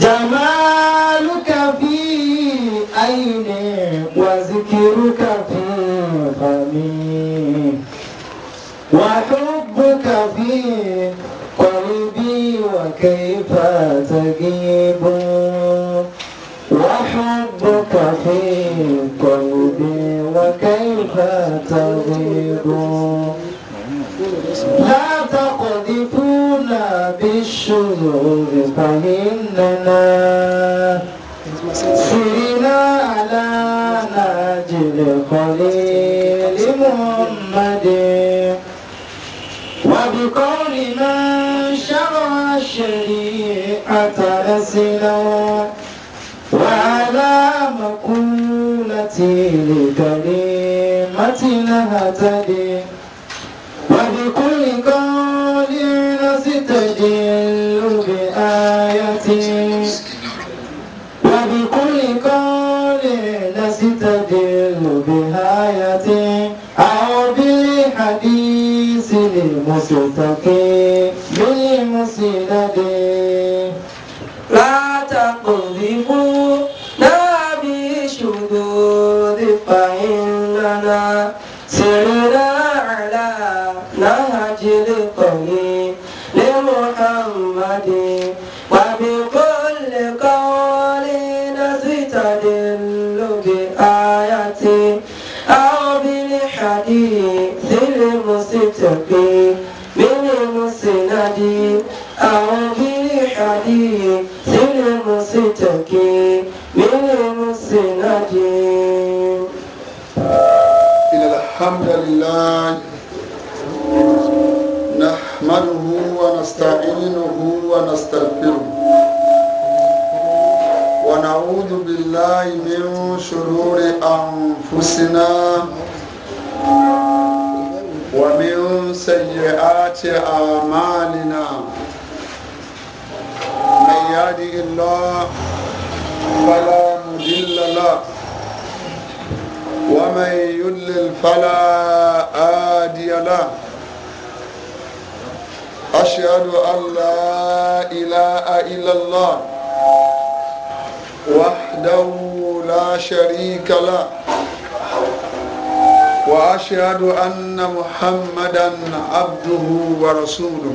جمالك في عيني وذكرك في فمي وحبك في قلبي وكيف تجيب وحبك في قلبي وكيف تغيب لا تقذفني لنا بالشرور فإننا سرنا على ناجل خليل محمد وبقول من شرع الشريعة نسنا وعلى مقولته لكلمتنا اهتدي وسطكي بالمسند لا تقذفوا لا بشذوذ فإننا سرنا على نهج القوي لمحمد وبكل قول نستدل بآية أو بالحديث المستقيم تتقي من المسن إن الحمد لله نحمده ونستعينه ونستغفره ونعوذ بالله من شرور أنفسنا ومن سيئات أعمالنا من يهدي الله فلا مضل له ومن يضلل فلا هادي له أشهد أن لا إله إلا الله وحده لا شريك له وأشهد أن محمدا عبده ورسوله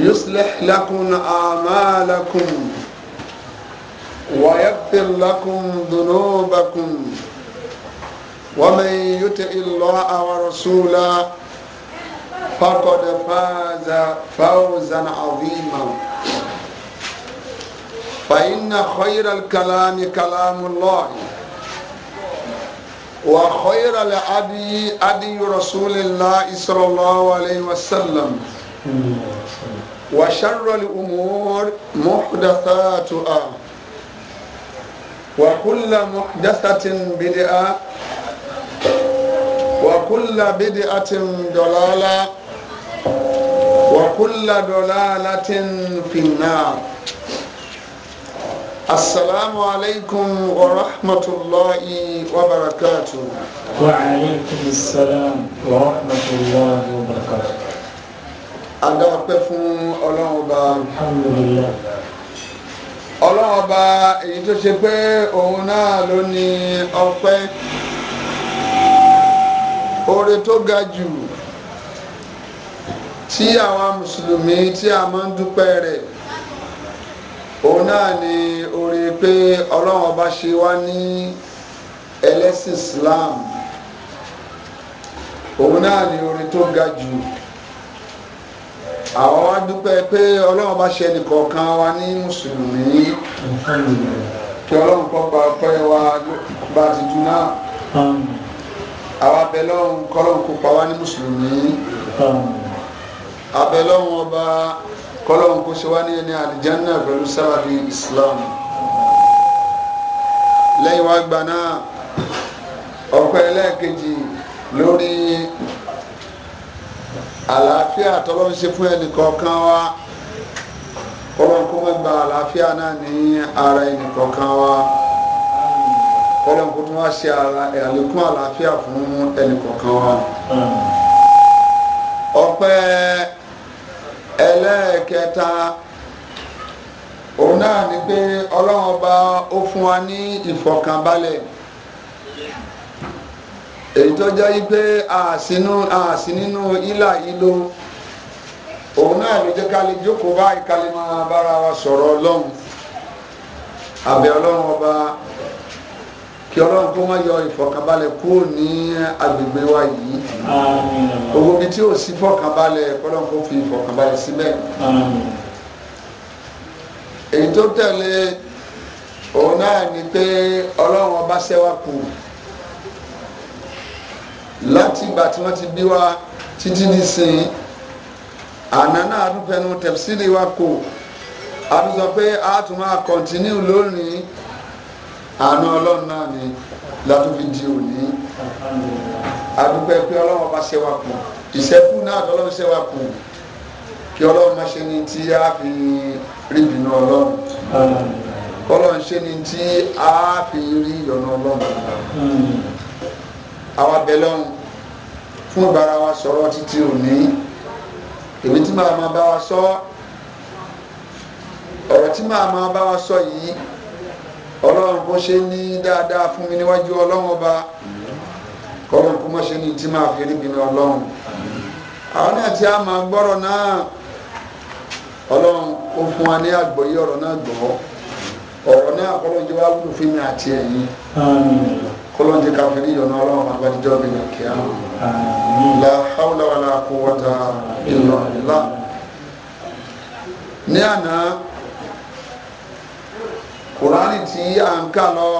يصلح لكم اعمالكم ويغفر لكم ذنوبكم ومن يطع الله ورسوله فقد فاز فوزا عظيما فان خير الكلام كلام الله وخير الأدي أدي رسول الله صلى الله عليه وسلم وشر الأمور محدثاتها وكل محدثة بدعة وكل بدعة ضلالة وكل ضلالة في النار السلام عليكم ورحمة الله وبركاته وعليكم السلام ورحمة الله وبركاته adáwọ̀pẹ́ fún ọlọ́run ọba ọlọ́run ọba èyí tó ṣe pé òun náà ló ní ọpẹ́ oore tó ga jù tí àwa mùsùlùmí tí a máa ń dúpẹ́ rẹ̀ òun náà ni oore pé ọlọ́run ọba ṣe wá ní ẹlẹ́sìn Islam òun náà ni oore tó ga jù àwọn wa dúpẹ́ pé ọlọ́run bá ṣe ẹnìkọ̀ọ̀kan wa ní mùsùlùmí kí ọlọ́run kọ́ gba ọpẹ́ wa bá ti dùn náà àwa bẹ lọ́run kọ́lọ́run kó pa wá ní mùsùlùmí abẹ lọ́run ọba kọ́lọ́run kó ṣe wá ní ẹni àlìjánná pẹ̀lú sábàbí Islam lẹ́yìn wá gbà náà ọpẹ́ ẹlẹ́ẹ̀kejì lórí àlàáfíà tọ́lọ́run ṣe fún ẹnìkọ̀ọ̀kan wa kọ́lọ́n kó má gba àlàáfíà náà ní ara ẹnìkọ̀ọ̀kan wa kọ́lọ́n kó tún wá ṣe àlékún àlàáfíà fún ẹnìkọ̀ọ̀kan wa. ọpẹ́ ẹlẹ́ẹ̀kẹta òun náà ni pé ọlọ́run ọba ó fún wa ní ìfọ̀kànbalẹ̀ èyí tó jẹ́ wípé àsì nínú ìlà ìlò òun náà ló jẹ́ ká lè jókòó báyìí ká lè máa bára wa sọ̀rọ̀ ọlọ́run àbẹ̀ ọlọ́run ọba kí ọlọ́run kó má yọ ìfọ̀kànbalẹ̀ kúrò ní agbègbè wa yìí gbogbo ibi tí ò sí fọ̀kànbalẹ̀ kọ́lọ́run kó fi ìfọ̀kànbalẹ̀ síbẹ̀ èyí tó tẹ̀lé òun náà ni pé ọlọ́run ọba ṣẹ́wà kù láti ìgbà tí wọ́n ti bí wa títí di sìn àná náà àdúgbẹ́nu wa kò àdúsọ pé a tún máa kọ̀ntínú lónìí àná ọlọ́run náà ni látòfi di òní àdúgbẹ́ pé ọlọ́run bá ṣe wa kù ìṣẹ́kù náà tọ́lọ́run ṣe wa kù kí ọlọ́run má ṣe ni tí a fi rí ìbínú ọlọ́run ọlọ́run ṣe ni tí a fi rí ìyọ̀nà ọlọ́run àwa bẹlẹ́hùn fún ìbára wa sọ̀rọ̀ títí òní èmi tí màá máa bá wa sọ ọ̀rọ̀ tí màá máa bá wa sọ yìí ọlọ́run kò ṣe ní dáadáa fún mi níwájú ọlọ́run ọba kọ́lọ́n kó mọ̀ ṣe ní tí màá fi níbi ní ọlọ́run àwọn náà tí a máa gbọ́rọ̀ náà ọlọ́run ó fún wa ní àgbọ́yé ọ̀rọ̀ náà gbọ́ ọ̀rọ̀ náà kọ́lọ́n jẹ́ wúlò fún mi àti ẹ̀yin kọlọ́n jẹ́ káfí ní ìyọ̀nà ọlọ́run àgbàdìjọ́ bí i kìá la haula wala quwwata illa billah ni àná kùránì tí à ń kà lọ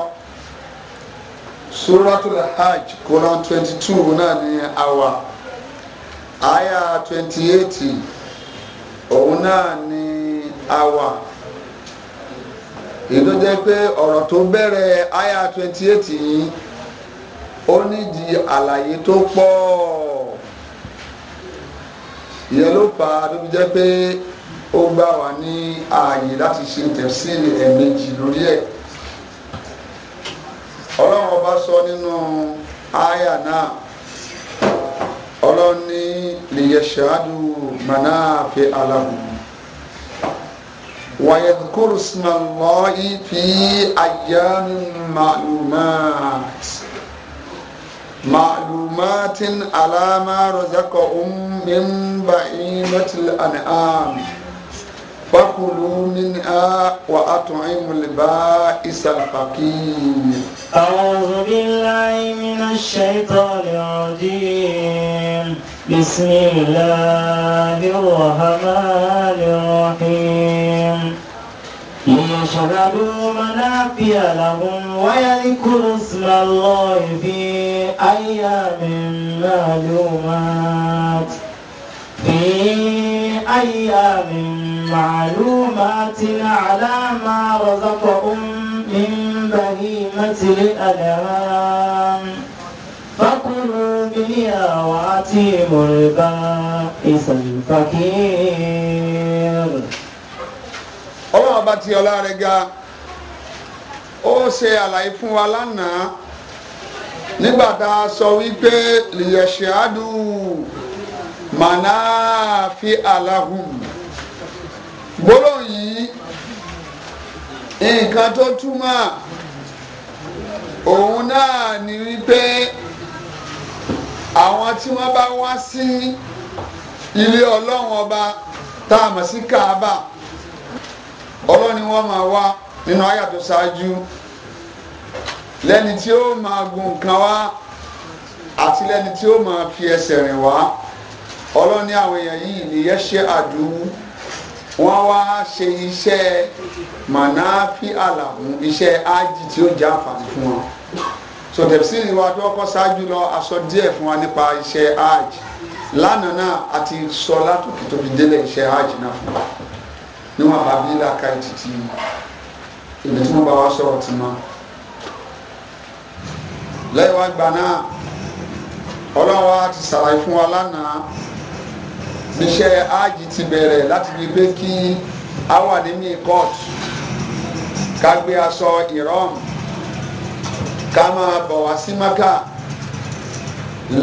suratul hajj kùrán twenty two náà ni awa àyà twenty eight òun náà ní àwà èyí tó jẹ́ pé ọ̀rọ̀ tó bẹ̀rẹ̀ àyà twenty eight yìí ó di àlàyé tó pọ̀ ìyẹn ló fà á tó fi jẹ́ pé ó gbà wá ní ààyè láti ṣe tẹ̀síìlì ẹ̀ẹ̀mejì lórí ẹ̀ ọlọ́run ọba sọ nínú àyà náà ọlọ́run ní lìyẹ̀ṣáàdù manáàfẹ́ aláhùn wàyẹ̀dùkúrùsìmọ̀lọ́ ìfì àyàmì màlúmáàtì. معلومات على ما رزقهم من بعيمة الأنعام فكلوا منها وأطعموا البائس الفقير أعوذ بالله من الشيطان الرجيم بسم الله الرحمن الرحيم ليشهدوا منافع لهم ويذكروا اسم الله في أيام معلومات في أيام معلومات على ما رزقهم من بهيمة الأنعام فكلوا منها وأتيموا البائس الفقير ọlọ́run ọba tí ọlá rẹ̀ ga ó ṣe àlàyé fún wa lánàá nígbà tá a sọ wípé lìyẹ̀ṣáàdù mànáfi àlàhùn gbólóhùn yìí nǹkan tó túmọ̀ òun náà ni wípé àwọn tí wọ́n bá wá sí ilé ọlọ́run ọba tá a mọ̀ sí Kaaba. Si ọlọ́ni wọ́n máa wá nínú àyà tó ṣáájú lẹ́ni tí ó máa gun nǹkan wá àti lẹ́ni tí ó máa fi ẹsẹ̀ rìn wá ọlọ́ni àwọn èèyàn yìí nìyẹn ṣe àdúrú wọ́n wá ṣe iṣẹ́ mànáfí àlàmú iṣẹ́ ájì tí ó jẹ́ àǹfààní fún wọn so tẹ̀síìrì wa tó kọ́ ṣáájú lọ aṣọ díẹ̀ fún wa nípa iṣẹ́ ájì lánàá náà àti sọ látòkè tóbi délé iṣẹ́ ájì náà fún wa níwọ̀n bá bí làákà ìtìtì ìbí tí wọ́n bá wá sọ̀rọ̀ tì mọ́. lẹ́yìn wá gbà náà ọlọ́run wa ti ṣàlàyé fún wa lánàá níṣẹ́ ájì ti bẹ̀rẹ̀ láti fi pé kí a wà ní mi kóòtù ká gbé aṣọ ìrọ́m ká máa bọ̀ wá sí Mákà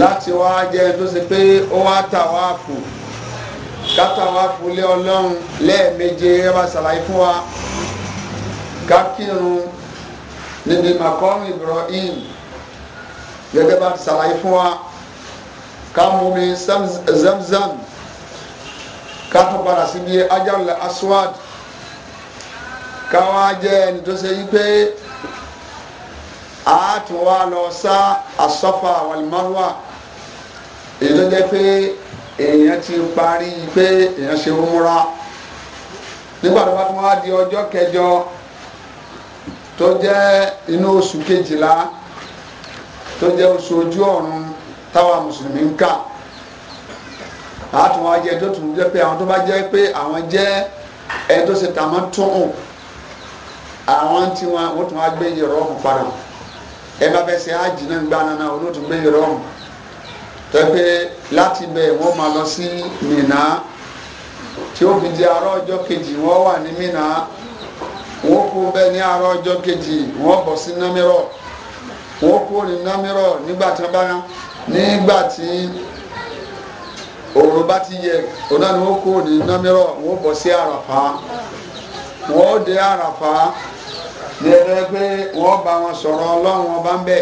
láti wá jẹ́ tó ṣe pé ó wá tà wá fò kátà wá fúlé ọlọ́run lẹ́ẹ̀méje ẹ bá ṣàlàyé fún wa ká kírun níbi makọ́rin Ibrahim gẹ́gẹ́ bá ṣàlàyé fún wa ká mú mi zamzam ká tún padà síbi ajarul aswad ká wá jẹ́ ẹni tó ṣe yí pé a tún wá lọ sá asọ́fà wal marwa èyí tó jẹ́ pé èèyàn ti parí pé èèyàn ṣe rúmúra nígbà tó bá tún wá di ọjọ́ kẹjọ tó jẹ́ inú oṣù kejìlá tó jẹ́ oṣù ojú ọ̀run táwa mùsùlùmí ń kà àtúnwá jẹ́ tó tún jẹ́ pé àwọn tó bá jẹ́ pé àwọn jẹ́ ẹni tó ṣe tàmọ́ tóun àwọn tí wọn tún wá gbé yẹ̀rọ ọ̀hún padà ẹ bá fẹ́ ṣe ájì náà gbaná náà olóòtú gbé yẹ̀rọ ọ̀hún. tẹ́pẹ́ láti bẹ̀ wọ́n máa lọ sí mina tí ó fi di àárọ̀ ọjọ́ kejì wọ́n wà ní Mínà wọ́n kú bẹ́ẹ̀ ní ọjọ́ kejì wọ́n bọ̀ sí námírọ̀ wọ́n kú ní námírọ̀ nígbà tí wọ́n bá nígbà tí òòrùn bá ti yẹ ni wọ́n kú ní námírọ̀ wọ́n bọ̀ sí àràfà wọ́n dé àràfà pé wọ́n bá wọn sọ̀rọ̀ ọlọ́run ọba ń bẹ̀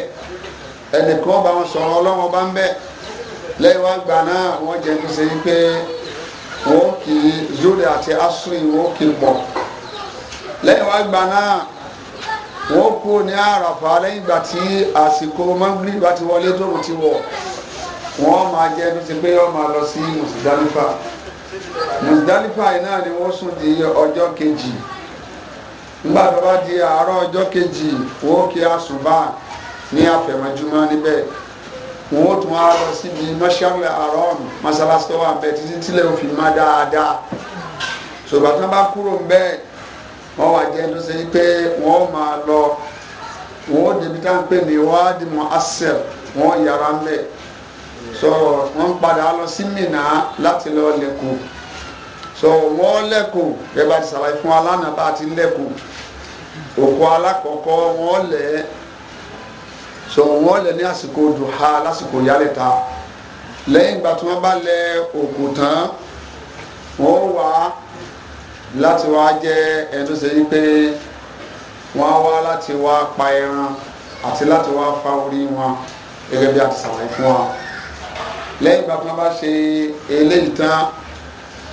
ẹnìkan bá wọn sọ̀rọ̀ ọlọ́run ọba ń bẹ̀ lẹ́yìn wá gbà náà wọ́n jẹ́ tó ṣe pé wọ́n kì í zúrì àti asúrì wọ́n kì í bọ̀ lẹ́yìn wá gbà náà wọ́n kú ní àràfà lẹ́yìn ìgbà tí àsìkò mọ́gírì bá ti wọlé tó ti wọ̀ wọ́n máa jẹ́ tó ṣe pé wọ́n máa lọ sí mùsùlùmí mùsùlùmí náà ni wọ́n sùn di ọjọ́ kejì nígbà tó bá di àárọ̀ ọjọ́ kejì wọ́n kí asùnbà ní àfẹ̀mọ́júmọ́ níbẹ̀ wọn ó tún á lọ sí mọ́ṣáláṣí àrọ́ọ̀nù mọ́ṣáláṣí tó wà bẹ títí tílẹ̀ òfin má dáadáa ṣùgbọ́n tí bá kúrò ń bẹ́ẹ̀ wọ́n wà jẹ́ tó ṣe pé wọ́n máa lọ wọ́n débi tá pè ní wáàdì mọ́ àṣẹl wọ́n yàrá ń so wọ́n padà so wọ́n lẹ ní àsìkò duha lásìkò yálẹ̀ta lẹ́yìn ìgbà tí wọ́n bá lẹ òkú tán wọ́n wá láti wá jẹ́ ẹni tó ṣe yí pé wọ́n á wá láti wá pa ẹran àti láti wá fa orí wọn gẹ́gẹ́ bí a ti ṣàlàyé fún wa lẹ́yìn ìgbà tí wọ́n bá ṣe eléyìí tán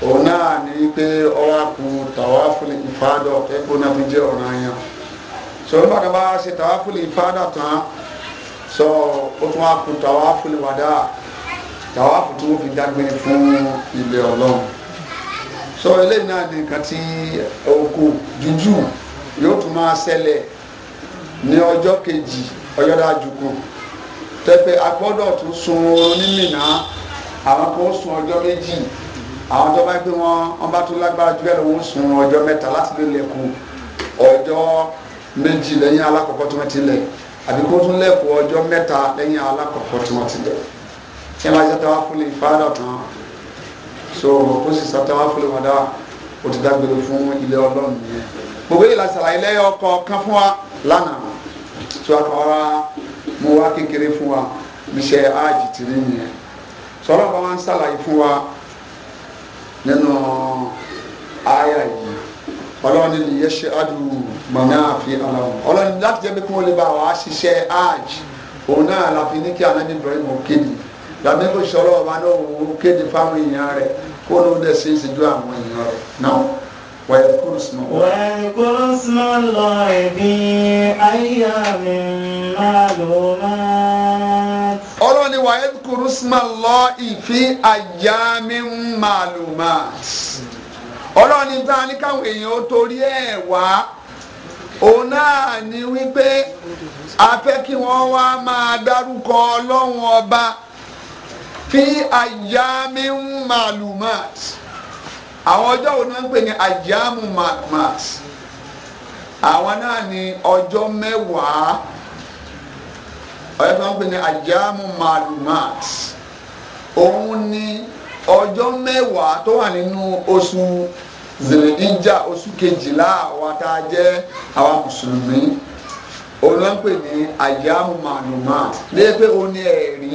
òun náà ní pé ọwọ́ kù tàwáfùlì ìfádọ̀ ẹ̀kọ́ náà fi jẹ́ ọ̀ranyàn sọ̀rọ̀ bá bá ṣe tàwáfùlì ìfádọ̀ tán. So, ó tún wá kú tàwáfù lè wà dáa tàwáfù tí wọ́n fi dágbére fún ilé ọlọ́run sọ eléyìí náà ni nǹkan tí oko jújù yóò tún máa ṣẹlẹ̀ ní ọjọ́ kejì ọjọ́ dájúkú tẹ́fẹ́ a gbọ́dọ̀ tún sun oorun ní Mínà àwọn kan sun ọjọ́ méjì àwọn tó bá gbé wọn wọn bá tún lágbára jù bẹ́ẹ̀ lọ wọn sun ọjọ́ mẹ́ta láti lè lẹ́kùn ọjọ́ méjì lẹ́yìn alákọ̀ọ́kọ́ tó wọ́n ti lẹ̀ àbí kó tún lẹ́kọ̀ọ́ ọjọ́ mẹ́ta lẹ́yìn alákọ̀ọ́kọ́ tí wọ́n ti bẹ̀rẹ̀ tí wọ́n bá ṣe táwa fúnlẹ̀ ìfáàdà tán so kó sì sátáwa fúnlẹ̀ wọn dá o ti dágbére fún ilé ọlọ́run yẹn gbogbo yìí la ṣàlàyé lẹ́yìn ọkọ̀ kan fún wa lánàá tó a kọ́ra mú wa kékeré fún wa níṣẹ́ áàjì ti rí yẹn sọlá bá wa ń ṣàlàyé fún wa nínú àyà yìí ọlọ́run ni yẹ́ṣẹ́ adùn manafi alahu ọlọ́ni láti jẹ́ pé kí lè bá wa ṣiṣẹ́ hajj òun náà la ní kí anabi ibrahim kéde làbí kò sọ̀rọ̀ ọba náà wò ó fáwọn èèyàn rẹ̀ kó ló dẹ̀ ṣe é àwọn èèyàn rẹ̀ náà wọ́n yẹ kúrò sùnmọ́. wọ́n yẹ kúrò sùnmọ́ lọ ẹ̀bí ayé mi máa lò máa. ọlọ́ni wọ́n yẹ kúrò sùnmọ́ lọ ìfi àyà mi máa lò máa. ọlọ́ni tá a ní káwọn òun náà ni wípé a fẹ́ kí wọ́n wá máa dárúkọ ọlọ́run ọba fi àyàmí màlúmáàt àwọn ọjọ́ wo ni ń pè àwọn náà ni ọjọ́ mẹ́wàá ọjọ́ tí wọ́n ń pè ní ni ọjọ́ mẹ́wàá tó wà nínú oṣù. zèlèdíjà oṣù kejìlá àwa tá a jẹ́ àwa mùsùlùmí òun ló ń pè ní àyàmù màlúmá léyìn pé ó ní ẹ̀rí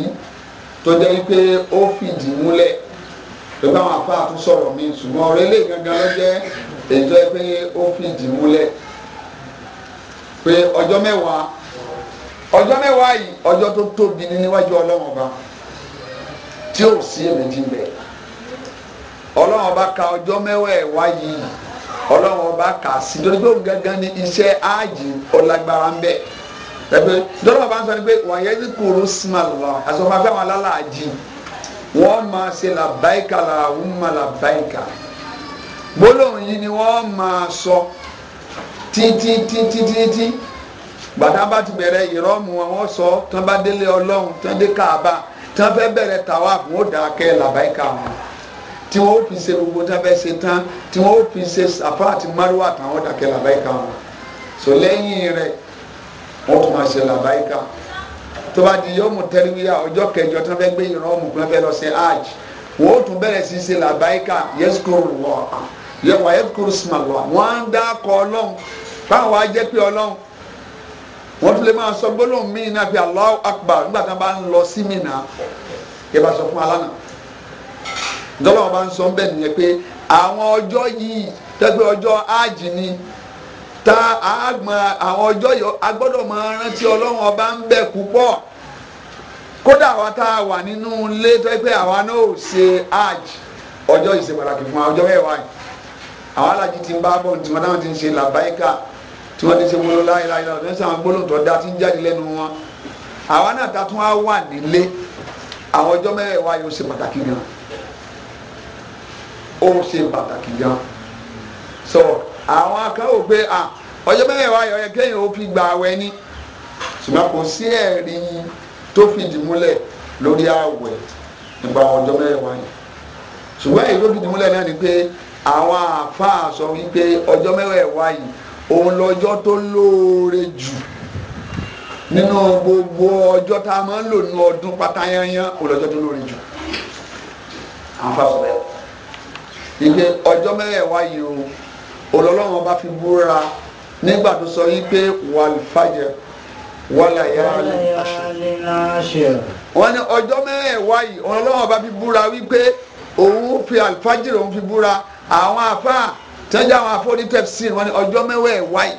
tó jẹ́ wípé ó fìdí múlẹ̀ pé báwọn afá àtún sọ̀rọ̀ mi ṣùgbọ́n ọ̀rẹ́ lè gangan ló jẹ́ èyí tó yẹ pé ó fìdí múlẹ̀ pé ọjọ́ mẹ́wàá ọjọ́ mẹ́wàá yìí ọjọ́ tó tóbi níwájú ọlọ́run ọba tí ò sí èmi ti bẹ̀rẹ̀ ọlọ́run ọba ka ọjọ́ mẹ́wẹ̀ẹ́wá yìí ọlọ́run ọba kà sí torí pé òun gangan ni iṣẹ́ áàjì ọlágbára ń bẹ ẹgbẹ́ dọ́lọ́wọ́ bá ń sọ ni pé wọ́n yẹ kí kúrú sùmàlá àsọ̀fà fẹ́ wọn lálàájì wọ́n máa ṣe làbáìkà làwọn máa làbáìkà gbólóhùn yìí ni wọ́n máa sọ títítítítítí gbàdá bá ti bẹ̀rẹ̀ ìrọ́mù àwọn sọ tán bá délé ọlọ́run tán dé káàbà tán fẹ́ bẹ̀rẹ̀ tàwa fún ó dà kẹ́ làbáìkà wọn tí wọ́n ó fi ṣe gbogbo tí wọ́n fẹ́ ṣe tán tí wọ́n ó fi ṣe Safa àti Marwa àtàwọn dàkẹ́ làbáyíká wọn so lẹ́yìn rẹ̀ wọ́n tún máa ṣe làbáyíká tó bá di yọ́mù tẹ́lifíà ọjọ́ kẹjọ tí wọ́n fẹ́ gbé ìran ọmọ kí wọ́n fẹ́ lọ ṣe hajj wọ́n ó tún bẹ̀rẹ̀ sí ṣe làbáyíká yẹ́sùkúrú lọ yẹ́wà yẹ́sùkúrú sùmà lọ wọ́n á ń dá akọ ọlọ́run báwọn á jẹ́ pé ọlọ́run wọ́n tún lè máa sọ gbólóhùn míì náà pé Allahu Akbar nígbà tí wọ́n bá ń lọ sí Mínà yẹ dọ́lọ́wọ́ bá ń sọ bẹ́ẹ̀ nìyẹn pé àwọn ọjọ́ yìí tẹ́gbẹ́ ọjọ́ áàjì ni ta àgbọn àwọn ọjọ́ yìí a gbọ́dọ̀ máa rántí ọlọ́run ọba ń bẹ púpọ̀ kódà àwa tá a wà nínú ilé tó yẹ pé àwa náà ò ṣe áàjì ọjọ́ yìí ṣe pàtàkì fún wa ọjọ́ mẹ́wàá yìí àwọn alájí ti ń bá bọ̀ tí wọ́n náà ti ń ṣe làbáyíkà tí wọ́n ti ṣe wọlé láyéláyé lọ́wọ́ tí wọ́n gbólóhùn tó dá ti ń jáde lẹ́nu wọn àwa náà ta tún wá wà nílé àwọn ọjọ́ mẹ́wàá yóò ṣe pàtàkì gan-an ó ṣe pàtàkì gan so àwọn kan ò gbé à ọjọ́ mẹ́wàá ayọ̀ yẹ kéèyàn ó fi gba àwẹ̀ ni ṣùgbọ́n kò sí ẹ̀rí tó fìdí múlẹ̀ lórí àwẹ̀ nípa ọjọ́ mẹ́wàá yẹn ṣùgbọ́n èyí tó fìdí múlẹ̀ náà ni pé àwọn àáfàá sọ wípé ọjọ́ mẹ́wàá yìí òun lọ́jọ́ tó lóore jù nínú gbogbo ọjọ́ tá a máa ń lò nínú ọdún pátáyányán òun lọ́jọ́ tó lóore jù àwọn àáfàá sọ bẹ́ẹ̀ ìgbé ọjọ́ mẹ́wàá yìí o Ọlọ́run bá fi búra nígbà tó sọ yìí pé wàlfàjẹ wàlàyàlì àṣẹ wọ́n ní ọjọ́ mẹ́wàá yìí Ọlọ́run bá fi búra wípé òun fi àlfàjìrì òun fi búra àwọn afa tẹ́jú àwọn afọ́nitẹ́fsì wọ́n ní ọjọ́ mẹ́wàá yìí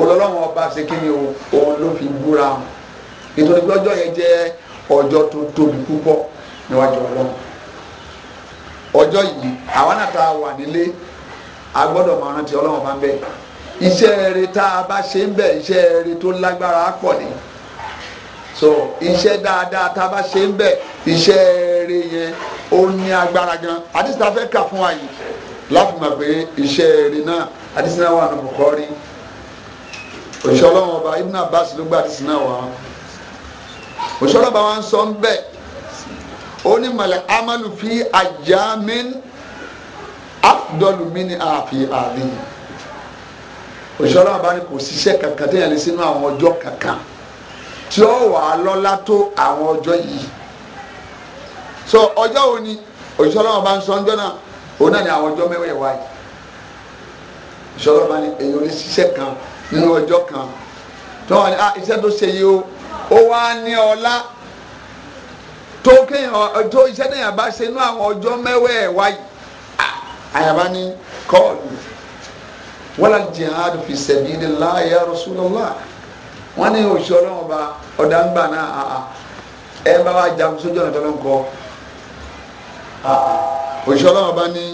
Ọlọ́run ọba ṣe kí ni òun ló fi búra ìtòlẹ́gbẹ́jọ́ yẹn jẹ́ ọjọ́ tó tóbi púpọ̀ níwájú Ọlọ́run ọjọ́ yìí àwa náà tá a wà nílé a gbọ́dọ̀ máa rántí ọlọ́run bá ń bẹ iṣẹ́ rere tá a bá ṣe ń bẹ iṣẹ́ rere tó lágbára pọ̀ ni so iṣẹ́ dáadáa tá a bá ṣe ń bẹ iṣẹ́ rere yẹn ó ní agbára gan àdìsí ta fẹ́ kà fún wa yìí láti mọ̀ pé iṣẹ́ rere náà àdìsí náà wà ní Bukhari òṣìṣẹ́ ọlọ́run ọba Ibn Abbas ló gbà àdìsí wà òṣìṣẹ́ ọlọ́ba wa ń sọ ń bẹ́ẹ̀ onímọ̀lẹ̀ amalu fi ayamin afdọ́lù mi ní àfi àmì òṣìṣẹ́ ọba ni kò ṣiṣẹ́ kankan téèyàn lè sínú àwọn ọjọ́ kankan tí ó wà á lọ́lá tó àwọn ọjọ́ yìí so ọjọ́ wo ni òṣìṣẹ́ ọba ń sọ ọjọ́ náà òun náà ni àwọn ọjọ́ mẹ́wẹ̀ẹ̀wá yìí òṣìṣẹ́ ọba ni èèyàn lè ṣiṣẹ́ kan nínú ọjọ́ kan tí wọ́n wà ní ah iṣẹ́ tó ṣe yìí o ó wá ní ọlá tó kéèyàn tó iṣẹ́ náà bá ṣe inú àwọn ọjọ́ mẹ́wẹ̀ẹ̀wá yìí àyàbá ní kọ́ọ̀lù wala jihad fi sabilillah ya rasulullah wọ́n ní òṣìṣẹ́ ọlọ́run ọba ọ̀dà ń gbà náà ẹ bá wa jagun sójú ọ̀nà tọ́lọ́ ń kọ́ òṣìṣẹ́ ọlọ́run ní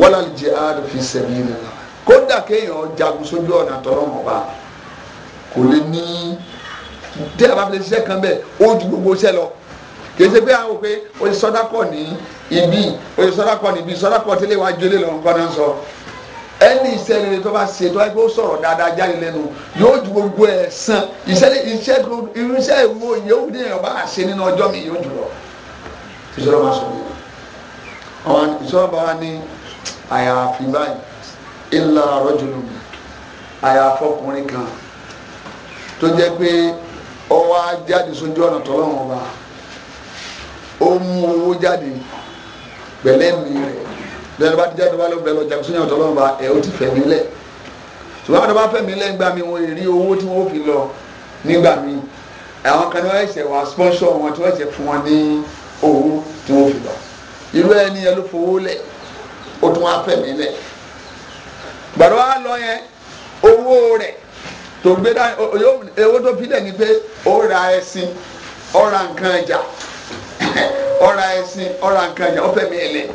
wala jihad fi sabilillah kódà kéèyàn jagun sójú ọ̀nà tọ́lọ́ ń ọba kò lè ní tí a bá fi lè ṣiṣẹ́ kan bẹ́ẹ̀ ó ju gbogbo iṣẹ́ lọ kìí ṣe pé àwọn pé o ti sọdá kọ ní ibi o ti sọdá kọ ní ibi sọdá kọ tele wa ilé lọ́wọ́ nǹkan náà sọ ẹni ìṣẹ̀lẹ̀ ba se, ṣe tó bá gbé sọ̀rọ̀ dáadáa jáde lẹ́nu yóò ju gbogbo ẹ̀ san ìṣẹ̀lẹ̀ iṣẹ́ irúṣẹ́ ìwo yóò ní ẹ̀ bá ṣe nínú ọjọ́ mi yóò jù lọ. ìṣòro máa sọ yìí àwọn ìṣòro bá wà ní àyàfi báyìí ìlà rọ́jòlù àyàfọkùnrin kan tó jẹ́ pé ọwọ́ ajáde sójú ọ̀nà tọ́lọ́wọ́n bá a ó mú owó jáde pẹ̀lẹ́mì rẹ̀ bẹ́ẹ̀ bá ti jáde wá ló bẹ̀rẹ̀ lọ jagun sóyún ọ̀tọ̀lọ́run bá ẹ̀ ó ti fẹ̀mí lẹ̀ ṣùgbọ́n àwọn bá fẹ̀mí lẹ̀ nígbà mi wọ́n rí owó tí wọ́n fi lọ nígbà mi àwọn kan ní wọ́n ṣẹ̀ wá sponsor wọn tí wọ́n ṣẹ̀ fún wọn ní owó tí wọ́n fi lọ irú ẹni ẹ ló fowó lẹ̀ ó tún wá fẹ̀mí lẹ̀ gbàdọ́ wa lọ yẹn owó rẹ̀ tó gbé dání owó tó fi lẹ̀ ni pé ó ra ẹṣin ó ra nǹkan ẹja ọ̀ra ẹ̀sìn ọ̀ra nǹkan ẹ̀jẹ̀ ọ̀fẹ́ mi ẹ̀lẹ̀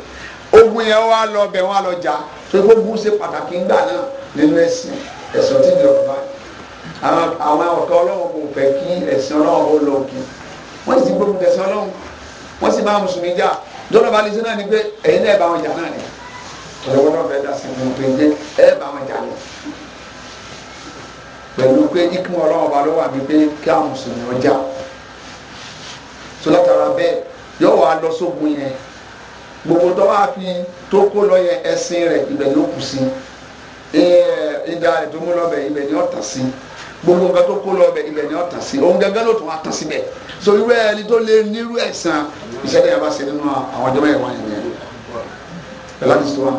ogun yẹn wà lọ bẹ̀ wà lọ jà tó kó gún ṣe pàtàkì ńgbà náà nínú ẹ̀sìn ẹ̀sìn tí ìjọba bá àwọn ọ̀tọ̀ ọlọ́run kò fẹ́ kí ẹ̀sìn ọlọ́run ó lọ òkè wọ́n sì gbógun tẹ̀sán ọlọ́run wọ́n sì máa mùsùlùmí jà dọ́nà bá lè ṣe náà ni pé ẹ̀yin náà bá wọn jà náà ni ọ̀dọ́wọ́ náà fẹ́ dasí fún un pé jẹ́ ẹ bá wọn jà ni pẹ̀lú pé ikú ọlọ́run ọba ló wà pé kí àwọn mùsùlùmí ọjà tó látara bẹ́ẹ̀ yóò wá lọ sógun yẹn gbogbo tó wá fi tó kó lọ yẹ ẹṣin rẹ̀ ibẹ̀ ló kù sí ìdá rẹ̀ tó mú lọ́bẹ̀ ibẹ̀ ni ọ̀tà sí gbogbo nǹkan tó kó lọ́bẹ̀ ibẹ̀ ni ọ̀tà sí òun gẹ́gẹ́ ló tún wá tà síbẹ̀ so irú ẹni tó lé nírú ẹ̀sán ìṣẹ̀lẹ̀ yẹn bá ṣe nínú àwọn ọjọ́ mẹ́rin wọ̀nyẹn yẹn pẹ̀lú àdìsí wa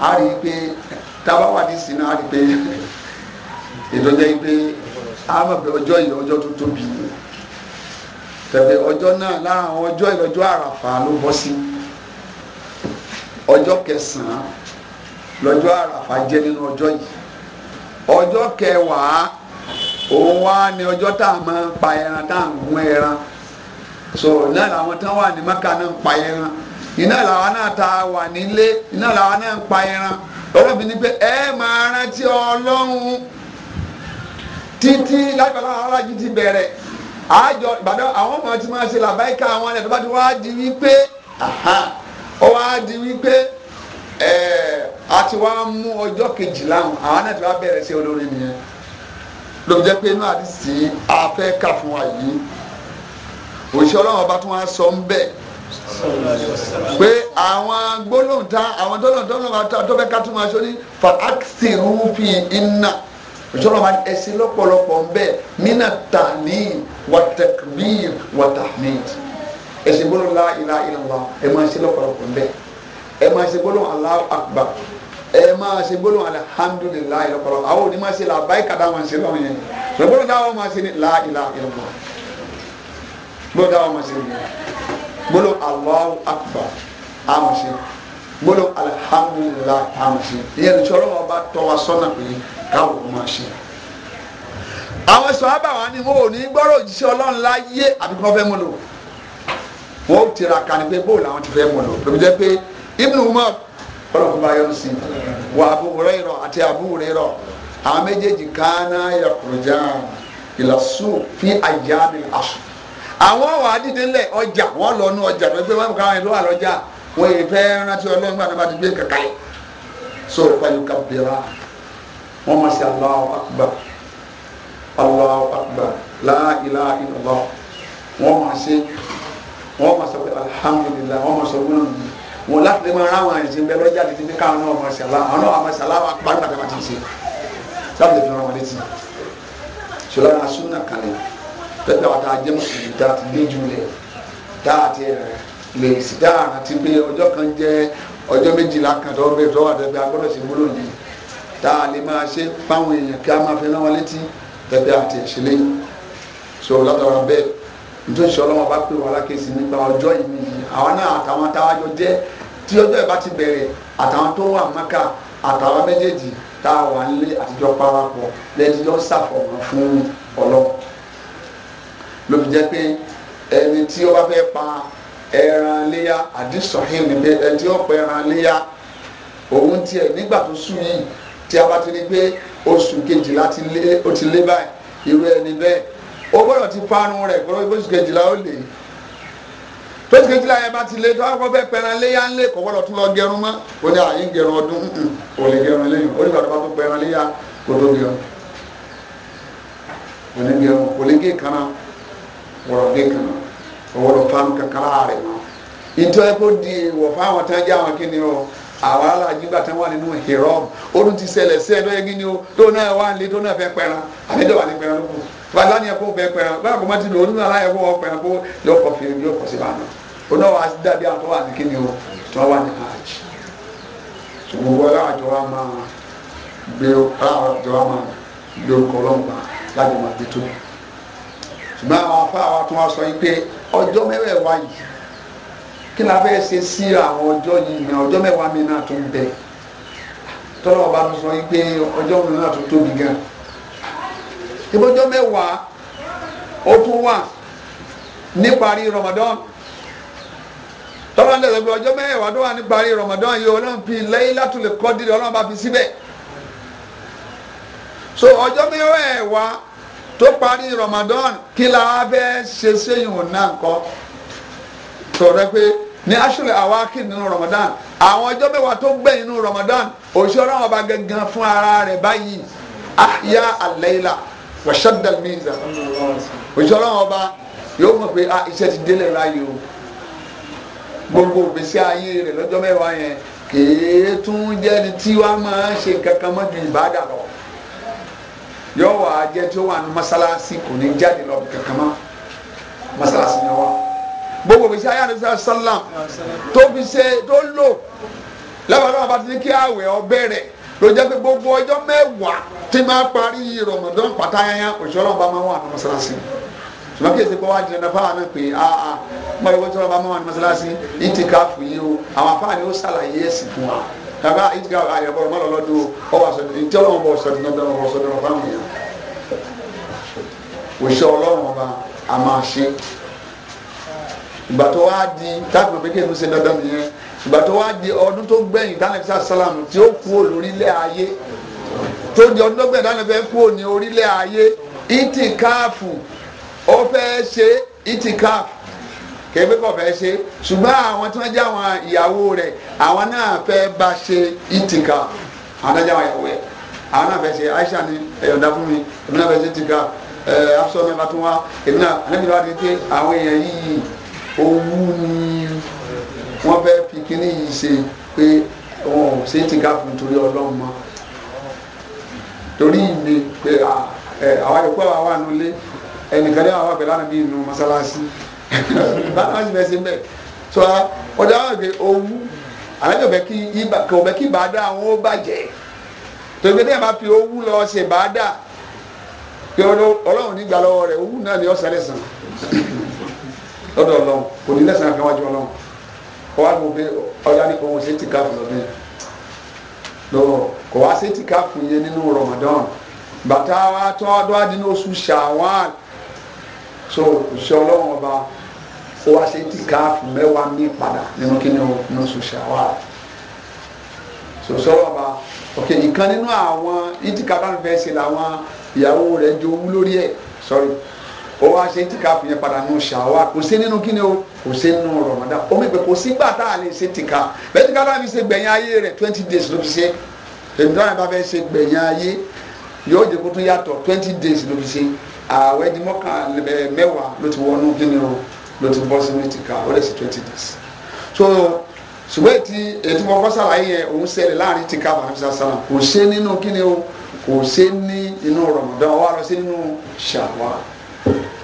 a rí i pé tábà wà ní sinmi a rí i pé ìdọ́jẹ́ yìí pé a máa bẹ ọjọ́ yìí ọjọ́ tó tóbi yìí. tẹ̀pẹ́ ọjọ́ náà lára àwọn ọjọ́ ìlọ́jọ́ àràfà ló bọ́ sí ọjọ́ kẹsàn-án lọ́jọ́ àràfà jẹ́ nínú ọjọ́ yìí ọjọ́ kẹwàá òun wá ní ọjọ́ tá a máa pa ẹran tá a ń ẹran so náà làwọn tán wà ní náà ń pa ẹran iná làwọn ta wà nílé iná làwọn náà ń pa ẹran pé ẹ máa rántí ọlọ́run títí lágbàlá ti bẹ̀rẹ̀ àjọ ìbàdàn àwọn ọmọ tí máa ṣe làbáyíká àwọn ẹ̀dọ́ bá ti wá di wípé ó wá di wípé a ti wá mú ọjọ́ kejìlá àwọn náà ti wá bẹ̀rẹ̀ sí olórí nìyẹn ló jẹ́ pé inú àdìsí afẹ́ kà fún wa yìí òṣìṣẹ́ ọlọ́run ọba tí wọ́n á sọ ń bẹ̀ pé àwọn gbólóhùn ta àwọn tọ́lọ̀ tọ́lọ̀ tó fẹ́ ká tún máa ṣe ní fa akisi rúfin iná ìṣòro ma ẹsẹ lọ́pọ̀lọpọ̀ nbẹ mina tani watakbir watahmid ẹsẹ gbọ́dọ̀ la ilaha illallah ẹ máa ṣe lọ́pọ̀lọpọ̀ nbẹ ẹ máa ṣe gbọ́dọ̀ Allahu akbar ẹ máa ṣe gbólóhùn alihamdulilayi lọpọlọ àwọn òní máa ṣe la báyìí kàdá máa ṣe lọ́wọ́ yẹn gbólóhùn táwọn máa ṣe ni láìla ìlọ́mọ gbólóhùn táwọn máa ṣe ni gbólóhùn Allahu akbar àwọn ṣe gbọ́dọ̀ alihamudulilayi táwọn ṣe ìyẹn ní sọ̀rọ̀ wọn bá tọ́ wa sọ́nà pé káwọn máa ṣe. àwọn sọ̀hábà wa ni wọn ò ní gbọ́rọ̀ òjíṣẹ́ ọlọ́run láyé àbí kí wọ́n fẹ́ mú lò wọn ò tiraka ni pé bóòlù àwọn ti fẹ́ mú lò lóbi jẹ́ pé Ibn Umar ọlọ́run fún bayọ́nù sí wà Abu Hurairah àti Abu Hurairah àwọn méjèèjì kánà yàkùrọ̀jà ìlàsù fi àyàmì àṣù àwọn wà á dìde ńlẹ̀ ọjà wọn lọ nú ọjà tó gbé wọn kọ́ àwọn ìlú àlọ́jà wọ́n yìí fẹ́ rántí ọlọ́run gbàdúrà bá ti gbé kàkà yìí so pẹ̀lú kabira wọ́n máa ṣe Allahu akbar Allahu akbar la ilaha illallah wọ́n máa ṣe wọ́n máa sọ pé alhamdulillah wọ́n máa sọ wọ́n náà wọn láti lè máa ráwọn àìsàn bẹ́ẹ̀ lọ́jà lè ti ní káwọn náà máa ṣàlá àwọn náà máa ṣàlá wa parí bàtà bàtà ṣe láti lè fi ràn wọn létí ṣọlá a jẹ mùsùlùmí tá a ti gbé tá a ti rẹ lè sídá àti pé ọjọ́ kan jẹ́ ọjọ́ méjìlá kan tó bẹ tó wà tẹ́gbẹ́ agbọ́dọ̀ sí gbólóhùn yìí tá a lè máa ṣe fáwọn èèyàn kí a máa fi rán wọn létí tẹ́gbẹ́ àti ìṣẹ̀lẹ̀ yìí so látara bẹ́ẹ̀ nítorí sọ lọ́wọ́ bá pè wọ́n alákèsí nípa ọjọ́ ìmì yìí àwọn náà àtàwọn táwájọ jẹ́ tí ọjọ́ ìbá ti bẹ̀rẹ̀ àtàwọn tó wà mọ́kà àtàwọn méjèèjì tá a wà nílé àtijọ́ parapọ̀ lẹ́ẹ̀díjọ́ ṣàfọ̀mọ́ fún ọlọ́run lóbi jẹ́ pé ẹni tí ó bá pa ẹran léyà àdìsọ̀hìn ni pé ẹtí ọ̀pọ̀ ẹran léyà òun tiẹ̀ nígbà tó sùn yìí tí a bá ti rí pé oṣù kejìlá ó ti lé báyìí irú ẹni bẹ́ẹ̀ ó gbọ́dọ̀ ti parun rẹ̀ gbọ́dọ̀ oṣù kejìlá ó lè tóṣù kejìlá yẹn bá ti lé tó akọ́ fẹ́ pẹran léyà ńlẹ̀ kò gbọ́dọ̀ tún lọ gẹrun mọ́ ó ní àyè ń gẹrun ọdún ò lè gẹrun léyìn ó nígbà tó bá tó pẹran léyà kò tó gẹrun ò ní gẹrun kò lè gé kaná wọ̀rọ̀ gé kaná ọwọ́dọ̀ pam kankan láàrẹ̀ ìtọ́ ẹ kó di ìwọ̀ fáwọn tán jẹ́ àwọn kíni o àwọn aláàjì gbà tán wà nínú ìrọ́m ọdún ti ṣẹlẹ̀ sí ẹ lóye ni o tó náà wà nílé tó náà fẹ́ pẹran àbídọ́wà ní pẹran lóko bàbá ní ẹ̀kọ́ fẹ́ pẹran báwo kò má ti lò ó nínú aláyẹ̀ fún ọ pẹran kó lọ́kọ̀ fi lọ́kọ̀ sí bàánà ọ̀nà wa dàbí àwọn tó wà ní kíni o tó wà ní hajj ṣùgbọ́n àwọn afá wa tún wá sọ yìí pé ọjọ́ mẹ́wẹ̀ẹ̀wá kí la fẹ́ ṣe sí àwọn ọjọ́ yìí ní ọjọ́ mẹ́wàá mi náà tún bẹ tọ́lọ́ ọba tún sọ yìí pé ọjọ́ mi náà tún tóbi gan ìbọjọ́ mẹ́wàá ó tún wà níparí Ramadan tọ́lá ń dẹ̀sẹ̀ pé ọjọ́ mẹ́wàá tó wà níparí Ramadan yìí ọlọ́run fi Laylatul Qadr ọlọ́run bá fi síbẹ̀ so ọjọ́ mẹ́wàá tó parí Ramadan kí la bẹ́ ṣe sẹ́yìn òun náà kọ́ tọ̀rẹ́ pé ní aṣọ́lẹ̀ àwákì nínú Ramadan àwọn ọjọ́ mẹ́wàá tó gbẹ̀yìn nínú Ramadan òṣìṣẹ́ ọ̀rọ̀ ọba gangan fún ara rẹ̀ báyìí ahya alayla wa shadda almiza òṣìṣẹ́ ọ̀rọ̀ ọba yóò mọ̀ pé ah, iṣẹ́ ti délẹ̀ láàyè o gbogbo ìgbésí ayé rẹ̀ lọ́jọ́ mẹ́wàá yẹn kì í tún jẹ́ni tí wàá máa ṣe nǹkan kan mọ́ ju ìbádà lọ yọ wà á jẹ tí ó wà ní masalasi kò ní jáde lọ kankan mọ́ masalasi náà wà gbogbo ìgbésí ayé àdúgbò sálàm tó fi ṣe tó lò lọ́wọ́lọ́wọ́ bá ti ní kí àwẹ̀ ọbẹ̀ rẹ̀ ló jẹ́ pé gbogbo ọjọ́ mẹ́wàá tí máa parí rọ̀mọ̀dán pátáyáyá òṣìṣẹ́ ọlọ́run bá máa wà ní masalasi ṣùgbọ́n kí èsì pé wá jìnnà fáwọn náà pé aa a ìwé tí wọ́n máa wà ní masalasi ìtìkáfù yìí o àwọn afáàní ó ṣàlàyé ẹ̀sìn fún wa kaba ìdíkà àyẹ̀bọ̀rọ̀ má lọ́lọ́ dúró ọwọ́ àṣọ ìtẹ́ ọlọ́run bọ̀ sọ dídán dán ọ̀sọ̀ dán fáwọn èèyàn òṣìṣẹ́ ọlọ́run ọba a máa ṣe ìgbà tó wá di táàbù pé kí èmi ṣe dandan nìyẹn ìgbà tó wá di ọdún tó gbẹ̀yìn dánilẹ́sà sálàmù o ó kú olórílẹ̀ ayé tó di ọdún tó gbẹ̀yìn dánilẹ́sà kú ní orílẹ̀ iti ìtìkáàfù ó fẹ́ ṣe ìtìkáàfù kẹgbẹ́ kọ̀ fẹ́ ṣe ṣùgbọ́n àwọn tí wọ́n jẹ́ àwọn ìyàwó rẹ̀ àwọn náà fẹ́ bá ṣe ìtìkà àwọn tó jẹ́ àwọn ìyàwó rẹ̀ àwọn náà fẹ́ ṣe Aisha ni ẹ̀yọ̀dá fún mi èmi náà fẹ́ ṣe ìtìkà ẹ̀ afṣọ́ mẹ́fà tún wá èmi náà àlẹ́ mi lọ́wọ́ di pé àwọn èèyàn yìí owú ni wọ́n fẹ́ fi kíní yìí ṣe pé wọn ò ṣe ìtìkà fún torí Ọlọ́run mọ́ torí ìgbè pé àwọn ìkú àwọn àwọn ànulé báwọn yìí mẹsìn bẹ so ọdọ àwọn àgbẹ owó àlejò bẹ kí ibà kò bẹ kí bàdá àwọn ó bàjẹ́ tó gbé déyà máa fi owó lọ ṣe bàdá pé ọlọ́run nígbà lọ́wọ́ rẹ̀ owó náà ni ọ̀sán lẹ́sàn lọ́dọ̀ ọlọ́run kò ní lẹ́sàn àfihàn wájú ọlọ́run kọ́ wá gbọ́ pé ọ̀dà ní kò wọ́n ṣe tìka fún ọdún lọ́wọ́ kọ́ wá ṣe tìka fún yẹn nínú Ramadan bàtà wa tọ́ ọdún adínú oṣù ṣàwọn so òṣìṣẹ́ ọlọ́run ọba ó wá ṣe tí káàfù mẹ́wàá ní padà nínú kíni o nínú sòṣàwà sòṣàwà bá òkè ìkan nínú àwọn ìtìkáfà fẹ́ ṣe làwọn ìyàwó rẹ̀ jowú lórí ẹ̀ sọ́rí ó wá ṣe tìkáàfù yẹn padà nù ṣàwà kò sí nínú kíni o kò sí nínú Ramadan omi pé kò sí gbà tá a lè ṣe tìka bẹ́ẹ̀ tìka bá mi ṣe gbẹ̀yìn ayé rẹ̀ twenty days ló fi ṣe èmi tó wà bá fẹ́ ṣe gbẹ̀yìn ayé yóò jẹ́ kó tún yàtọ̀ twenty days ló fi ṣe ààwẹ̀ di mọ́kànlélẹ́mẹ́wàá ló ti wọnú kíni o ló ti bọ́ sínú ìtìká ó lè sí twenty days so ṣùgbọ́n ètí ètí mo kọ́ sàlàyé yẹn òun ṣẹlẹ̀ láàrin ìtìká àfihàn sàlà kò ṣe nínú kíni o kò ṣe ní inú Ramadan wà lọ sí nínú ṣàwà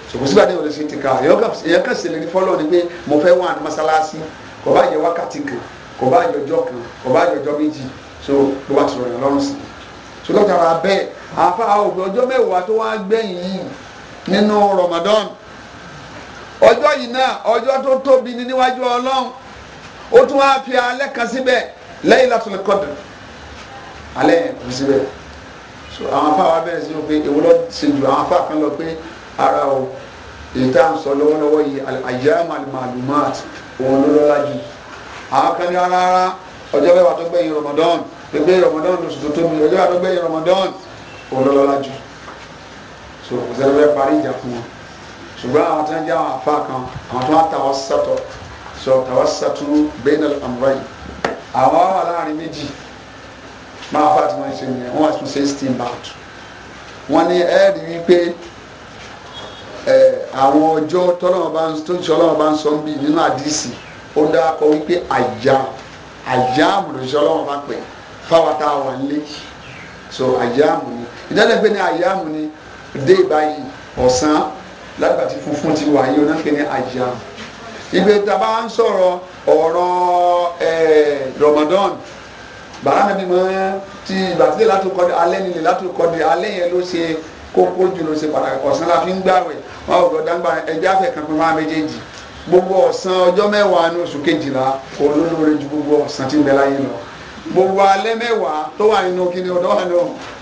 ṣùgbọ́n sígbà tí o lè ṣe ìtìká èèyàn kàn ṣe lè ní fọ́lọ́ ni pé mo fẹ́ wà ní mọ́ṣáláṣí kò bá yẹ wákàtí kan kò bá yẹ ọjọ́ kan kò bá yẹ ọjọ́ méjì so ló bá ti rọrùn lọ́rùn sí i ṣùgbọ́n tàbí abẹ́ àfa òbí ọjọ́ mẹ́wàá tó wá gbẹ̀yìn nínú Ramadan ọjọ́ yìí náà ọjọ́ tó tóbi ní níwájú ọlọ́run ó tún wá fi alẹ́ kan síbẹ̀ lẹ́yìn látọ̀lẹ̀ kọ́dù alẹ́ yẹn síbẹ̀ so àwọn afá wa bẹ̀rẹ̀ sí ní pé èwo lọ sí ju àwọn afá kan lọ pé ara o èyí tá à ń sọ lọ́wọ́lọ́wọ́ yìí àyàmà àlùmáàt òun ló lọ́la jù àwọn kan ní ara ara ọjọ́ mẹ́wàá tó gbẹ̀yìn Ramadan tó gbẹ̀yìn Ramadan lóṣù tó tóbi ọjọ́ mẹ́wàá tó gbẹ̀yìn Ramadan òun ló lọ́la jù so kò sẹ́ni bẹ́ẹ̀ parí ìjà fún wọn ṣùgbọ́n àwọn tó ń jẹ́ àwọn afa kan àwọn tó ń tàwa sàtọ̀ sọ tàwa sàtú bẹ́ẹ̀nà àmúráyì àwọn wà láàrin méjì máa fa àti wọn se nìyẹn wọn wà tún ṣe steam out wọn ní ẹ rí i pé àwọn ọjọ́ tọ́lọ́mọba tó ń sọ ọlọ́mọba ń sọ ń bì nínú àdìsí ó dákọ̀ wípé àjà àjà àmùlòṣọ́ ọlọ́mọba pè fáwọn tá a wà nílé so àjà àmù ni ìdálẹ́gbẹ́ ni àjà àmù ni dé báyìí ọ̀sán lágbà tí funfun ti wà yìí ọ̀nà pé ní àjà ìgbé tàbá ń sọ̀rọ̀ ọ̀rọ̀ Ramadan bàrà nàbí mọ́ ti ìgbàsílẹ̀ látòkọ́dé alẹ́ nílẹ̀ látòkọ́dé alẹ́ yẹn ló ṣe kókó jùlọ ṣe pàtàkì ọ̀sán la fi ń gbàwẹ̀ wọn ò gbọdọ̀ gbà ẹgbẹ́ afẹ́ kan pé wọn á méjèèjì gbogbo ọ̀sán ọjọ́ mẹ́wàá ní oṣù kejìlá olólórí ju gbogbo ọ̀sán tí ń bẹ láyé lọ gbogbo alẹ́ mẹ́wàá tó wà nínú kíni ọ̀dọ́ wà nínú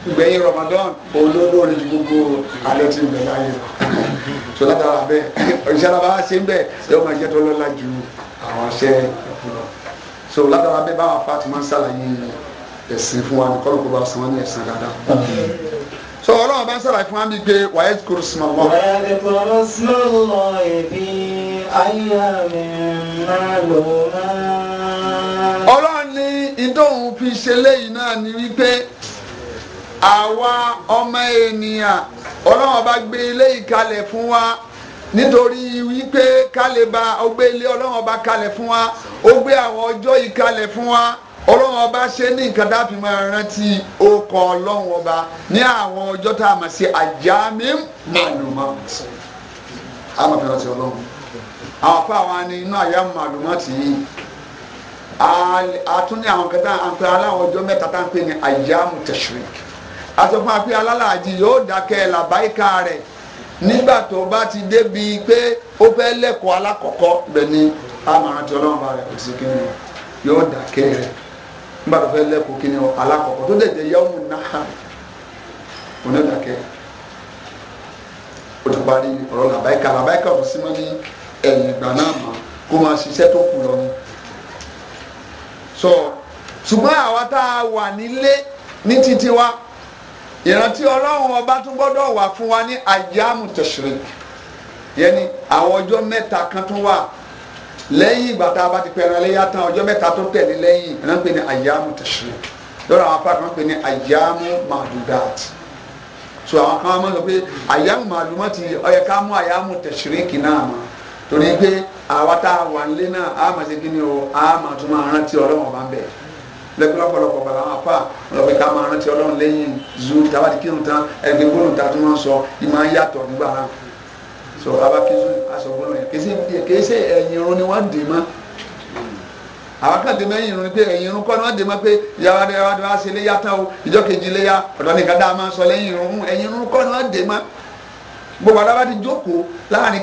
ìgbẹ̀yìn Ramadan òun ló gbogbo alẹ́ tí ń láyé tó látara bẹ́ẹ̀ òṣìṣẹ́ ṣe ń bẹ̀ yóò máa jẹ́ tó lọ́la ju àwọn ṣẹ́ lọ. so látara bẹ́ẹ̀ báwa Fatima ṣàlàyé ẹ̀sìn fún wa ní kọ́lọ́ bá san wọ́n ní ẹ̀sìn dáadáa so ọlọ́run bá ń sọ̀rọ̀ fún wa ní pé wàá yẹ kúrò sùnmọ̀ lọ. wàá kúrò sùnmọ̀ lọ ayé mi máa lò máa. ọlọ́run ìdóhùn fi ṣe lẹ́yìn náà ni wípé àwa ọmọ ènìyàn ọlọ́run bá gbé ilé ìkalẹ̀ fún wa nítorí wípé kálíba ọgbẹ́ ilé ọlọ́run ọba kalẹ̀ fún wa ó gbé àwọn ọjọ́ ìkalẹ̀ fún wa ọlọ́run ọba ṣe ní nǹkan dábì máa rántí okọ̀ ọlọ́run ọba ní àwọn ọjọ́ tá a mọ̀ sí àjàmí màlúmọ́t àmọ̀ fi rántí ọlọ́run àwọn afọ àwọn ni inú àyà màlúmọ́t yìí àtún ní àwọn kẹta àpè aláwọ̀ ọjọ́ mẹ́ta tá à ń pè ní ayyamu tashrik àtọ́fún àpè alálàájì yóò dákẹ́ làbáyíká rẹ̀ nígbà tó bá ti débi pé ó fẹ́ lẹ́kọ̀ọ́ alákọ̀ọ́kọ́ bẹ̀ ni amàrántí ọlọ́run bá rẹ̀ kò sí kí ni yóò dákẹ́ rẹ̀ nígbà tó fẹ́ lẹ́kọ̀ọ́ kí ni alákọ̀ọ́kọ́ tó dẹ̀jẹ̀ yawmu nahar òun yóò dákẹ́ ó ti parí ọ̀rọ̀ làbáyíká làbáyíká ò sí mọ́ ní ẹ̀yìn ìgbà náà mọ́ kó máa ṣiṣẹ́ tó kù lọ́nu so ṣùgbọ́n àwa tá a wà nílé ní títí wa ìrántí ọlọ́run ọba tún gbọ́dọ̀ wà fún wa ní àyàmù tẹ̀sírìk yẹn ni àwọn ọjọ́ mẹ́ta kan tún wà lẹ́yìn ìgbà tá a bá ti pẹ̀rẹ̀ léyà tán ọjọ́ mẹ́ta tó tẹ̀lé lẹ́yìn ìran pè ní àyàmù tẹ̀sírìk lọ́rọ̀ àwọn apá kan pè ní àyàmù màdùdàt so àwọn kan máa ń sọ pé àyàmù màdùmọ́ ti ó yẹ ká mú náà mọ́ torí pé àwa tá a wà nílé náà a máa ṣe kíni o a máa tún máa rántí ọlọ́run ọba ń bẹ̀ lẹ́gbẹ́lọ́pọ̀lọpọ̀ bàbá wọn fà lọ́pẹ́ ká máa rántí ọlọ́run lẹ́yìn zu tabati kírun tán ẹgbẹ́ gbólóhùn tá a tún máa ń sọ ni máa ń yàtọ̀ nígbà náà so bàbá kíjú aṣọ gbólóhùn yẹn kì í ṣe ẹ̀yìn irun ni wọ́n dè mọ́ àwọn kan dè mẹ́yìn irun pé ẹ̀yìn irun kọ́ ni wọ́n dè mọ́ pé yàrá yàrá ṣe léyà tán ìjọ kejì léyà ọ̀dọ́ nìkan dá a máa sọ lẹ́yìn irun ẹ̀yìn irun kọ́ ni wọ́n dè mọ́ gbogbo àtàbà ti Joko láàrin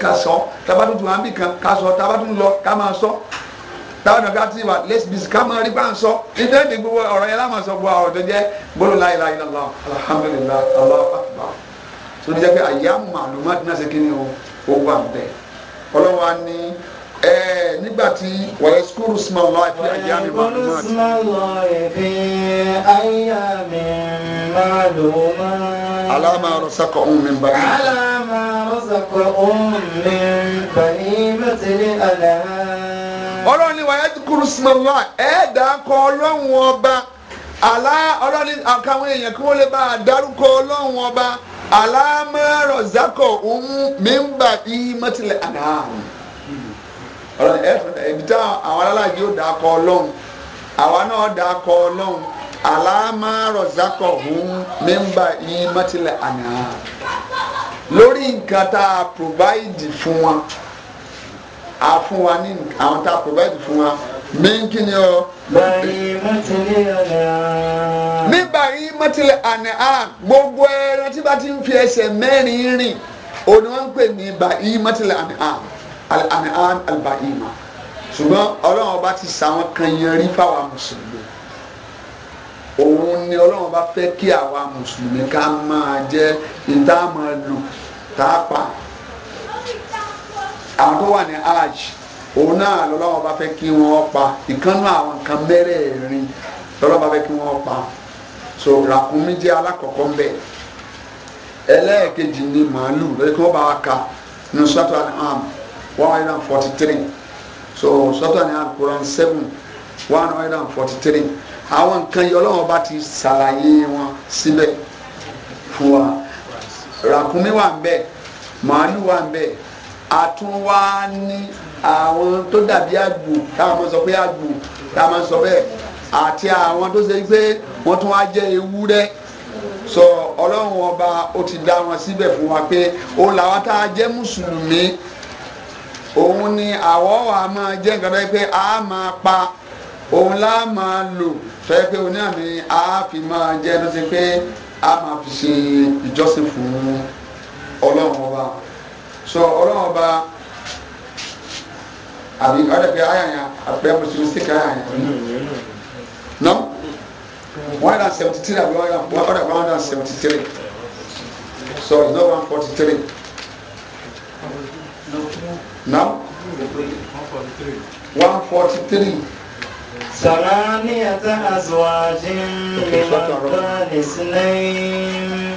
ká sọ tàbá tuntun à ń bì kan ká sọ tàbá tuntun lọ ká máa sọ táwọn ọ̀gá ti wà lẹ́sibísì ká máa rí báà ń sọ nítorí pé gbogbo ọ̀rọ̀ yẹn láwọn sọ gbogbo ọ̀rọ̀ tó jẹ́ gbọ́dọ̀ la ilaha illallah alhamdulillahi Allahu akbar tó ti jẹ́ pé àyà màlúmá ti náà ṣe kí ni o ó wà bẹ́ẹ̀ ọlọ́wọ́ á ní ẹẹ nígbàtí wàlẹ̀ sukuru suma lọ àfi àyà mi ma lò máa ti. alama rọsakọ ọhún mi bani. alama rọsakọ ọhún mi bani mẹtẹlẹ ala. ọlọ́run ni sukuru suma lọ ẹ̀ dà ọba ala ni àkàwọn èèyàn kí wọ́n lè bá a dárúkọ ọlọ́run ọba àlámà rọ̀zákọ̀ ọ̀hún mi ń bà ala ibi tí àwọn alálàájì ó dákọ ọlọ́run àwa náà dákọ ọlọ́run aláàmárọ̀zákọ̀ hún mẹ́mbà yín mọ́tìlẹ̀ àná lórí nǹkan tá a provide fún wa a fún wa ní àwọn tá a provide fún wa minkin yo. nígbà yìí mọ́tìlẹ̀ àná gbogbo ẹran tí bá ti ń fi ẹsẹ̀ mẹ́rin rìn òun ni wọ́n ń pè al-an'am al-bahima ṣùgbọ́n ọlọ́run ọba ti sàwọn kan yẹn rí fáwọn mùsùlùmí òun ni ọlọ́run bá fẹ́ kí àwa mùsùlùmí ká máa jẹ́ níta máa lò tá a pa àwọn tó wà ní hajj òun náà lọ́lọ́run bá fẹ́ kí wọ́n pa ìkànnú àwọn nǹkan mẹ́rẹ̀ẹ̀rin lọ́lọ́run bá fẹ́ kí wọ́n pa so ràkúnmí jẹ́ alákọ̀ọ́kọ́ ń bẹ̀ ẹlẹ́ẹ̀kejì ni màálù lọ́jọ́ kí wọ́n bá wa ka nínú sọ́tò àná one hundred and forty three so sọ́tọ̀ ní seven one hundred and forty three àwọn nǹkan yìí ọlọ́run bá ti ṣàlàyé wọn síbẹ̀ fún wa ràkúnmí wà ń bẹ̀ màálù wà ń bẹ̀ àtúnwá ní àwọn tó dàbí àgbò táwọn máa sọ pé àgbò táwọn máa sọ bẹ́ẹ̀ àti àwọn tó ṣe pé wọ́n tún wá jẹ́ ewúrẹ́ sọ ọlọ́run ọba ó ti dá wọn síbẹ̀ fún wa pé òun làwọn tá a jẹ́ mùsùlùmí òun ni àwọ̀ wa máa jẹ́ nǹkan bẹ́ẹ̀ pé a máa pa òun lá máa lò fẹ́ pé òun náà ni a fi máa jẹ́ tó ti pé a máa fi ṣe ìjọsìn fún ọlọ́run ọba so ọlọ́run ọba àbí ọ̀dọ̀ pé àyà yẹn àpẹ́ mùsùlùmí sí ká àyà yẹn nọ one hundred and seventy three àbí one hundred one hundred and seventy three so it's not one forty three now. 143. forty three. ثمانية أزواج من الضأن اثنين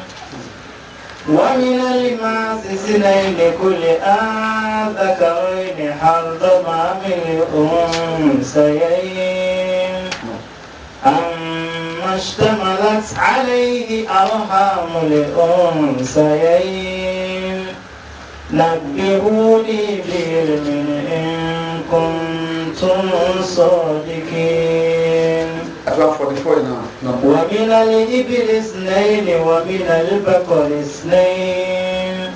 ومن المعز اثنين كل آن ذكرين حرض ما من الأنثيين أما اشتملت عليه أرحام الأنثيين نبئوني بعلم إن كنتم صادقين نعم، نعم. ومن الإبل اثنين ومن البقر اثنين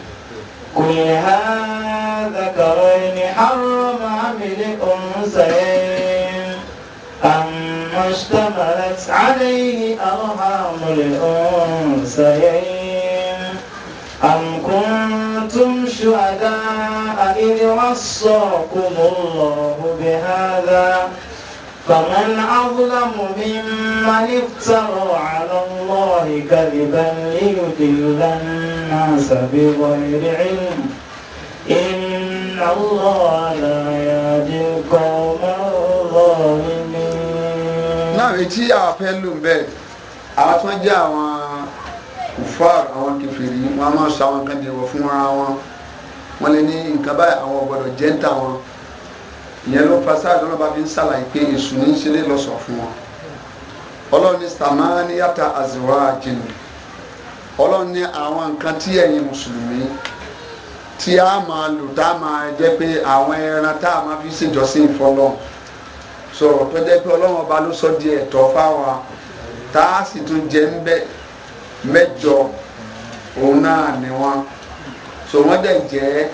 كل هذا كرين حرم عمل الأنثيين أما اشتملت عليه أرحام الأنثيين إذ وصاكم الله بهذا فمن أظلم ممن افترى على الله كذبا ليدل الناس بغير علم إن الله لا يهدي القوم الظالمين náà etí àfẹ́ ló ń bẹ́ẹ̀ àwọn tó ń jẹ́ àwọn kùfàr àwọn kẹfìrí wọ́n lè ní nǹkan báyìí àwọn gbọ́dọ̀ jẹ́ ń ta wọn ìyẹn ló fa sáà lọ́nà bá fi ń ṣàlàyé pé èṣù ní í ṣe lè lọ́sọ̀ fún wọn ọlọ́run ní samaniyata azwajin ọlọ́run ní àwọn nǹkan tí ẹ̀yin mùsùlùmí tí a máa lò tá a máa jẹ́ pé àwọn ẹran tá a máa fi ṣèjọ́sìn fọlọ́run sọ̀rọ̀ tó jẹ́ pé ọlọ́run ọba ló sọ di ẹ̀tọ́ fáwa tá a sì tún jẹ́ ń bẹ́ mẹ́jọ òun náà ni wọ́n so wọ́n dẹ̀ jẹ́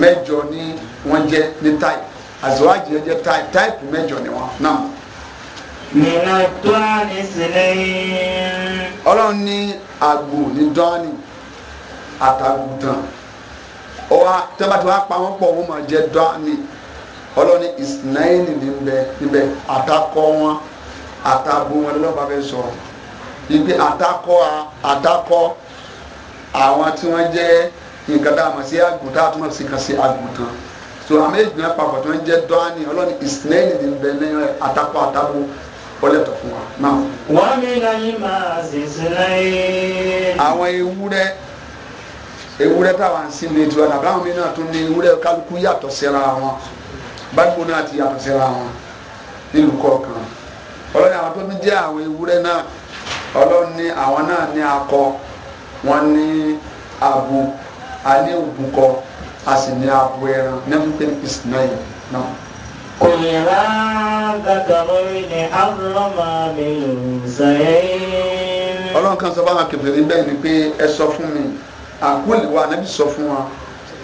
mẹ́jọ ní wọ́n jẹ́ ní táìpù àzọ́wájì jẹ́ type mẹ́jọ ni wọ́n náà. nínú dọ́ọ̀nì sílẹ̀ yìí. ọlọ́run ní àgbò ní dọ́ọ̀nì àtàgùtàn ọwọ́ tẹ́bàtì wàá pa wọ́n pọ̀ wọ́n máa jẹ́ dọ́ọ̀nì ọlọ́ni ìsìnáìnì níbẹ̀ níbẹ̀ àtakọ wọn àtabo wọn lọ́ba fẹ́ sọ ibi àtakọ àtakọ àwọn tí wọ́n jẹ́ nǹkan tá a mọ̀ sí àgùn tá a tún mọ̀ sí kan sí àgùn tán so àmì ìgbìmọ̀ papọ̀ tó ń jẹ́ dọ́ánì ọlọ́ni ìsìnẹ́ẹ̀lì ní bẹ̀ lẹ́yìn rẹ̀ atakọ atabo ọlẹ́tọ̀ fún wa náà. wọ́n mi láyé máa ṣèṣe láyé. àwọn ewúrẹ́ ewúrẹ́ táwa ń sin ní ìtura tàbí àwọn mi náà tún ní ewúrẹ́ kálukú yàtọ̀ síra wọn báńkò náà ti yàtọ̀ síra wọn nílùú kọ̀ọ̀kan ọlọ́ni àwọn tó ń jẹ́ àwọn ewúrẹ́ náà ọlọ́ni àwọn náà ní akọ wọn ní abo a ní òbúkọ a sì ní abo ẹran nineteen is nine náà. Kùnìlá dàgbàrọ̀ ni àlọ́mà mi ò sẹ́yìn. Ọlọ́run kan sọ fáwọn kèfèrí bẹ́ẹ̀ ni pé ẹ sọ fún mi àkúlì wa ànábì sọ fún wa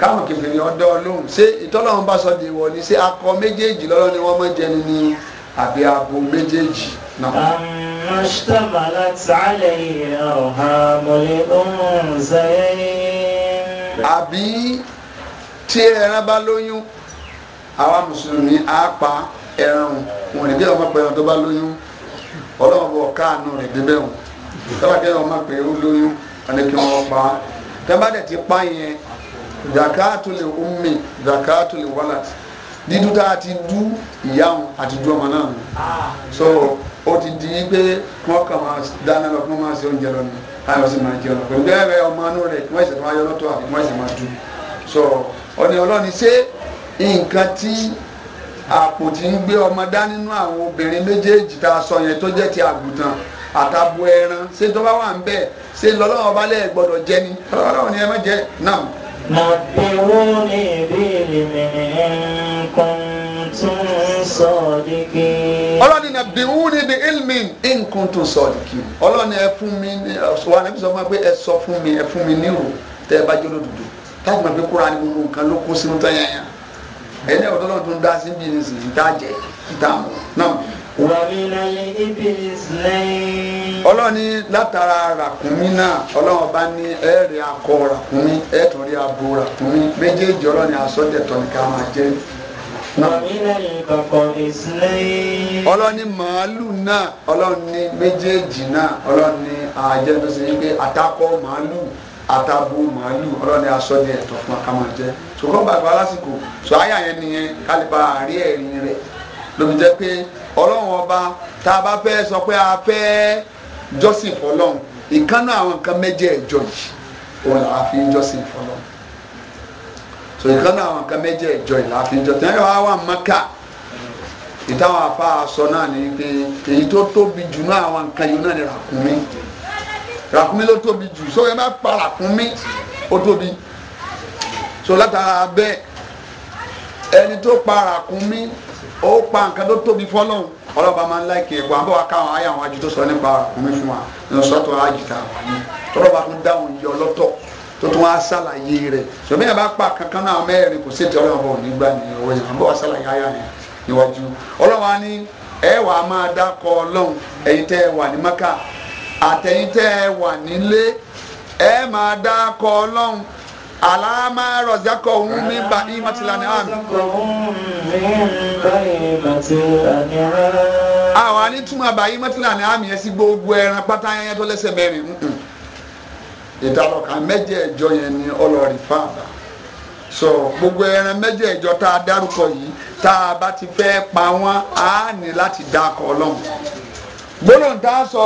káwọn kèfèrí ọdọ́ lóhùn ṣé ìtọ́lọ́run bá sọ di ìwọ ni ṣé akọ méjèèjì lọ́lọ́ ni wọ́n mọ̀ jẹni ni àbí abo méjèèjì náà. Àmọ́ ṣe tàbálà tààlẹ̀ yìí ọ̀hán mọ̀lẹ́ ọ̀hún ṣẹ́yìn àbí tí ẹran bá lóyún àwa mùsùlùmí á pa ẹran wọn ní bí ọmọ pẹ ẹran tó bá lóyún ọlọ́wọ́ bọ̀ káànù rẹ̀ débẹ̀ wọn tọ́ba kẹ́ ọmọ pé ó lóyún ọ̀nà kí wọ́n pa tẹ́bá dẹ̀ ti pa yẹn zakatu lè ummi zakatu lè walad dídú tá a ti dú ìyá wọn àti dú ọmọ náà so ó ti di pé wọ́n kàn máa dáná lọ fún máa ṣe oúnjẹ lọ ni ayọ̀ sì máa jẹ ọ̀nà pẹ̀lú bẹ́ẹ̀ bẹ́ẹ̀ ọmọ inú rẹ̀ wọ́n ìṣẹ̀tàn ayọ̀ lọ́tọ̀ àbí wọ́n ìṣẹ̀ máa dùn so ọ̀nà ọlọ́ni ṣé nǹkan tí àpò tí ń gbé ọmọ dá nínú àwọn obìnrin méjèèjì tá a sọ yẹn tó jẹ́ ti àgùntàn àtàbò ẹran ṣé tó bá wà ń bẹ́ẹ̀ ṣé lọ́lọ́wọ́ bá lẹ́ẹ̀ gbọ́dọ̀ jẹ ni lọ́lọ́wọ́ ni ẹ má jẹ náà. nàbẹ̀wò ni bí mi nìkan sọ̀dìkì. ọlọ́ni na bìwú ni bi ilmi nǹkan tó sọ̀dìkì ọlọ́ni ẹ fún mi wà níbi sọ fún mi pé ẹ sọ fún mi ẹ fún mi ní ìrò tẹ́ ẹ bá jẹ́ olódodo táàbù máa fi kúra ní gbogbo nǹkan ló kó sínú tán yẹn ẹ̀yin náà ọ̀dọ́ náà tó ń dá sí bí nìsín ìta jẹ ìta mọ̀ náà. ọlọ́ni látara ràkúnmí náà ọlọ́run bá ní ẹ̀ẹ́rì akọ ràkúnmí ẹ̀ẹ́tùrí abo ràkúnmí méjèèjì ọlọ́ni àsọdẹ̀tọ̀ nìkan máa jẹ́ ọlọ́ni màálù náà ọlọ́ni méjèèjì náà ọlọ́ni àjẹmẹsẹ̀ yìí pé àtakọ́ màálù àtàbò màálù ọlọ́ni asọ́ni ẹ̀tọ́ fún akamọ̀ jẹ́ ṣùgbọ́n bàbá lásìkò sọ àyà yẹn nìyẹn kálíba àárí ẹ̀rín rẹ̀ lóbi jẹ́ pé ọlọ́run ọba tá a bá fẹ́ sọ pé a fẹ́ jọ́sìn fọlọ́run ìkànnà àwọn nǹkan mẹ́jẹ̀ẹ̀jọ yìí òun làá fi ń jọ́sìn fọlọ́run so ìkan náà àwọn kan méjì ẹjọ ìlàfíjọ tí wọn wá wà mọ́kà ìtàwọn afa sọ náà ni pé èyí tó tóbi jù náà àwọn nǹkan yìí náà ni ràkúnmí ràkúnmí ló tóbi jù so ẹ bá pa ràkúnmí ó tóbi so látara bẹ́ẹ̀ ẹni tó pa ràkúnmí ó pa nǹkan tó tóbi fọlọ́hún ọlọ́ba máa ń láìkè ẹ̀kọ́ àbọ̀ akáwọn ayé àwọn ajú tó sọ nípa ràkúnmí fún wa ní sọ́tò ajìta wà ní tọ́lọ́ba tó dáhùn yọ lọ́tọ̀ tó tún wá sàlàyé rẹ̀ ṣùgbọ́n bí yẹn bá pa kankan náà mẹ́rin kò sí ti ọlọ́run bọ̀ nígbà ní ọwọ́ yẹn àbọ̀ sàlàyé ayà yẹn níwájú ọlọ́run wa ní ẹ wà á máa dákọ ọlọ́run ẹ̀yin tẹ́ ẹ wà ní maka àtẹ̀yin tẹ́ ẹ wà nílé ẹ máa dákọ ọlọ́run àlàámá rọ̀jákọ̀ òun mi bá ní mọ́tìlá ní àmì. àwọn anítúmọ̀ bá yí ní àmì yẹn sí gbogbo ẹran pátá yẹn tó lẹ́sẹ̀ mẹ́rin ìtàlọ́ka mẹ́jẹ̀ẹ̀jọ yẹn ni ọlọ́ọ̀rì fáàbà so gbogbo ẹran mẹ́jẹ̀ẹ̀jọ tá a dárúkọ yìí tá a bá ti fẹ́ pa wọ́n á ní láti dákọ̀ ọlọ́run gbólóhùn tá a sọ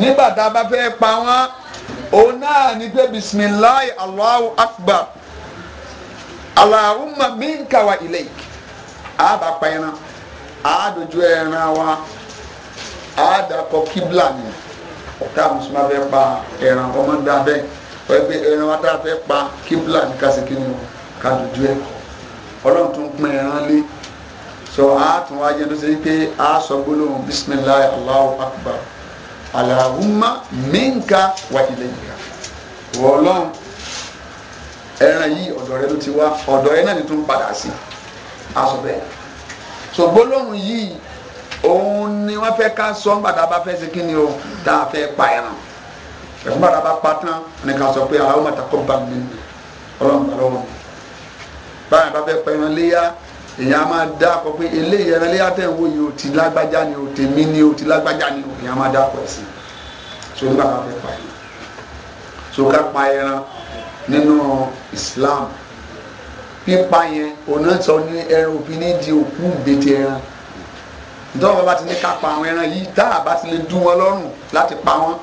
nígbà tá a bá fẹ́ pa wọ́n òun náà ni pé bisimilayi allahu akbar allahumma minka wa ilayk a bá pa ẹran a dojú ẹran wa a dàkọ kíbla nìyẹn ọ̀tá mùsùlùmí afẹ́ pa ẹran ọmọ dá bẹ́ẹ̀ wọ́n pe ẹran wọn tá a fẹ́ pa kíbla ní kásìkínú kàdùjú ẹ̀ ọlọ́run tún pín ẹran lé so a tún wá jẹ́ lọ́sẹ̀ pé a sọ gbólóhùn bisimilayi allahu akbar alahuma minka wa ilayka wọ́n ọlọ́run ẹran yìí ọ̀dọ̀ rẹ ló ti wá ọ̀dọ̀ rẹ náà ni tún padà sí a sọ so gbólóhùn yìí òun ni wọ́n fẹ́ ká sọ nígbà a bá fẹ́ ṣe kí ni o tá a fẹ́ pa ẹran ẹ̀fọn bàtà bá pa tán ẹni ká sọ pé àwọn mọ̀tà kọ́ bá mi ọlọ́run gbà lọ́wọ́ báyìí bá fẹ́ pa ẹran léyà èyàn á máa dá akọ pé eléyìí ẹran léyà tẹ̀ ń yìí o ti lágbájá ni o tèmi ni o ti lágbájá ni o èyàn á máa dá akọ ẹ̀sìn so nígbà tá a fẹ́ pa ẹran so ká pa ẹran nínú Islam pípa yẹn òun náà sọ ní ẹran òfin ní di òkú bètè ẹran nítorí wọn bá ti ní ká pa àwọn ẹran yìí tá a ti lè dú wọn lọ́rùn láti pa wọn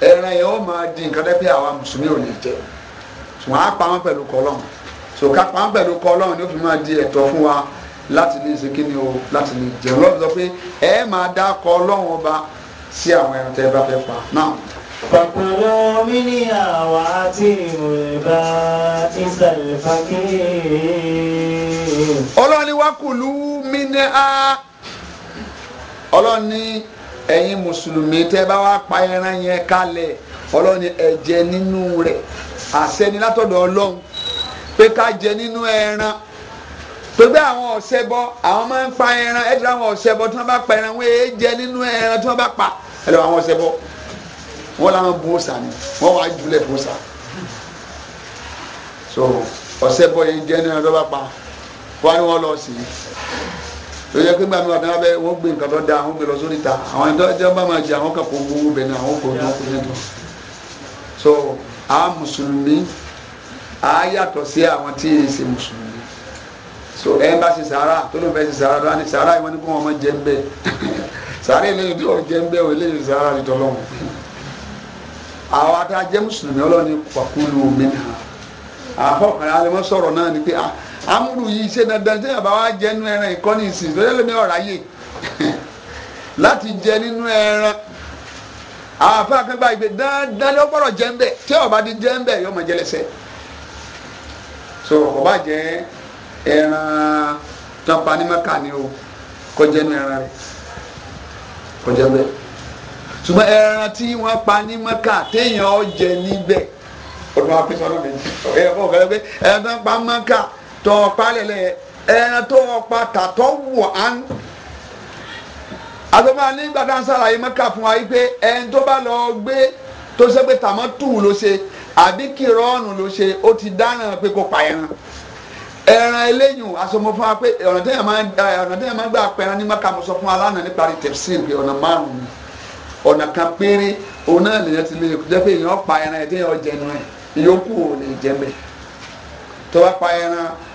ẹran yẹn ó máa di nǹkan tẹ́ àwa mùsùlùmí ò lè jẹ ṣùgbọ́n á pa wọn pẹ̀lú kọlọ́n so ká pa wọn pẹ̀lú kọlọ́n ni ó fi máa di ẹ̀tọ́ fún wa láti lè ṣe kíni o láti lè jẹ ọlọ́run sọ pé ẹ máa dá kọ ọlọ́run ọba sí àwọn ẹran tẹ́ bá fẹ́ pa náà. فكلوا منها وأطعموا البائس الفقير. ọlọ́run ni wá kùlú mi ní a ọlọ́run ní ẹ̀yin mùsùlùmí tẹ́ bá wá pa ẹran yẹn kalẹ̀ ọlọ́run ẹ̀jẹ̀ nínú rẹ̀ àṣẹ ni látọ̀dọ̀ ọlọ́run pé ká jẹ nínú ẹran pẹ̀gbẹ́ àwọn ọ̀ṣẹbọ àwọn máa ń pa ẹran ẹ̀dùn àwọn ọ̀ṣẹbọ tí wọ́n bá pa ẹran wọ́n èé jẹ nínú ẹran tí wọ́n bá pa ẹ̀dùn àwọn ọ̀ṣẹbọ wọ́n làwọn bóòsà ni wọ́n wàá jùlẹ̀ bóòsà so ọ̀ṣẹbọ yẹn jẹ nínú ẹran tí wọ́n bá pa wọ́n á ní wọ́n lọ sí i tó yẹ kégbà mi wà bí wọn bẹ wọn gbé nǹkan tó da àwọn gbé lọ sórí ta àwọn ẹni tó bá máa jẹ àwọn kan kò gbowó bẹ ní àwọn kò ní ọkùnrin nínú so àwọn mùsùlùmí á yàtọ̀ sí àwọn tí yìí ṣe mùsùlùmí so ẹ bá ṣe sàárà tó ló fẹ́ ṣe sàárà tó wá ní sàárà ìwọ ni kó wọn máa jẹ ń bẹ sàárà eléyìí tó jẹ ń bẹ o eléyìí sàárà ni tọ́lọ́wọ́ àwọn ata jẹ mùsùlùmí ni wọ́n sọ̀rọ̀ ah, amúlù yìí ṣe dandan tí bàbá wa jẹ nínú ẹran ìkọ́ni ìsìn lórí ẹlẹ́mi ọ̀rá yè láti jẹ nínú ẹran àwọn afẹ́ akẹ́gbà ìgbé dandan ló gbọ́dọ̀ jẹ ńbẹ tí ọba ti jẹ ńbẹ yóò máa jẹ lẹ́sẹ̀ so ọba jẹ ẹran tọpa ní mẹ́ka ni o kó jẹ nínú ẹran rẹ kó jẹ ńbẹ ṣùgbọ́n ẹran tí wọ́n pa ní mẹ́ka téèyàn ó jẹ níbẹ̀ ọdún wa pèsè ọdún méjì ẹ̀rọ kọ́ ọ̀gá ẹran tó ń pa mẹ́ka tọ́ ọ̀pá lẹ́lẹ́ ẹran tó ọ̀pá tàtọ́ wọ̀ án àtọ́mọ́ nígbà tá à ń sàlàyé mọ́kà fún wa wípé ẹni tó bá lọ gbé tó ṣe pé tàmọ́ tù ló ṣe àbí kìrọ́ọ̀nù ló ṣe ó ti dáràn pé kó pa ẹran ẹran eléyìn asọmọ fún wa pé ọ̀nà tẹ́yàn máa ń ọ̀nà tẹ́yàn máa ń gbà pẹran ní mọ́kà mo sọ fún wa lánàá nípa rí tẹ̀síìn pé ọ̀nà márùn-ún ọ̀nà kan péré òun náà lèyàn ti lè jẹ́ pé èèyàn pa ẹran ẹ̀ tẹ́yàn jẹnu ẹ̀ ìyókù ò lè jẹ́ mẹ́ tó bá pa ẹran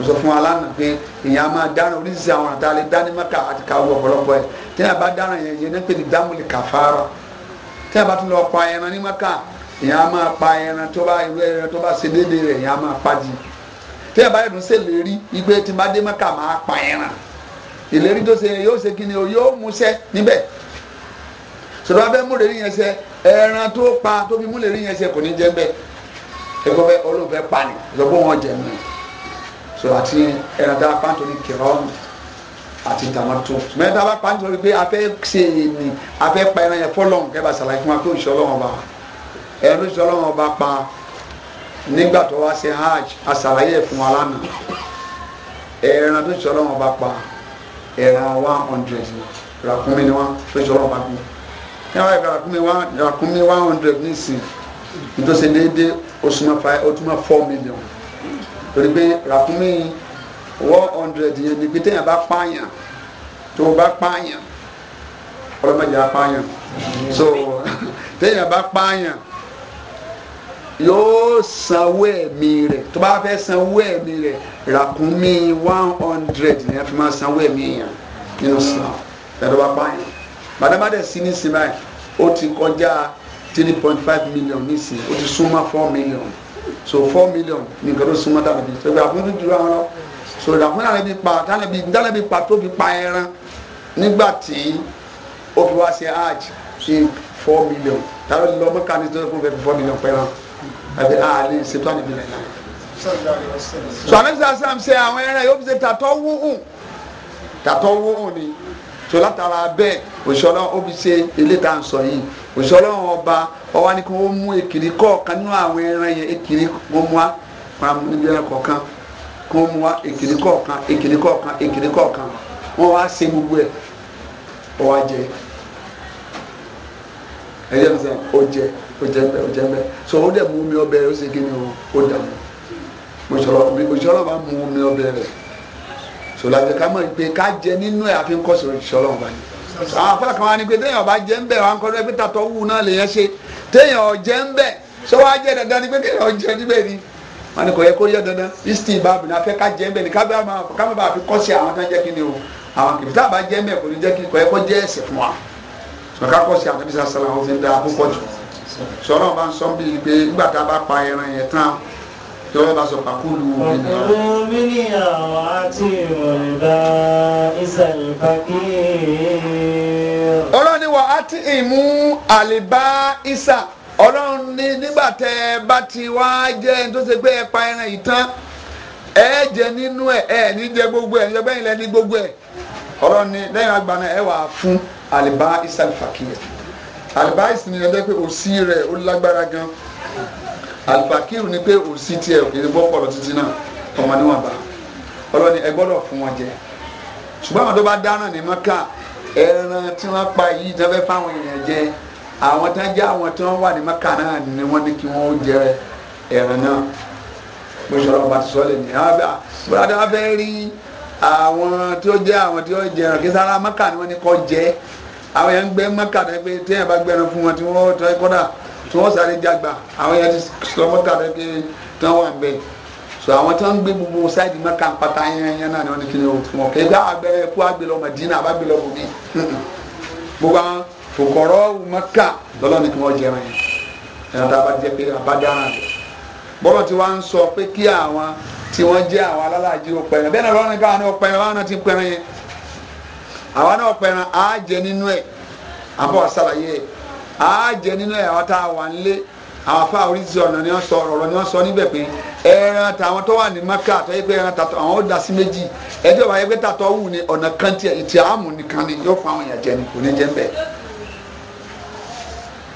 mo sọ fún wa lánàá pé èèyàn máa dáná oríṣiríṣi àwọn àtàlẹ dánimọ́kà àti kàwé ọ̀pọ̀lọpọ̀ ẹ̀ tí yàrá bá dáná yẹn yẹn ní pé ní dámúlì kàfàrà tí yàrá bá tún lọ pa ẹran ní mọ́kà èèyàn máa pa ẹran tó bá irú ẹran tó bá ṣe déédéé rẹ̀ èèyàn máa pa jì tí yàrá bá yẹn tún ṣèlérí igbe tí bá dé mọ́kà máa pa ẹran ìlérí tó ṣe yóò ṣe kí ni o yóò múṣẹ níbẹ̀ sọ̀rọ̀ abẹ́ múlẹ̀rí yẹn ṣe ẹran tó pa tóbi múlẹ̀rí yẹn ṣe kò ní jẹ́ bẹ́ẹ̀ ẹgbẹ́ olóòfẹ́ pa ni ìjọba wọn jẹ́ mi so àti ẹran tá a pa nítorí kìrọ́ọ̀nù àti tàmátò mẹ́rin tá a bá pa nítorí pé a fẹ́ ṣe ni a fẹ́ pa ẹran yẹn fọlọ́n kẹ́ bá ṣàlàyé fún wa pé òṣìṣẹ́ ọlọ́run ọba ẹran tó ṣiṣẹ́ ọlọ́run ọba pa nígbà tó wá ṣe hajj a fún wa lánàá ẹran tó ṣiṣẹ́ ọlọ́run ọba pa ẹran one hundred ràkúnmí ni wọn tó ṣiṣẹ́ ọlọ́run ọba kú ní àwọn ẹ̀ka one ràkúnmí one hundred nísìnyí nítorí ṣe déédéé ó tún máa four million torí pé one hundred yẹn ni pé téèyàn bá pààyàn tó bá pààyàn ọlọ́mọdé á pààyàn so téèyàn bá pààyàn yóò sanwó ẹ̀mí rẹ̀ tó bá fẹ́ sanwó ẹ̀mí rẹ̀ Rakumi one hundred ni a fi máa sanwó ẹ̀mí yẹn nínú Islam ẹ̀rọ bá pààyàn bàdàbàdà sí ní sinmi báyìí ó ti kọjá three point five million nísìnyí ó ti súnmọ́ four million so four million ní nǹkan tó súnmọ́ tàbí so ìdàkùn tó dúró àwọn lọ so ìdàkùn náà lẹ́bi pa tálẹ́bi tálẹ́bi pa tó fi pa ẹran nígbà tí ó fi wá ṣe hajj sí four million tàbí lọ mọ́ká ní tó fún fẹ́ẹ́ fi four million pẹ́ràn àti àlè ṣètò àdìbò rẹ̀ náà. so àlẹ́ sàlám ṣe àwọn ẹran yóò fi ṣe tàtọ́ wúhùn tàtọ́ wúhùn ni so látara bẹ́ẹ̀ òṣìṣọ́lọ́ ó fi ṣe eléta ń sọ yìí òṣìṣọ́lọ́ ọba ọwá ni kí wọ́n mú èkìrí kọ̀ọ̀kan nínú àwọn ẹran yẹn èkìrí wọ́n mú wa pàmò níbi ẹran kọ̀ọ̀kan kí wọ́n mú wa èkìrí kọ̀ọ̀kan èkìrí kọ̀ọ̀kan èkìrí kọ̀ọ̀kan wọ́n wá ṣe gbogbo ẹ̀ ọwá jẹ ẹyẹ mi sẹ ọjẹ ọjẹ mẹ ọjẹ mẹ so ó dẹ̀ mú mi ọbẹ̀ rẹ̀ o sì kí ni ó dà mí òṣìṣọ́lọ́ bá mú mi ọbẹ̀ rẹ̀ sọlájẹ ká mọ̀ pé ká jẹ nínú ẹ̀ àfi ń kọ́ sọ̀rọ̀ ìṣọ́ ọlọ́run bá ní. àwọn afẹ́ kan wá ní pé téèyàn bá jẹ́ ń bẹ̀ wá ń kọ́ pé tàtọ́ wù náà lèyàn ṣe téèyàn jẹ́ ń bẹ̀ sọ wá jẹ́ dandan ni pé kéèyàn jẹ́ ni wọn ni kò yẹ kó yẹ dandan isti ìbáàbò ní afẹ́ ká jẹ́ ń bẹ̀ ni ká má bàa fi kọ́ sí àwọn tó ń jẹ́ kí ni o àwọn kìbí tá a bá jẹ́ ń bẹ̀ kò ní jẹ́ kí kò yẹ kó jẹ́ ẹ̀sẹ̀ fún wa sọ̀rọ̀ ká kọ́ sí àwọn tó ń sọ̀rọ̀ àwọn fi ń da púpọ̀ jù sọ̀rọ̀ bá ń sọ tọ́wọ́ bá sọ pàkúlù ọ̀gbìn mílíọ̀nù àwọn àti ìmọ̀lẹ́bà ìsàlẹ̀ pàkí. ọlọ́ni wà á ti ìmú àlèbá ìsà ọlọ́run ní nígbà tẹ́ ẹ bá ti wá jẹ́ ẹni tó ṣe pé ẹ pa ẹran yìí tán ẹ jẹ nínú ẹ ẹ ní jẹ gbogbo ẹ níjọba ìlẹ ní gbogbo ẹ ọlọ́run ní lẹ́yìn àgbà náà ẹ wà fún àlèbá ìsàlẹ̀ pàkí àlèbá ìsìn ni ọjọ́ pé òsì rẹ̀ ó lágbára gan alifakiru ni pé òsì tiẹ̀ òkèèrè bọ́ pọ̀ lọ títí náà ọmọ níwọ̀n bá ọlọ́ni ẹ gbọ́dọ̀ fún wọn jẹ ṣùgbọ́n àwọn tó bá dáràn ní mọ́kà ẹran tí wọ́n pa yìí tí wọ́n fẹ́ fáwọn èèyàn jẹ àwọn tó ń jẹ́ àwọn tí wọ́n wà ní mọ́kà náà ni wọ́n ní kí wọ́n jẹ ẹran náà bó ṣe ọlọ́run bá ti sọ lẹ́nu àwọn tó fẹ́ rí àwọn tó jẹ́ àwọn tó jẹ ẹran kí sára mọ́kà ni wọ́n ní kọ́ jẹ àwọn yẹn ń gbẹ́ mọ́kà tó yẹ pé téèyàn bá gbẹ́ran fún wọn tí wọ́n tọ́ ẹ kọ́dà tí wọ́n sáré dàgbà àwọn yẹn ti sọ mọ́tà rẹ pé tí wọ́n wà ń bẹ̀ so àwọn tí wọ́n ń gbé gbogbo sáìdì mẹ́ka ń pata yẹnyẹn náà ni wọ́n ní kíni o fún ọ kẹ́ gbá abẹ́rẹ́ kó agbélé ọmọ dín náà abágbélé ọmọ mi gbogbo àwọn fòkọ̀rọ̀ mẹ́ka lọ́lọ́ ni kí wọ́n jẹran yẹn ẹ̀rọ tá a bá jẹ pé àbájára rẹ̀ bọ́lọ̀ tí wọ́n ń sọ pé kí àwọn tí wọ́n jẹ́ àwọn alálàájì ó pẹ̀rẹ̀ bẹ́ẹ̀ náà lọ́rùn káwọn ní ó pẹ̀rẹ̀ wọn á jẹ nínú ẹ̀ àwọn tá a wà àwọn afá oríṣi ọ̀nà ni wọ́n sọ ọ̀rọ̀ ni wọ́n sọ níbẹ̀ pé ẹran tàwọn tó wà ní maka tó yẹ pé ẹran tàtọ̀ àwọn ó da sí méjì ẹjọ́ bá yẹ pé tàtọ̀ wù ní ọ̀nà kan tiẹ̀ ìtì àmù nìkan ni yóò fún àwọn èèyàn jẹ ni kò ní jẹ ń bẹ̀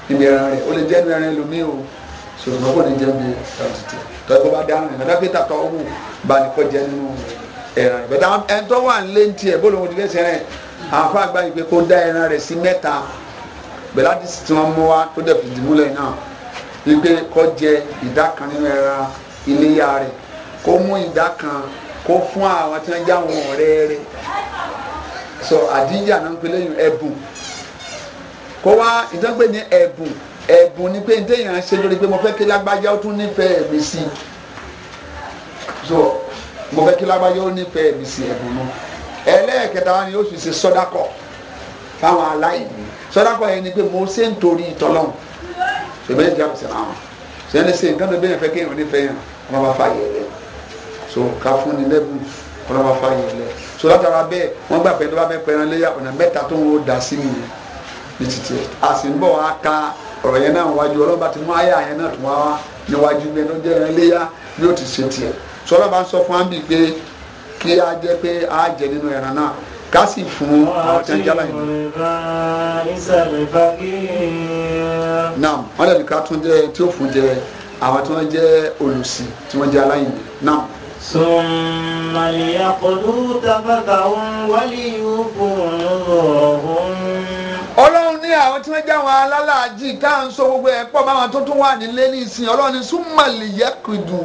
níbi ẹran rẹ̀ ó lè jẹ́ ní ẹran ẹlòmíì o ṣùgbọ́n kò ní jẹ́ bí ẹ̀rọ̀tìtì tọ́jú bá dáhùn ní dókítà tó wù bá ní kọ́ jẹ́ nínú ẹran rẹ̀ bẹ́ẹ̀ tó wà ń lé ní tiẹ̀ bó bẹ̀rẹ̀ àdìsí tí wọ́n mú wa tó dẹ̀ fi dìbò lẹ́yìn náà wípé kó jẹ ìdá kan nínú ẹran iléyà rẹ̀ kó mú ìdá kan kó fún àwọn tí wọ́n já wọn ọ̀rẹ́ rẹ̀ sọ àdíyà náà ń pè lẹ́yìn ẹ̀bùn kó wá ìdánpẹ́ ní ẹ̀bùn ẹ̀bùn ni pé déèyàn ṣe lórí pé mo fẹ́ kí lágbájá ó tún nífẹ̀ẹ́ mi sí i so mo fẹ́ kí lágbájá ó nífẹ̀ẹ́ mi sí ẹ̀bùn náà ẹlẹ́ẹ̀kẹta wa ni ó sì ṣe sọ́dákọ̀ fáwọn aláìní sọdakọ yẹn ni pé mo ṣe ń torí tọlọ́n ṣùgbọ́n ìjà kò sí ra wọn sẹ́ni ṣe nǹkan tó bẹ́yẹn fẹ́ kéèyàn onífẹ́ yẹn wọn bá fà yẹlẹ so ká fún ni lẹ́bùn wọn bá fà yẹlẹ so látara bẹ́ẹ̀ wọ́n gbà pé tó bá fẹ́ pẹran léyà ọ̀nà mẹ́ta tó ń wo dà sí mi yẹn ní títí ẹ̀ a sì ń bọ̀ wá ka ọ̀rọ̀ yẹn náà wájú ọlọ́ba ti mú àyà yẹn náà tó wá wá níwájú gbẹ tó jẹ́ ẹran léyà yóò ti ṣe tiẹ̀ so ọlọ́ba ń sọ fún wa pé kí a jẹ́ pé a jẹ nínú ẹran náà ká sì fún àwọn tí wọ́n jẹ́ aláìní. naam wọ́n dàbí ká tún jẹ́ tí ó fún jẹ àwọn tí wọ́n jẹ́ olùsìn tí wọ́n jẹ́ aláìní naam. ثم ليقضوا تفثهم وليوفوا نذورهم ọlọ́run ní àwọn tí wọ́n já wọn alálàájì tá à ń sọ gbogbo ẹ̀ pọ̀ báwọn tó tún wà nílé ní ọlọ́run ní súnmọ̀lì yẹ́kùdù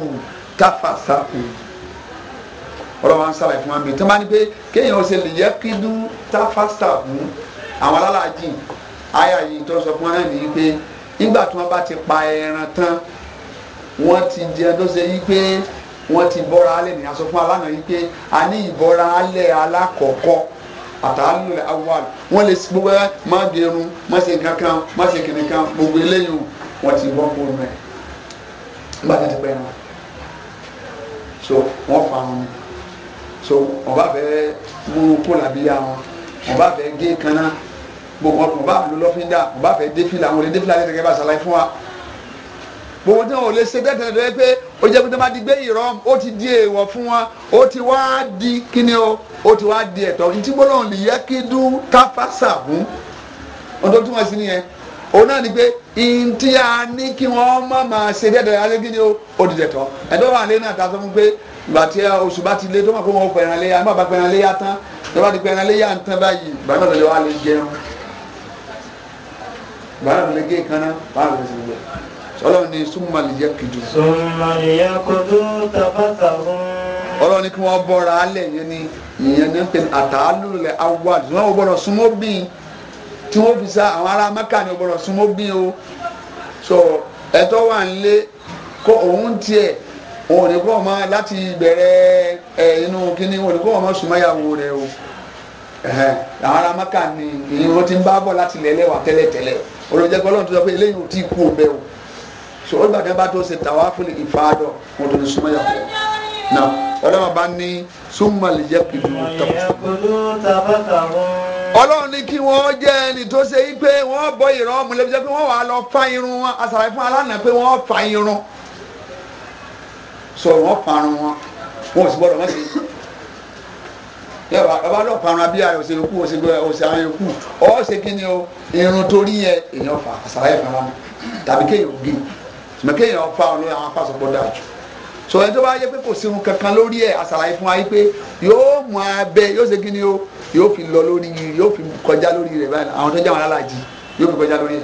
tàfàṣà òun ọlọ́wọ́ ń sàlàyé fún wa mi tí wọ́n bá ní pé kéèyàn ó ṣe lè yẹ kí dún táfàṣà fún àwọn alálàájì àyà yìí tó sọ fún wa náà nìyí pé nígbà tí wọ́n bá ti pa ẹran tán wọ́n ti jẹun tó ṣe yí pé wọ́n ti bọ́ra alẹ́ nìyà sọ fún wa lánàá yí pé a ní ìbọ́ra alẹ́ alákọ̀ọ́kọ́ àtàlù awal wọn lè gbogbo ẹ má gbẹrun má ṣe nǹkan kan má ṣe kìnìún kan gbogbo eléyìí wọn ti bọ́ fún un rẹ̀ nígbà tó ti pẹ́ náà so wọ́n fa wọn so wọn bá fẹ́ mú kó làbíyá wọn wọn bá fẹ́ gé kaná gbogbo wọn bá lu lọ́fíńdà wọn bá fẹ́ défìlà wọn lè défìlà lè gẹ́gẹ́ bá ṣàlàyé fún wa o tí wọn ò lè ṣe bẹ́ẹ̀ tẹ̀lé lọ́wọ́ pé o jẹ́ pété má di gbé ìrọ́ ó ti di èèwọ̀ fún wọn ó ti wá di kíni o ó ti wá di ẹ̀tọ́ ntí gbólóhùn lè yẹ kí dún káfásà fún ọdún tó túmọ̀ sí nìyẹn òun náà ni pé ntí a ní kí wọ́n má máa ṣe bẹ́ẹ̀ tẹ̀lé lọ́wọ́ kíni o ó di ẹ̀tọ́ wà lé náà ta sọ fún pé ìgbà tí oṣù bá ti lé tó máa kó wọn pẹ̀ràn léyà má bá pẹ̀ràn léyà tán tó bá ti pẹ̀ràn léyà ń tán báyìí ìgbà náà lè wá lè jẹun ìgbà náà lè gé kaná bá lè sì lè ọlọ́run ni súnmọ́ lè yẹ kìdù. súnmọ́ lè yẹ kojú tàbátà fún. ọlọ́run ni kí wọ́n bọ́ra alẹ̀ yẹn ni ìyẹn ní pẹ̀lú àtàlùlẹ̀ awà ṣùgbọ́n o gbọ́dọ̀ súnmọ́ bíi tí wọ́n fi sa àwọn ará mẹ́kà ni o gbọ́dọ̀ súnmọ́ bíi o so ẹ̀tọ́ wà ń lé kó òun tiẹ̀ òun ò ní kó ọmọ láti bẹ̀rẹ̀ ẹ inú kínní òun ò ní kó ọmọ sùnmọ́yàwó rẹ o àwọn ará maka ni ìyẹn wọn ti ń bá bọ̀ láti lẹ́lẹ́ wà tẹ́lẹ̀tẹ́lẹ̀ olùjẹ́ kọ́ tó sọ pé eléyìí ò tí ì kú ọbẹ̀ o so ó gbàgbé bá tó ṣe tàwa fún ìfàdọ̀ wọn tó ní sùnmọ́yàwó rẹ náà ọlọ́run bá ní súnmọ́lì yẹ kìlú tàbátàrún. ọlọ́run ní kí wọ́n jẹ́ ẹni tó ṣe yí pé wọ́n bọ ìrọ̀ ọmọlẹ́bí jẹ́ pé wọ́n wà á lọ fa irun wọn fún alánà pé wọ́n fa irun so wọ́n parun wọn wọn ò sì gbọ́dọ̀ mọ́sí yọba ọba lọ parun abíyá rẹ òsè yòókù òsè òsè àwọn yòókù ọ̀ọ́sẹ̀ kí ni o irun torí yẹ èèyàn fà àsàrà yẹ fara tàbí kéèyàn gé tùmọ̀ kéèyàn fa ọ̀nà àwọn afásọ̀pọ̀ dáa jù so ẹni tó bá yẹ pé kò sí irun kankan lórí ẹ àsàlàyé fún wa yìí pé yóò mú abẹ yóò ṣe kíni o yóò fi lọ lórí yóò fi kọjá lórí rẹ báyìí àwọn tó jẹ àwọn aláàjì yóò fi kọjá lórí ẹ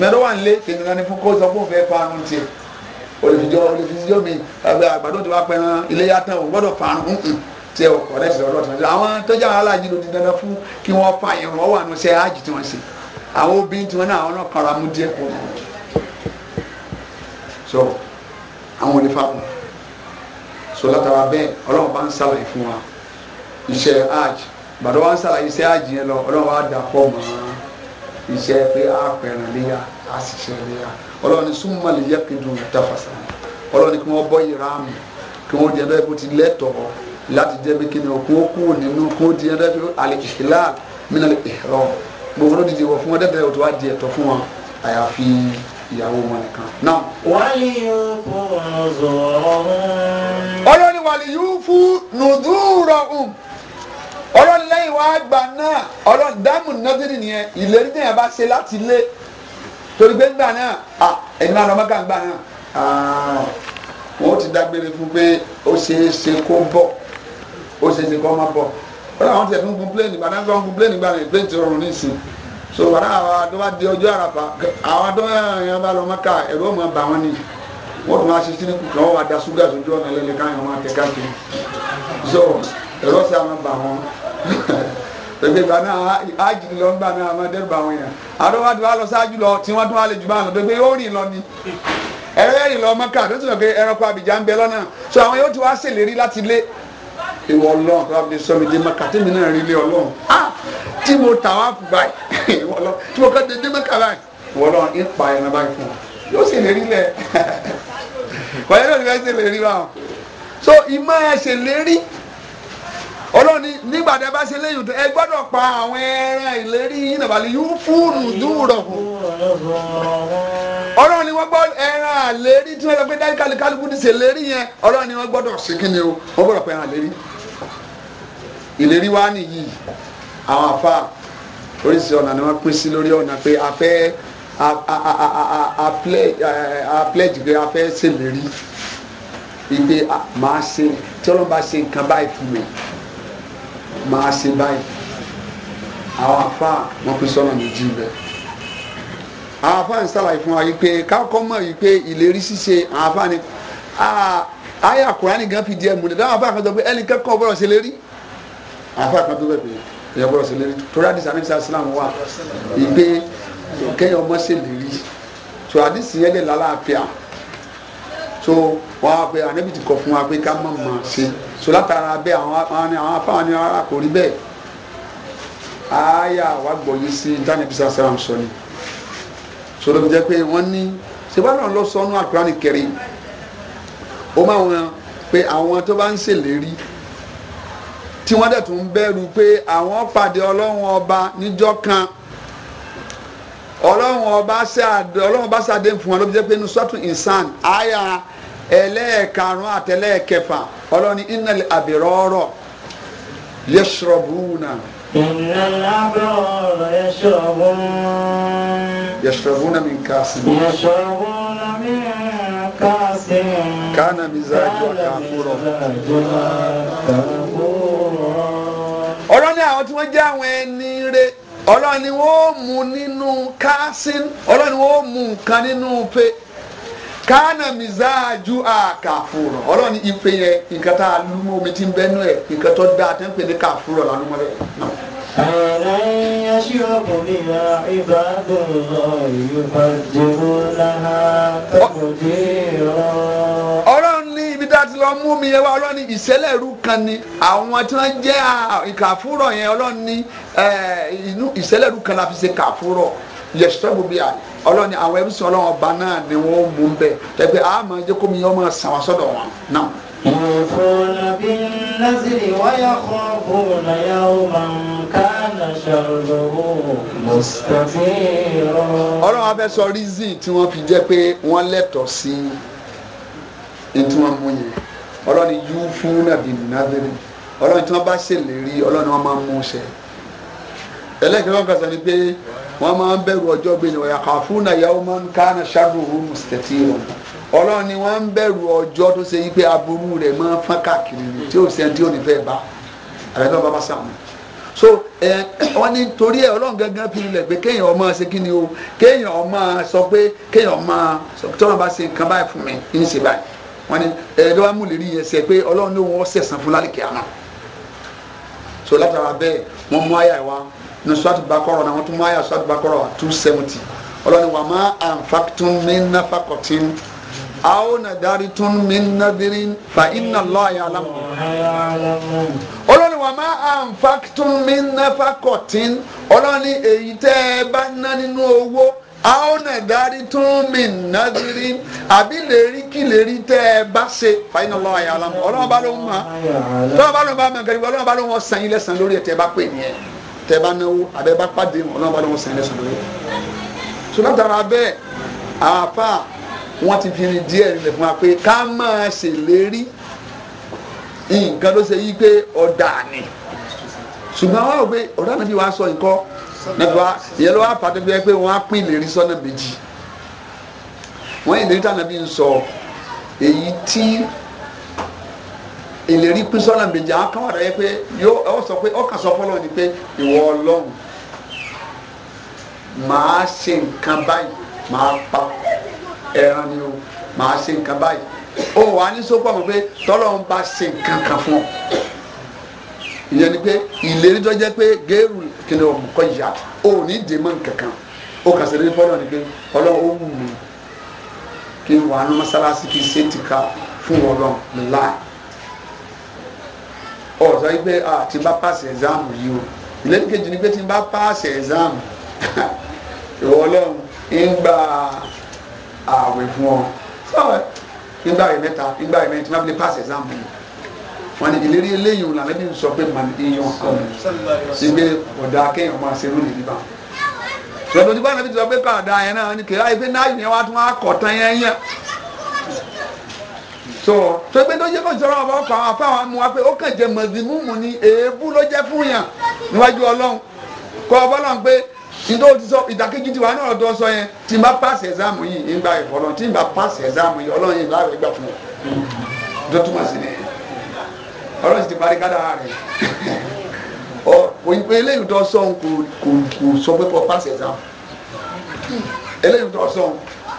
mẹtọ wà nílé tèmi kan ní kó sọ fún òfin ẹ parun olùfijọ́ olùfijọ́ mi àgbàdo ti wá pẹran iléyà tán o gbọ́dọ̀ fàánù nkùn tí ẹ kọ̀ lẹ́sìn lọ́dọ̀ tán àwọn tọ́jà aláàjì ló ti dandan fún kí wọ́n fa irun ọwọ́ àánú ṣe ájì tí wọ́n ṣe àwọn obìnrin tí wọ́n náà àwọn náà kanra mú díẹ̀ kọ́ so àwọn ò lè fa kù so látara bẹ́ẹ̀ ọlọ́run bá ń sàlàyé fún wa iṣẹ́ ájì gbàdọ̀ wa ń sàlàyé iṣẹ́ ájì yẹn lọ ọlọ́run wa dà pọ̀ mọ́ iṣẹ́ pé á pẹ̀ràn léyà á sì ṣe léyà ọlọ́ni súnmọ́ lè yẹ kí n dùn dáfàsá ọlọ́ni kí wọ́n bọ́ ìrà mi kí wọ́n jẹ́ lọ́yẹ̀ kó ti lẹ́tọ̀ọ́ láti jẹ́ bí kíni òkú òkú nínú kó ti yẹ lọ́yẹ̀ kó alẹ́ ìhìlá mina lè ìhìrọ̀ gbogbo ló dìde wọ̀ fún wọn dẹ́gbẹ̀rẹ̀ òtún wá di ẹ̀tọ́ fún wọn àyàfi ìyàwó wọn nìkan náà. ọlọ́ni wàlíyú fún nùdúrọ̀hún ọlọ́ni lẹ́yìn wá gbà náà ọlọ́ni dáàmú nàdírì nìyẹn ìlérí náà yẹn bá ṣe torí pé ńgbà náà ah ẹni máa lọ mọ́kà ńgbà náà ah wọ́n ti dágbére fún pé ó ṣeé ṣe kó bọ̀ ó ṣeé ṣe kó má bọ̀ ó láwọn ti ẹ̀ fún kúnpléènì gbà náà fún kúnpléènì gbà náà ìpléǹtì rọrùn nísìn so wàrà àwọn àdó bá di ọjọ́ àràpà àwọn àdó yẹn bá lọ mọ́kà ẹ̀rọ mọ́ bà wọ́n ni wọ́n tún máa ṣe sínú kùkàn wọ́n wá da ṣúgà sójú ọ̀nà ẹlẹ́lẹ́ káyọ̀ máa tẹ̀ káàkiri so ẹ̀rọ sì àwọn bà wọ́n pépé gba náà ájì lọ ń gbà náà máa dẹ́rù bá àwọn èèyàn àdó wa ti wá lọ sáájú lọ tí wọ́n tún wá lè jù bá àwọn pépé yóò rìn lọ ni ẹ̀rọ ẹ̀rìn lọ mọ́kà tó ti sọ pé ẹranko àbíjà ń bẹ lọ́nà so àwọn yóò ti wá ṣèlérí láti lé ìwọ ọlọ́run tó bá fi sọ mi dé mọ́kà tí mi náà rí lé ọlọ́run tí mo tà wá báyìí ìwọ ọlọ́run tí mo kọ́ dédé mọ́kà báyìí ìwọ ọlọ́run ń pa ẹran báyìí fún wa yóò ṣèlérí lẹ̀ so ìmọ̀ ẹ̀ ṣèlérí ọlọ́ni nígbà tẹ bá ṣe léyìn tó ẹ gbọ́dọ̀ pa àwọn ẹran ìlérí yìí nàbàlẹ̀ yóò fúrù dúró. ọlọ́ni wọ́n gbọ́ ẹran àlérí tí wọ́n lọ pé dájú kálukú ti ṣe lérí yẹn ọlọ́ni wọ́n gbọ́dọ̀ ṣe kí ni o wọ́n gbọ́dọ̀ pa ẹran àlérí. ìlérí wa nìyí àwọn afa oríṣi ọ̀nà ni wọ́n pín sí lórí ọ̀nà pé a fẹ́ a pledge pé a fẹ́ ṣèlérí ìgbé màá ṣe tí ọlọ́run bá ṣe nǹkan báyìí fún mi máa ṣe báyìí àwọn afa wọn pín sọ́nà méjì bẹ́ẹ̀ àwọn afa ń ṣàlàyé fún wa yìí pé káàkọ́ mọ̀ yìí pé ìlérí ṣíṣe àwọn afa ni àyà kùránì gan fi díẹ̀ múlẹ̀ dáhùn afa kan sọ pé ẹnì kẹ́kọ̀ọ́ bọ̀rọ̀ ṣe lérí àwọn afa kan tó bẹ̀ pé ẹ̀yọ́ bọ̀rọ̀ ṣe lérí torí àdìsá ní sàlám wà ìgbé kẹ́yọ̀ ọmọ ṣe lérí so àdìsí yẹn lè lálàáfíà so wọ́n á pe ànábì ti kọ̀ fún wa pé ká má má ṣe so látara bẹ́ẹ̀ àwọn afáwọn ni ara kò rí bẹ́ẹ̀ àáyà wa gbọ̀yé sí dánilẹ́bí sàlám sọ ni sọlọ́bi jẹ́ pé wọ́n ní sebáná lọ sọnù àkùránì kẹrin ó máa wọn pé àwọn tó bá ń ṣèlérí tí wọ́n dẹ̀ tún ń bẹ̀rù pé àwọn pàdé ọlọ́run ọba níjọ́ kan ọlọ́run ọba ṣe àdé ọlọ́run ọba ṣe àdé fún wọn ló fi jẹ́ pé nusratu insan aya ẹlẹ́ẹ̀karùn-ún àtẹlẹ́ẹ̀kẹfà ọlọ́ni innal abirọ́rọ̀ yashrabuna. innal abirọ́rọ̀ yashrabuna. yashrabuna min kaasin. yashrabuna min kaasin. kana mizajuha kafuro. ọlọ́ni àwọn tí wọ́n jẹ́ àwọn ẹni rẹ̀ ọlọ́ni wọ́n mú nínú kaasin ọlọ́ni wọ́n mú nǹkan nínú pé kánà mizaaju àkàfùrọ Ọlọ́run ife yẹn nǹkan tá a lu mọ omi tí ń bẹ nú ẹ nǹkan tó dáa tó ń pè ní kàfùrọ la lumọ rẹ. ààrẹ yasirabu biha ibadullah yufajjiruna taqdira. Ọlọ́run ní ibi tá a ti lọ mú mi yẹn wá Ọlọ́run ní ìṣẹlẹrú kan ni àwọn tí wọn jẹ ìkàfùrọ yẹn Ọlọ́run ní ìṣẹlẹrú kan la fi ṣe kàfùrọ yẹsitọ́bù bíi à ọlọ́ni àwọn ẹbí sọ ọlọ́wọ́n ọba náà ni wọ́n mú un bẹ́ẹ̀ a máa jẹ́ kó mi yọ́ máa sàn wá sọ́dọ̀ wọn náà. يوفون بالنذر ويخافون يوما كان شره مستطيرا. ọlọ́run á fẹ́ sọ reason tí wọ́n fi jẹ́ pé wọ́n lẹ́tọ̀ọ́ sí ètò wọn mú yẹn ọlọ́ni yóò fún nàbí nàbẹ́rẹ́ tí wọ́n bá ṣèlérí ọlọ́run wọn máa mú ṣe ẹlẹ́kẹ̀ẹ́ wọn kàtà ni pé wọ́n máa ń bẹ̀rù ọjọ́ gbé ni wọ́n yàkà fún náà máa ń ká náà mùsítẹ́tì wọn ọlọ́run ni wọ́n ń bẹ̀rù ọjọ́ tó ṣe yí pé aburú rẹ̀ máa ń fọ́n káàkiri tí ó ṣe tí ó ní fẹ́ bá àbẹ̀tọ́ bàbá sàmù so ẹ wọ́n ní torí ẹ ọlọ́run gángan fi rilẹ̀ pé kéèyàn ọmọ ṣe kí ni o kéèyàn ọmọ sọ pé kéèyàn ọmọ tọ́lọ́ bá ṣe nǹkan báyìí fún mi ń ṣe báyìí wọ́n ní ẹ ló wá mú lérí yẹn ṣe pé ọlọ́run ló wọ́n ṣẹ̀san fún lálẹ́ kíá náà so látara bẹ́ẹ̀ wọ́n mú àyà wa ní sọ́ọ̀tù bakọ́rọ̀ náà wọ́n tún mú àyà sọ́ọ̀tù bakọ́rọ̀ two seventy ọlọ́ni wà má ànfàtún mi nàfàkọ̀tún àwọn nàdárí tún mi nàdírí fa ina lọ́ ya alámù. ọlọ́ni wà má ànfàtún mi nàfàkọ̀tún ọlọ́ni èyí tẹ́ ẹ bá ná nínú owó àwọn ẹ̀dárí tó ń mi nàdírí àbí lérí kí lérí tẹ́ ẹ bá ṣe fàyínà lọ́wọ́ àyà alámọ̀ ọlọ́run bá ló ń mọ̀ tọ́wọ́ bá ló ń bá mọ̀ kẹ́rin ọlọ́run san yín lẹ́sàn lórí ẹ̀ tẹ́ tẹ bá náwó abẹ bá pàdé ọlọ́run bá lọ́wọ́ sàn lẹ́sàn lórí. so látara bẹ́ẹ̀ àáfà wọ́n ti fi díẹ̀ nílẹ̀ fún wa pé ká máa ṣèlérí nǹkan ló ṣe yí pé ọ̀dà ni ṣùgbọ́n wọ́n rò pé ọ̀dà náà bí wàá sọ nǹkan nípa ìyẹn ló wá pàtó bí wọ́n pé wọ́n á pín ìlérí sọ́nà méjì wọ́n ìlérí tànà ń sọ èyí tí ìlérí pín sọ́nà méjì àwọn kan wà lọ́yẹ pé yóò ọ sọ pé ọkàn sọ fọlọ́ ni pé ìwọ ọlọ́run màá ṣe nǹkan báyìí màá pa ẹran ni o màá ṣe nǹkan báyìí o wà ní sọ́pọ̀ mọ̀ pé tọ́lọ́run bá ṣe nǹkan kan fún ọ ìyẹn ni pé ìlérí tó jẹ́ pé géèrú kìnìún ọ̀mùkọ́ yà ò ní dè mọ́ nǹkan kan ó kà sí lórí fọlọ́ ni pé ọlọ́run ó wù mí kí n ní mọ́sálásí kí n ṣe fún ọlọ́run láì ọ̀sọ́ yìí pé ah tí n bá pass exam yìí o ìlẹ́nu kejì ni pé tí n bá pass exam ìwọ ọlọ́run ń gba ààwẹ̀ fún ọ sọ́ọ̀ ń gba àwẹ̀ mẹ́ta ń gba àwẹ̀ mẹ́ta tí n bá fi lè pass exam yìí wọn ni ìlérí eléyìí wọn làbẹ́bí sọ pé màá iyan kan síbi ọ̀dà kéèyàn máa ṣe lónìí níbà sọ̀tún tí bá nàbí sọ pé kàdá yẹn náà ni kèé ayé pé náà yẹn wá tún wá kọ̀ so tó gbé tó yẹ kó sọ̀rọ̀ ọ̀bọ̀ ọ̀fà àfa àwọn amú wa pé ó kàn jẹ mọ̀zìmùmù ni èébú ló jẹ́ fún yàn níwájú ọlọ́run kọ́ ọ bọ́lọ̀ pé nítorí o ti sọ ìdàkejì tiwa náà lọ́dọ̀ sọ yẹn tí n bá pass exam yìí ń gba ìfọ̀lọ́ tí n bá pass exam yìí ọlọ́run yìí láàrẹ̀ gbà fún ọ tó túmọ̀ sí ni ọlọ́run sì ti parí kádà rẹ̀ ọ òyìnbó eléyìí tó sọ kò kò kò sọ pé kò pass exam eléyìí tó sọ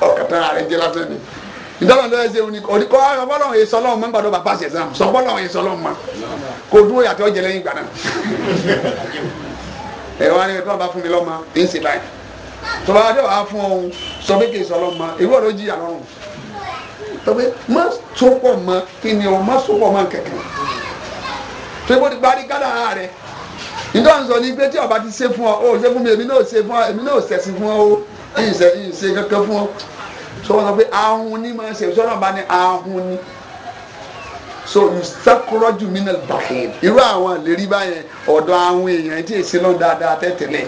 ọ̀kàtà rẹ̀ jẹ́ lásán ni ìtọ́lọ̀ tó yẹ ṣe oníkọ́ ọlọ́run èso ọlọ́run mọ́ gbàdọ̀ bàbá ṣe sàn sọ ọlọ́run èso ọlọ́run mọ́ kò dúró yàtọ̀ jẹ lẹ́yìn gbàdá ẹ wá ní ẹgbẹ́ bá fún mi lọ́mọ ẹ̀ ń ṣe báyìí tọ́ba adé wàá fún ọ̀hún sọ pé kì í sọ ọlọ́run mọ́ èwú ọ̀dọ́ jìyà lọ́rùn tọ́pẹ́ má so pọ̀ mọ́ kí ni ọ má so pọ̀ mọ́ kẹ̀kẹ́ tó ibò ti gbárí gádà rẹ̀ nítorí àwọn sọ ní pé tí ọba ti ṣe fún ọ ó ṣe fún mi èmi náà ṣe fún ọ èmi náà ṣẹ̀sìn fún ọ ó ìṣe ìṣe kankan fún ọ so wọ́n sọ pé ahun ni máa ń ṣe sọ́nà bá ní ahun ni so yustakurọ́jù minal bakhil irú àwọn àlérí báyẹn ọ̀dọ̀ àwọn èèyàn tí èsì lọ́n dáadáa tẹ́tẹ̀lẹ̀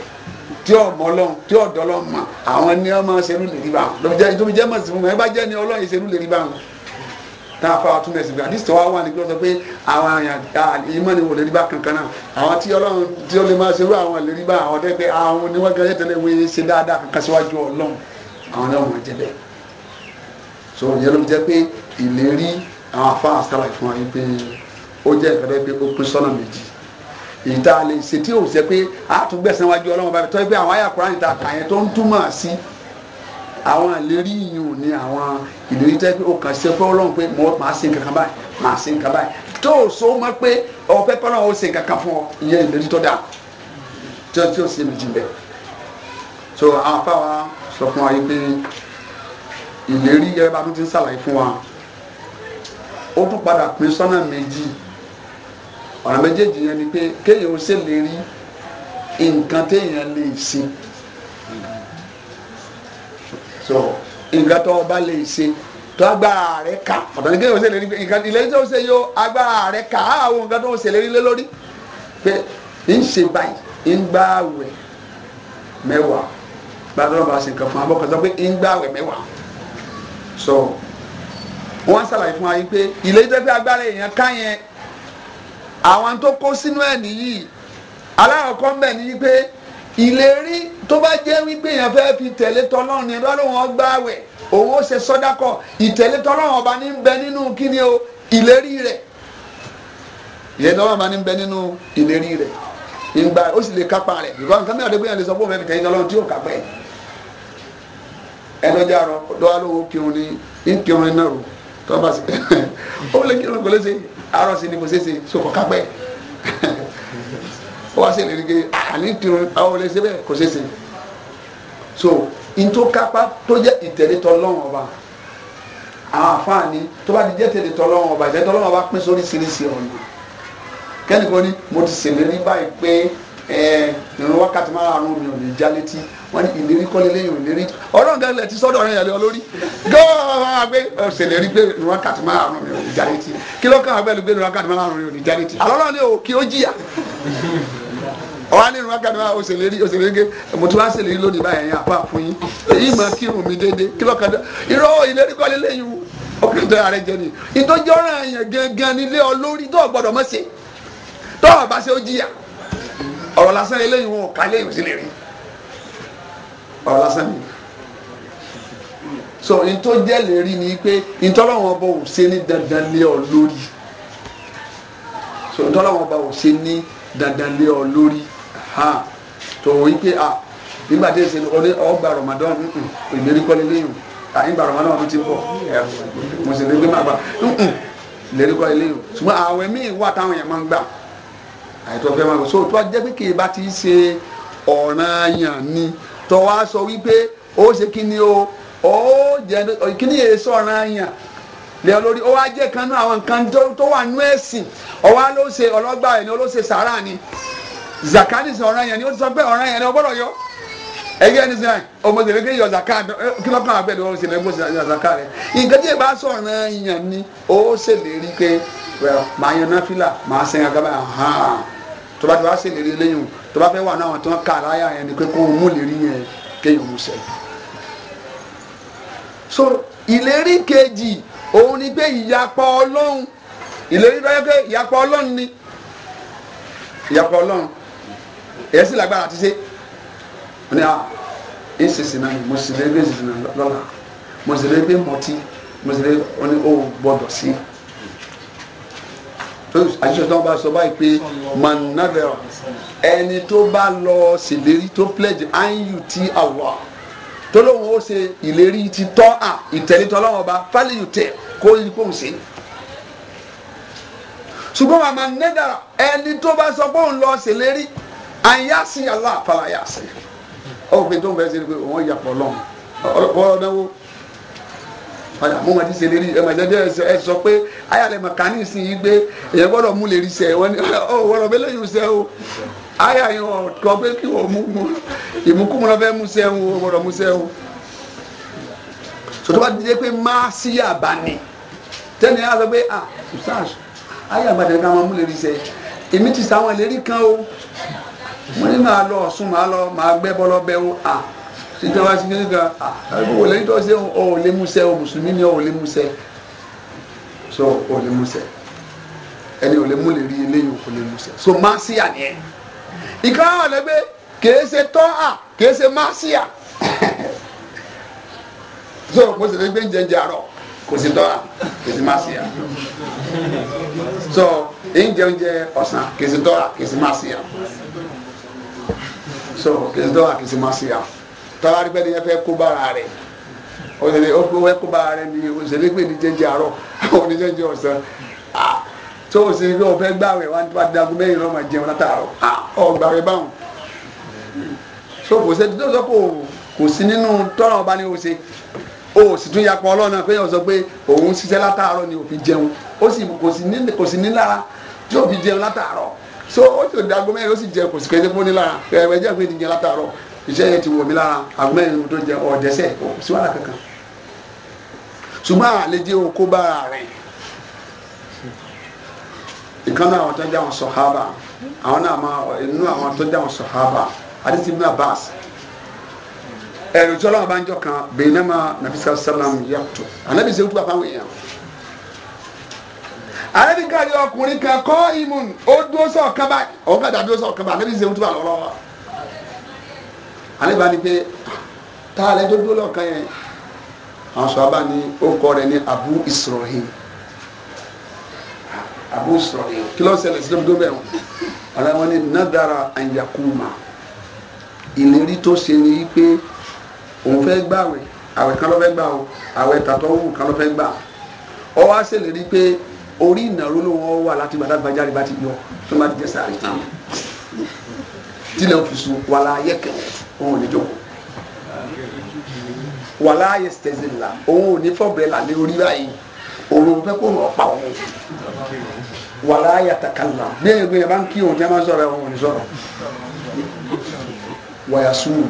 tí ọmọ Ọlọ́run tí ọ̀dọ̀ Ọlọ́run mọ àwọn ni wọ́n máa ń ṣerú lérí báwọn lọ́bìjẹ́ tóbi jẹ́ mọ̀sí fún mi ẹ bá jẹ́ ni Ọlọ́run ìṣerú lérí báwọn náà fa ọtún mẹsìn gbà dísítọ̀ wa wà ní gbọ́dọ̀ pé àwọn àyàn ìmọ̀ ni wò lérí bá kankan náà àwọn tí Ọlọ́run tí ó lè máa ṣerú àwọn lérí bá àwọn tẹ́ pé àwọn ni wọ́n gẹ́gẹ́ tẹ́lẹ̀ wọ́n ṣe dáadáa kankan síwájú Ọlọ́run àwọn náà wọ́n jẹ bẹ́ẹ̀ so ìyẹn ló ń jẹ́ pé ìlérí àwọn afá àṣàlà fún wa pé ó jẹ́ ìkàdé pé ó pín sọ́nà méjì ìta lè ṣe tí òun ṣe pé àtúgbẹ̀sán wájú ọlọ́run bàbá tó yẹ pé àwọn àyà kúránì ta àyẹn tó ń túmọ̀ sí àwọn ìlérí yìí ò ní àwọn ìlérí tẹ́ pé ó kàn ṣe fún ọlọ́run pé mo máa ṣe nǹkan kan báyìí máa ṣe nǹkan báyìí tó o so mọ́ pé ọ̀fẹ́ pẹ́lú àwọn ṣe nǹkan kan fún ọ ìyẹn ìlérí tó dáa tí ó ṣe méjì bẹ́ẹ̀ so àwọn afáwa sọ fún wa yìí pé ìlérí yẹ bá tún ti ń ṣàlàyé fún wa ó tún padà pín sọ́nà méjì ọ̀nà méjèèjì yẹn ni pé kéèyàn ó ṣèlérí nǹkan téèyàn lè ṣe so nǹkan tó o bá lè ṣe tó agbára rẹ ká ọ̀tọ̀ni kéèyàn ó ṣèlérí pé nǹkan ìlérí tó o ṣe yóò agbára rẹ ká àwọn nǹkan tó o ṣèlérí lé lórí pé ń ṣe báyìí ń gbààwẹ̀ mẹ́wàá gbàdúrà bá ṣe nǹkan fún abọ́kọ̀ sọ pé ń gbààwẹ̀ mẹ́wàá so wọ́n ṣàlàyé fún wa yìí pé ilé tó fẹ́ agbára èèyàn ká yẹn àwọn tó kó sínú ẹ̀ nìyí alákọ̀ọ́kọ́ ń bẹ̀ ní pé ìlérí tó bá jẹ́ wípé èèyàn fẹ́ fi tẹ̀lé tọ́lọ́run ni lọ́dún wọn gbá wẹ̀ owó ṣe sọ́dákọ̀ ìtẹ̀lé tọ́lọ́run ọba ní bẹ nínú kíni o ìlérí rẹ̀ ìyẹn tọ́lọ́run ọba ní bẹ nínú ìlérí rẹ̀ ìgbà ó sì lè kápá rẹ̀ ìgbà nǹkan mẹ́rin ọ̀dẹ́gbẹ́yàn lè sọ fún òun ẹ̀ ẹlọ́jà rọ dọ́wọ́ lówó kírun ní ń kírun iná rò tọ́ bá sí ó lè kírun kò lè ṣe àárọ̀ sí ni kò ṣe ṣe sokò kápẹ́ ó wá sí ìlérí pé àní kírun àwọn olè ṣe bẹ́ẹ̀ kò ṣe ṣe so ntòkápá tó jẹ́ ìtẹ̀lé tọ́lọ́wọ́n ọba àwọn àfáàní tó bá di jẹ́ tẹ̀lé tọ́lọ́wọ́n ọba ìtẹ̀lé tọ́lọ́wọ́n ọba pín sóríṣiríṣi ọ̀nà kẹ́nìkan ní mo ti ṣèlérí báyìí pé ẹ ìrun wákàtí márùn mi ò lè já létí wọn ní ìlérí kọ́lé lẹ́yìn ìlérí ọlọ́run gan lẹ ti sọ́dọ̀ ọ̀rẹ́ yẹn lé olórí gbọ́dọ̀ gbé ṣèlérí gbé ìrun wákàtí márùn mi ò lè já létí kí ló kàn gbẹ́lu gbé ìrun wákàtí márùn mi ò lè já létí àlọ́lọ́ ni o kí ó jìyà ọ̀hán ní ìrun wákàtí márùn mi ò ṣèlérí ò ṣèlérí gé mo ti wá ṣèlérí lónìí báyẹn yẹn àpá fún yín èyí mọ kírun mi déédéé kí ló kàn dé ìrọ̀ ìlérí kọ́lé lẹ́yìn ọkùnrin tó yàrá jẹ ni ìtọ́jú ọ̀ràn yẹn gangan nílé olórí tó ọ̀rọ̀ lásán eléyìí wọn ò ká eléyìí sí lè rí ọ̀rọ̀ lásán ni so n tó jẹ́ lè rí ni pé ntọ́lọ́wọ́n ọba ò ṣe ní dandan lé ọ lórí so ntọ́lọ́wọ́n ọba ò ṣe ní dandan lé ọ lórí tó o yí pé a nígbà tí èsì ọdẹ ọgbà Ramadan ìlérí kọ́lé léyìn àyìnbà Ramadan tó ti bọ̀ mùsùlùmí gbé má gbà lérí kọ́lé léyìn ṣùgbọ́n àwẹ̀ míì wà táwọn yẹn máa ń gbà àìtọ́ fẹ́ máa kó so tó a jẹ́ pé kì í bá ti ṣe ọ̀ranyàn ni tó wá sọ wípé ó ṣe kí ni o ó jẹ kí ni èso ọ̀ranyàn lẹ́yìn olórí ó wá jẹ́ kan náà àwọn nǹkan tó wà nú ẹ̀sìn ọ̀wá ló ṣe ọlọ́gbà ẹ̀ ni ó ló ṣe sàárà ni zakani sọ ọ̀ranyàn ni ó sọ pé ọ̀ranyàn ni ó gbọ́dọ̀ yọ ẹgbẹ́ ẹni sẹ́yìn ọmọdébí kí yọ zaka kí lọ́kàn àgbẹ̀ ló ṣe lẹ́gbọ́n ṣe zaka rẹ̀ nǹkan tí ìbá sọ̀rọ̀ yàn ni ó ṣèlérí pé máa yan náfìlà máa sẹ́yìn agbára hàn tó bá ti wá ṣèlérí eléyìí tó bá fẹ́ wà náà tó ń kà láyà yẹn ni pé kó mú lérí yẹn kéèyàn mú ṣẹ. so ìlérí kejì òun ni pé ìyapa ọlọ́run ìlérí tó yẹ pé ìyapa ọlọ́run ni ìyapa ọlọ́run èyí sì lágbára àti ṣe ní a ah, ń ṣèṣì náà mo sì lè gbé ṣèṣì náà lọ́la mo sì lè gbé mọtí mo sì lè ó ní ó gbọdọ̀ sí i àṣìṣe tó ń bá sọ báyìí pé manadara ẹni tó bá lọ ṣèlérí tó pledge anyu ti Allah tó lóun ó ṣe ìlérí ti tọ́ à ìtẹ̀lẹ́tọ̀ ọlọ́run ọba fáliyù tẹ̀ kó yí kó ń ṣe ṣùgbọ́n wa manadara ẹni tó bá sọ pé òun lọ ṣèlérí àyàsí Allah fàlàyàsí ọ̀pẹ̀ tó ń bẹ́ẹ̀ ṣe ni pé òun yàpọ̀ lọ́hùn ọ̀pọ̀ ọ̀dánwó ọ̀dà mo mọ̀ ti ṣe lérí ẹ̀mọ̀ ìṣẹ́jẹ́ ẹ sọ pé ayálẹ̀ mọ̀kání sí i gbé èyàn gbọ́dọ̀ mú lè rí sẹ́ wọ́n ní ọ wọ́rọ̀ bẹ́lẹ̀ yóò sẹ́ o ayà yẹn ọ̀ tọ́ pé kí wọ́n mú mu ìmúkúmu lọ́ fẹ́ mú sẹ́ o gbọ́dọ̀ mú sẹ́ o. sọtọ́ bá ti dé pé má sí àbá ni tẹ́ni á sọ pé ah usaj ayé àgbàdo ká máa mú lè rí sẹ́ èmi ti sàwọn ìlérí kan o mo ní màá lọ Ọ̀ṣun màá lọ ah ìjọba ṣe kíni kan àbí lẹ́yìn tó ṣe ò lè múṣẹ́ o mùsùlùmí ni ò lè múṣẹ́ so ò lè múṣẹ́ ẹni ò lè mú lè rí eléyìí ò lè múṣẹ́ so má sí àní ẹ ìkan àwọn ọ̀lẹ́gbẹ́ kìí ṣe tọ́ à kìí ṣe má sí à so mo sì lè gbé jẹjẹ àárọ̀ kò sí tọ́ à kìí ṣe má sí à so ìjẹ oúnjẹ ọ̀sán kìí ṣe tọ́ à kìí ṣe má sí à so kìí ṣe tọ́ à kìí ṣe má sí à tọ́wárí pẹ́ nìyẹn fẹ́ kó bára rẹ̀ òṣèlè ó fún wẹ́ kó bára rẹ̀ ni òṣèlè pè ní jẹ́jẹ́ àárọ̀ òun ní jẹ́jẹ́ ọ̀sán tó o sì rí ọ̀fẹ́ gbàwẹ̀ wá nípa dagun mẹ́rin lọ́mọ jẹun látàárọ̀ ọ̀gbàwẹ̀ báwọn so kò sí tó sọ pé kò sí nínú tọ́rọ̀ ọba ni o ṣe o sì tún yapọ̀ ọlọ́run pé o sọ pé òun ṣiṣẹ́ látàárọ̀ ni òfin jẹun ó sì kò sí nílára tí òfin jẹun látàárọ̀ so ó ti dagun mẹ́rin ó sì jẹun kò sí kẹ́sẹ́ fún nílára ẹ̀rẹ̀ jẹ́ pé ti jẹun iṣẹ́ yẹn ti wọ̀ mí lára àgọ́ mẹ́rin tó jẹ ọ̀dẹ́sẹ̀ sí wàhálà kankan ṣùgbọ́n àlejò okó bára rẹ̀ ìkan náà àwọn tó jẹ́ àwọn sọ̀hábà àwọn náà máa inú àwọn tó jẹ́ àwọn sọ̀hábà àdìsí ibùdó Abbas ẹ̀rù tí ọlọ́run bá ń jọ kan bẹ̀yìn náà máa nàbí sàlám yàtọ̀ ànábì ṣe wútú àfáwọn èèyàn. ànábì kárí ọkùnrin kan kọ́ ìmùn ó dúró sọ̀kan báyìí ọ̀kan dàbí ó sọ̀kan báyìí ànábì ṣe wútú àlọ́ lọ́wọ́ alẹ́ bá ní pé ah, tá a lẹ́ tó dúró lọ́ọ̀kan yẹn àwọn sọ abá ní orúkọ rẹ̀ abu Isrohi ah, abu Isrohi kí ló ń ṣẹlẹ̀ sí tó bẹ́ẹ̀ nadara anyakuma ìlérí tó ṣe ni pé òun fẹ́ gbàwẹ̀ àwẹ̀ kan ló fẹ́ gbà o àwẹ̀ tàtọ́wù kan ló fẹ́ gbà ọ wá ṣèlérí pé orí ìnáró ló wọ́n wà láti gbàdá gbajáre bá ti yọ tó má ti jẹ́ sáré tán tilẹ̀ òfìsù wàlá ayẹ́kẹ̀wẹ̀ òun ò ní jókòó wàhálà ayé stẹzìlà òun ò ní fọbẹrẹlà ní orí báyìí òun fẹ́ kó rọ pa òun wàhálà ayé àtàkàlà bí ẹyẹ gbé yẹn bá ń kí òun tí a máa ń sọ̀rọ̀ òun ò ní sọ̀rọ̀ wàyà sùn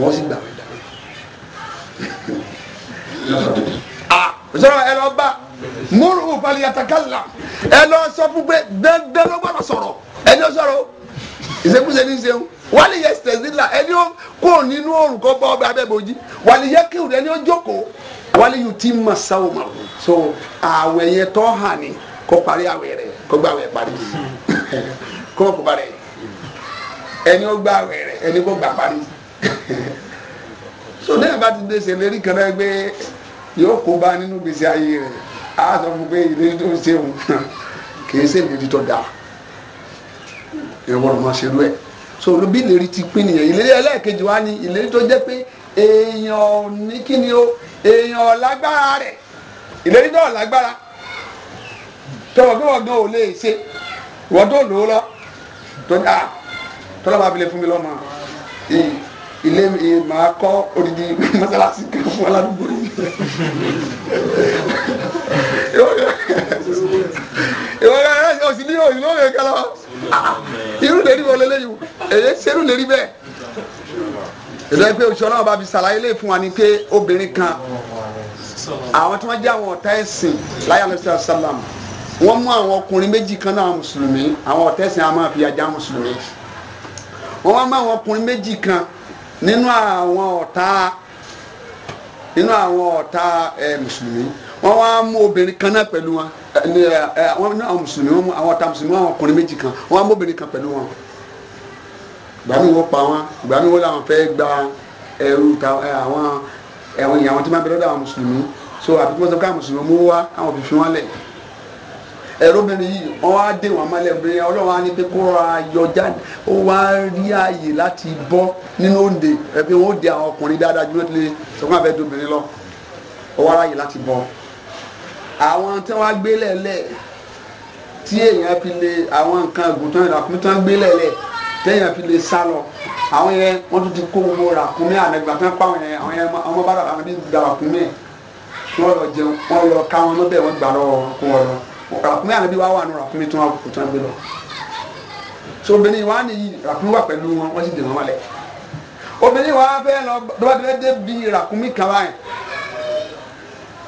wọ́n sì gbà wẹ̀ sọ̀rọ̀ ẹ lọ bá múrù balìyàtàkàlà ẹ lọ sọ fún pé dandan ló gbọ́dọ̀ sọ̀rọ̀ ẹ lọ sọ̀rọ̀ ìṣekúṣe ní í Wali yẹ sẹ̀sílà ẹni ó kó nínú òrùn kọ́ bọ́ ọbẹ̀ abẹ́bòjì wálé yẹ kí ẹni ó jókòó wálé yóò ti mọ̀ sáwọ́ mọ̀ so àwẹ̀ yẹn tọ́ hàn ní kọ́ parí àwẹ̀ rẹ̀ kọ́ gbà wẹ̀ parí kọ́ kọ́ parí ẹni ó gbà wẹ̀ rẹ̀ ẹni kó gbà parí so lẹ́yìn bá ti dé sẹ̀lérí kan náà gbé yóò kó bá nínú gbèsè ayé rẹ̀ á sọ fún pé ìlérí tó ń ṣe kì í ṣèlérí tó dáa ẹ̀wọ̀n ọ̀ma ṣerú ẹ̀ so olóbi ìlérí ti pín nìyẹn ìlérí ẹlẹ́ẹ̀kejì wa ni ìlérí tó jẹ́ pé èèyàn ní kí ni o èèyàn lágbára rẹ̀ ìlérí náà lágbára tọwọ́ bí wọ́n gan ò lè ṣe wọ́n tó lò ó lọ tó ní à tọ́lá máa fi lè fún mi lọ́mọ ilé màá kọ́ odidi mọ́sálásí kan fún aládùúgbò yìí ìwọ ìwọ ìwọ sì ní òyìnbó lè kálọ́ irú lérí wọlé léyìí èyí sẹ́rù lérí bẹ́ẹ̀ ìlú pé oṣù ọlọ́run bá fi ṣàlàyé lè fún wa ní pé obìnrin kan àwọn tí wọ́n jẹ́ àwọn ọ̀tá ẹ̀sìn láyé alẹ́sẹ̀ sálàmù wọ́n mú àwọn ọkùnrin méjì kan náà mùsùlùmí àwọn ọ̀tá ẹ̀sìn àwọn máa fi ajá mùsùlùmí wọ́n wá mú àwọn ọkùnrin méjì kan nínú àwọn ọ̀tá nínú àwọn ọ̀tá eh, mùsùlùmí wọ́n wá mú obìnrin kan náà pẹ̀lú wọn ní àwọn mùsùlùmí wọn mú àwọn ọ̀tá mùsùlùmí wọn ọkùnrin méjì kan wọ́n mú obìnrin kan pẹ̀lú wọn. ìgbà mi wọ́n pa wọn ìgbà mi wọ́n làwọn fẹ́ gba ẹrú àwọn ẹ̀wọ̀n ìyàwó tí wọ́n bẹ lọ́dọ̀ àwọn mùsùlùmí so àfi kí wọ́n sọ pé àwọn mùsùlùmí mú wá àwọn òfin fi wọ́n lẹ̀. ẹ̀rọ obìnrin yìí wọ́n wá dé wọn mọ́lẹ̀ obìnrin ọlọ́run á ní pé kó ra yọ jáde ó àwọn tí wọ́n gbé lẹ́lẹ̀ tí èèyàn fi lè àwọn nǹkan àgùntàn ìràkúnmí tí wọ́n gbé lẹ́lẹ̀ téèyàn fi lè sá lọ àwọn yẹn wọ́n tún ti kó gbogbo ràkúnmí ànàgbà tí wọ́n pa àwọn yẹn àwọn yẹn ọmọ bá àwọn bí gba ràkúnmí wọ́n lọ jẹun wọ́n lọ ká wọn lọ́bẹ̀ wọ́n gbà lọ́wọ́ kó wọn lọ ràkúnmí ànàbí wà wà nù ràkúnmí tí wọ́n kò tí gbé lọ so obìnrin wa ni ràkúnmí wà pẹ̀lú wọn wọ́n sì dè wọ́n wálẹ̀ obìnrin wa fẹ́ lọ dọ́bàdìbẹ́ dé bi ràkúnmí kan báyìí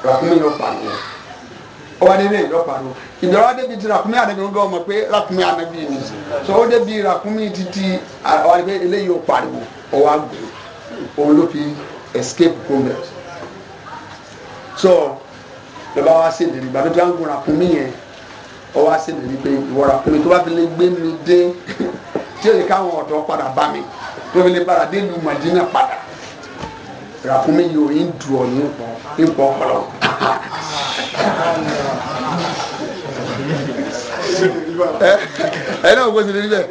ràkúnmí ló pàdé ọwọ adé bẹẹ ìdọparọ ìdọrọ adé bi ti rakumi anabi wọn bẹ ọmọ pé rakumi anabi ni so ó dé bi rakumi titi ọwọ adé bẹ eléyìí ó pariwo ọwọ agbè òun ló fi escape problem so lọba wa ṣe dèrè ìgbà tó ti wá ń gun rakumi yẹn ọwọ wa ṣe dèrè pé ìwọ rakumi tó bá fi lè gbé mi dé tí èyí káwọn ọ̀dọ́ padà bá mi tó fi lè padà dé lu Madina padà ràkúnmí yìí ò ń du ọ ní ipò ọpọlọ. ẹ náà kó sì lè rí bẹ́ẹ̀.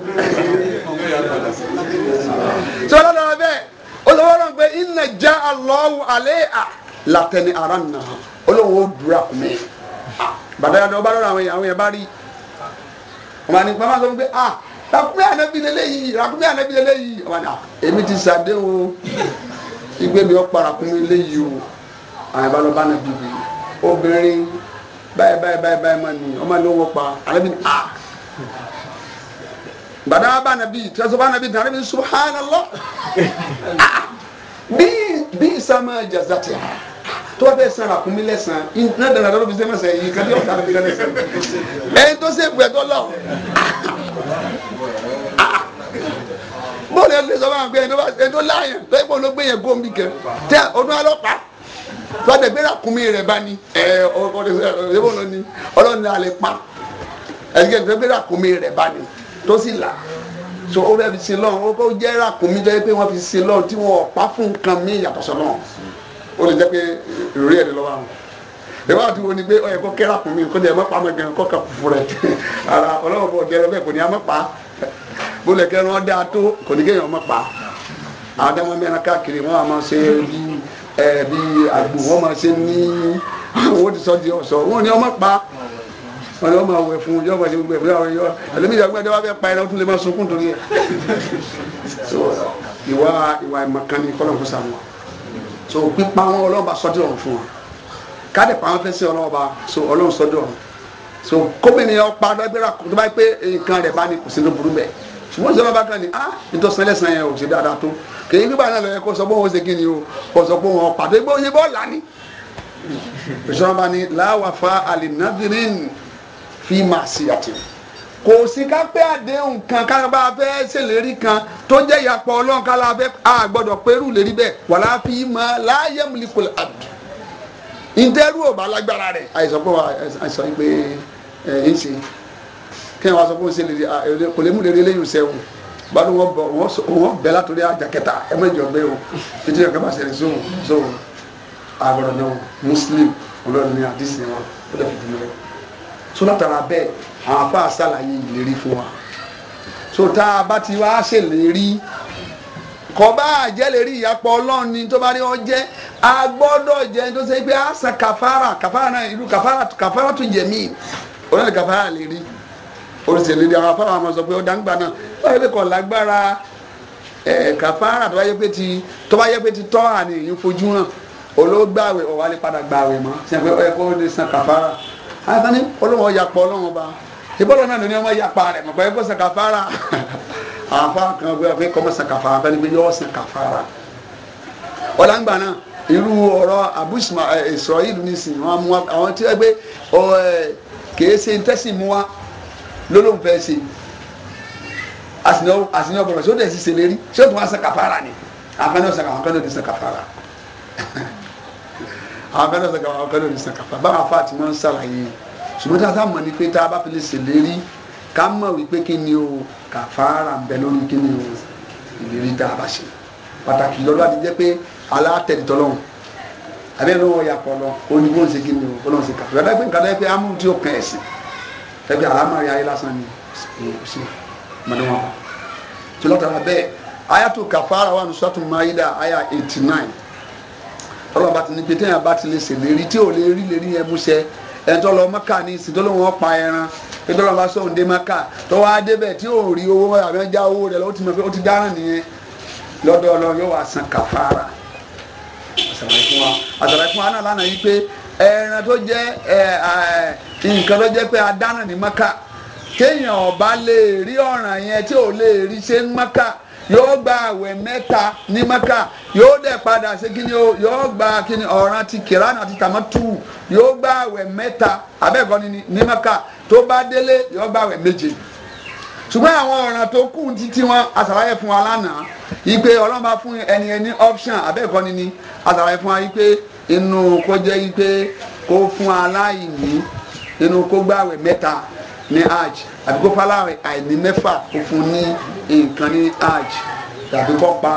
sọlá dára bẹ́ẹ̀ olùwọ́rọ̀ pé iná já Allahu alẹ́ à látẹni ara nà olóhùn ó du ràkúnmí bàtà yàtọ̀ ọba lọ́rọ̀ àwọn èèyàn bá rí ọmọ àni pàmò àti ọmọ pé ah ràkúnmí ànábì lélẹ́yìí ràkúnmí ànábì lélẹ́yìí ọmọ àni ah èmi ti sàdéhùn igbe mi ọ̀pára pé eléyìí o àwọn ìbálò bá nàbí bi obìnrin báyìí báyìí báyìí báyìí máa ní ọmọ ìlú wọn pa àlẹ́ bí a gbàdá bá nàbí tẹ̀sán bá nàbí tẹ̀sán bí subhanallah bí bí sàmà jazati ha tó bá bẹ́ẹ̀ sara kún mi lẹ́sàn náà dara lọ́dọ̀ bí sẹ́mi sẹ́yìn kàdé ọ̀tá mi lẹ́sàn ẹ̀ tó sẹ́ gbẹ̀dọ̀ lọ bóòlù ẹni sọ fún àgbẹ̀ ẹni tó láàyàn lẹ́gbọ̀n ló gbé yẹn gómìnì kan tẹ ọdún ọlọ́pàá tọ́jà gbéra kùnmí rẹ̀ bá ní ẹ ọ̀rọ̀ ló ní ọlọ́ni alẹ́ pa ẹ̀jẹ̀ tó gbéra kùnmí rẹ̀ bá ní tó sì là so ó fẹ́ fi sin lọ́run ó kó jẹ́ ràkùnmí tó yẹ pé wọ́n fi sin lọ́run tí wọ́n pa fún nǹkan mí yàtọ̀ sọ lọ́run ó lè jẹ́ pé ìrírí ẹ̀ lọ́wọ́ àwọn ìwà àti wo ni pé ọ̀yẹ́ kó kẹ́rà kùnmí kó jẹ́ mọ́pamọ́ gan kọ́kà fúnfún rẹ̀ ara ọlọ́run bọ̀ jẹ́ lọ́bẹ̀ kò ní amọ́pa bó lè kẹrin wọn dáa tó kò ní kéèyàn mọ pa àwọn dáwọn mẹ́rin káàkiri wọn àmọ́ ṣe bí ẹ bí àgbo wọn máa ṣe ní wọn ti sọ di ọsọ wọn ni ọmọ pa wọn ni wọn máa wẹ fún un yọ wọn ti gbẹ fún àwọn yọ ẹlẹmìíràn gbẹdẹ wọn fẹẹ pa ẹran tún lè máa sunkún torí ẹ ìwà ìwà ìmọ̀kan ni kọ́lọ̀ fún sàmúà so pípa wọn ọlọ́ọ̀bà sọ́dọ̀ ọ̀run fún wọn káàdì pa wọn fẹ́ sí ọlọ́ọ̀bà so ọlọ́run sọ́dọ̀ ọ̀run so kómìnì ọ̀pá adágbéra kò tó bá pé nǹkan rẹ̀ bá ní kò sí ló burú bẹ́ẹ̀ ṣùgbọ́n ìjọba bá kàn ní ah nítòsí ẹlẹ́sìn yẹn ò ṣe dáadáa tó kèyí gbígbà náà lọ́yẹ kó sọ pé òun ṣe kí ni o kò sọ pé òun pàdé gbé oyin bọ́ là ní. ìṣọ́nà bá ní láwàfà àlìnàdìrín fi máa ṣe àti. kò sí ká pé àdéhùn kan ká bá fẹ́ ṣèlérí kan tó jẹ́ ìyàpọ̀ ọlọ́run ká la fẹ́ àgbọ̀dọ̀ ìdẹ́rù ò bá lágbára rẹ̀ àìsàn pé àìsàn pé ẹ̀ ń ṣe kí wọn sọ pé ó ṣe lè kò lè mú lè rí eléyìí sẹ́wọ̀n báwo wọn bọ wọn bẹ látòrí àjà kẹta ẹ má jọ bẹ o títí ọkọ bá ṣẹlẹ̀ sóhùn sóhùn àgbọdọ náà muslim ọlọrin ní àdìsí wọn ó lè fi dùn rẹ so látara bẹ́ẹ̀ àwọn afá àṣàlàyé ìlérí fún wa so tá a bá ti wá ṣèlérí kọba àjẹlérí ìyapọ̀ ọlọ́run ni tó bá ní ọ jẹ́ a gbọ́dọ̀ jẹ́ tó ṣe pé a san kàfàrà kafara náà ìlú kàfàrà kàfàrà tún jẹ̀mí òun náà kàfàrà lè rí oríṣiríṣi àwọn afárá àwọn sọ pé ó dáńgbà náà wọ́n yẹ pé kò lágbára kàfàrà tó bá yẹ pé ti tó bá yẹ pé ti tọ́ àní ìyún fojú hàn olóògbàwé ọ̀wá lè padà gbàwé mọ́ ṣe pé ó yẹ kó lè san kàfàrà àtàní olóhùn ọ̀yàpọ̀ ọlọ́run ọba ìbọ̀lọ́ náà ló ní ọmọ ìyapa rẹ̀ mọ̀ pé kó san kàfàrà àfa kan gbé pé kọ́mọ san kàfàrà bẹ́ẹ̀ ni pé yọ san kàfàrà ọ̀làǹgbà náà irú ọ̀rọ̀ Abu eh, Israel nísìn wọn mú àwọn tí wọ́n gbé eh, kèé ṣe ń tẹ́sí mú wa lólóhùn fẹ́ ṣe àsìnyọ́ gbọ́dọ̀ ṣé ó dẹ̀ sì ṣe lérí ṣé ó tún wá san kàfàrà ni àfẹnú san kàfàrà kan ló ti san kàfàrà àwọn kan ló ti san kàfàrà báwọn afa àti wọn ń ṣùgbọ́n tí a sá mọ̀ ni pé tá a bá fi lè ṣèlérí ká mọ̀ wípé kí ni o kàfàrà ń bẹ lórí kí ni o ìlérí tá a bá ṣe pàtàkì lọ́dọ̀ àti jẹ́ pé alátẹ̀dìtọ́ lọ́hùn àbí ẹni wọ́n yàpọ̀ lọ onígbò ń ṣe kí ni o ọlọ́run ṣe kàfàrà ẹgbẹ́ nǹkan lẹ́gbẹ́ amúhùn tí ó kàn ẹ̀ sí ẹgbẹ́ àlámọ̀rí ayé lásán ni kò sí mọ̀nà wọn. tí lọ́tara bẹ́ẹ̀ ayatu kàfàrà wà ní sọ́tún mayida aya eighty nine ọlọ́run bá ti ní pé téèyàn bá ti lè ṣèlérí tí ò lè rí lérí yẹn múṣẹ ẹ̀tọ́ lọ mọ́kà ní ìsìn tó lóun wọn pa ẹran ẹ̀tọ́ lọ́wọ́ bá sóun dé mọ́kà tó wá débẹ̀ tí ò rí owó àbí já owó rẹ̀ lọ́wọ́ ti mọ̀ pé ó ti dáràn nìyẹn lọ́dọ̀ ọlọ́run yóò wá san kàfàrà àṣàlàyé fún wa náà lánàá yìí pé ẹran tó jẹ́ nǹkan tó jẹ́ pé a dáràn ní mọ́kà kéèyàn ọ̀bá lè rí ọ̀ràn yẹn tí ò lè rí ṣe ń mọ́kà yóò gba àwẹ̀ mẹ́ta ní mẹ́ka yóò dẹ̀ padà ṣe kí ni o yóò gba kí ni ọ̀ràn ti kìránù àti tàmátù yóò gba àwẹ̀ mẹ́ta abẹ́ẹ̀kọ́ ni ní mẹ́ka tó bá délé yóò gba àwẹ̀ méje ṣùgbọ́n àwọn ọ̀ràn tó kù títí wọn àṣàlàyé fún wa lánàá ipe ọlọ́run bá fún ẹni ẹni option abẹ́ẹ̀kọ́ ni ni àṣàlàyé fún wa ipe inú kó jẹ́ ipe kó fún aláìní inú kó gbàwẹ̀ mẹ́ta ní hajj àbí kó faláwìn àìní mẹ́fà kó fún ní nǹkan ní hajj tàbí kó pa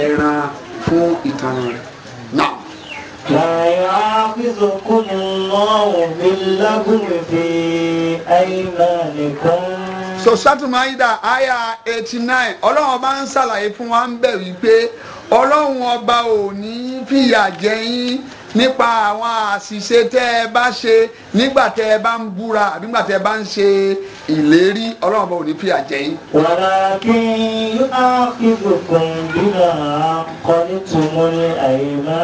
ẹran fún ìtàn rẹ̀ náà. لا يعاقبكم الله باللغو في أيمانكم so sátú maida aya eighty nine ọlọ́run ọba ń ṣàlàyé fún wa ń bẹ̀ wípé ọlọ́run ọba ò ní fìyà jẹ nípa àwọn àṣìṣe tẹ́ ẹ bá ṣe nígbà tẹ́ ẹ bá ń búra àbí nígbà tẹ́ ẹ bá ń ṣe ìlérí ọlọ́run bá ò ní fìyà jẹ yín. wàrà kí yúkàkùnkùn bímọ kọ nítumọ̀ ní àyèmá.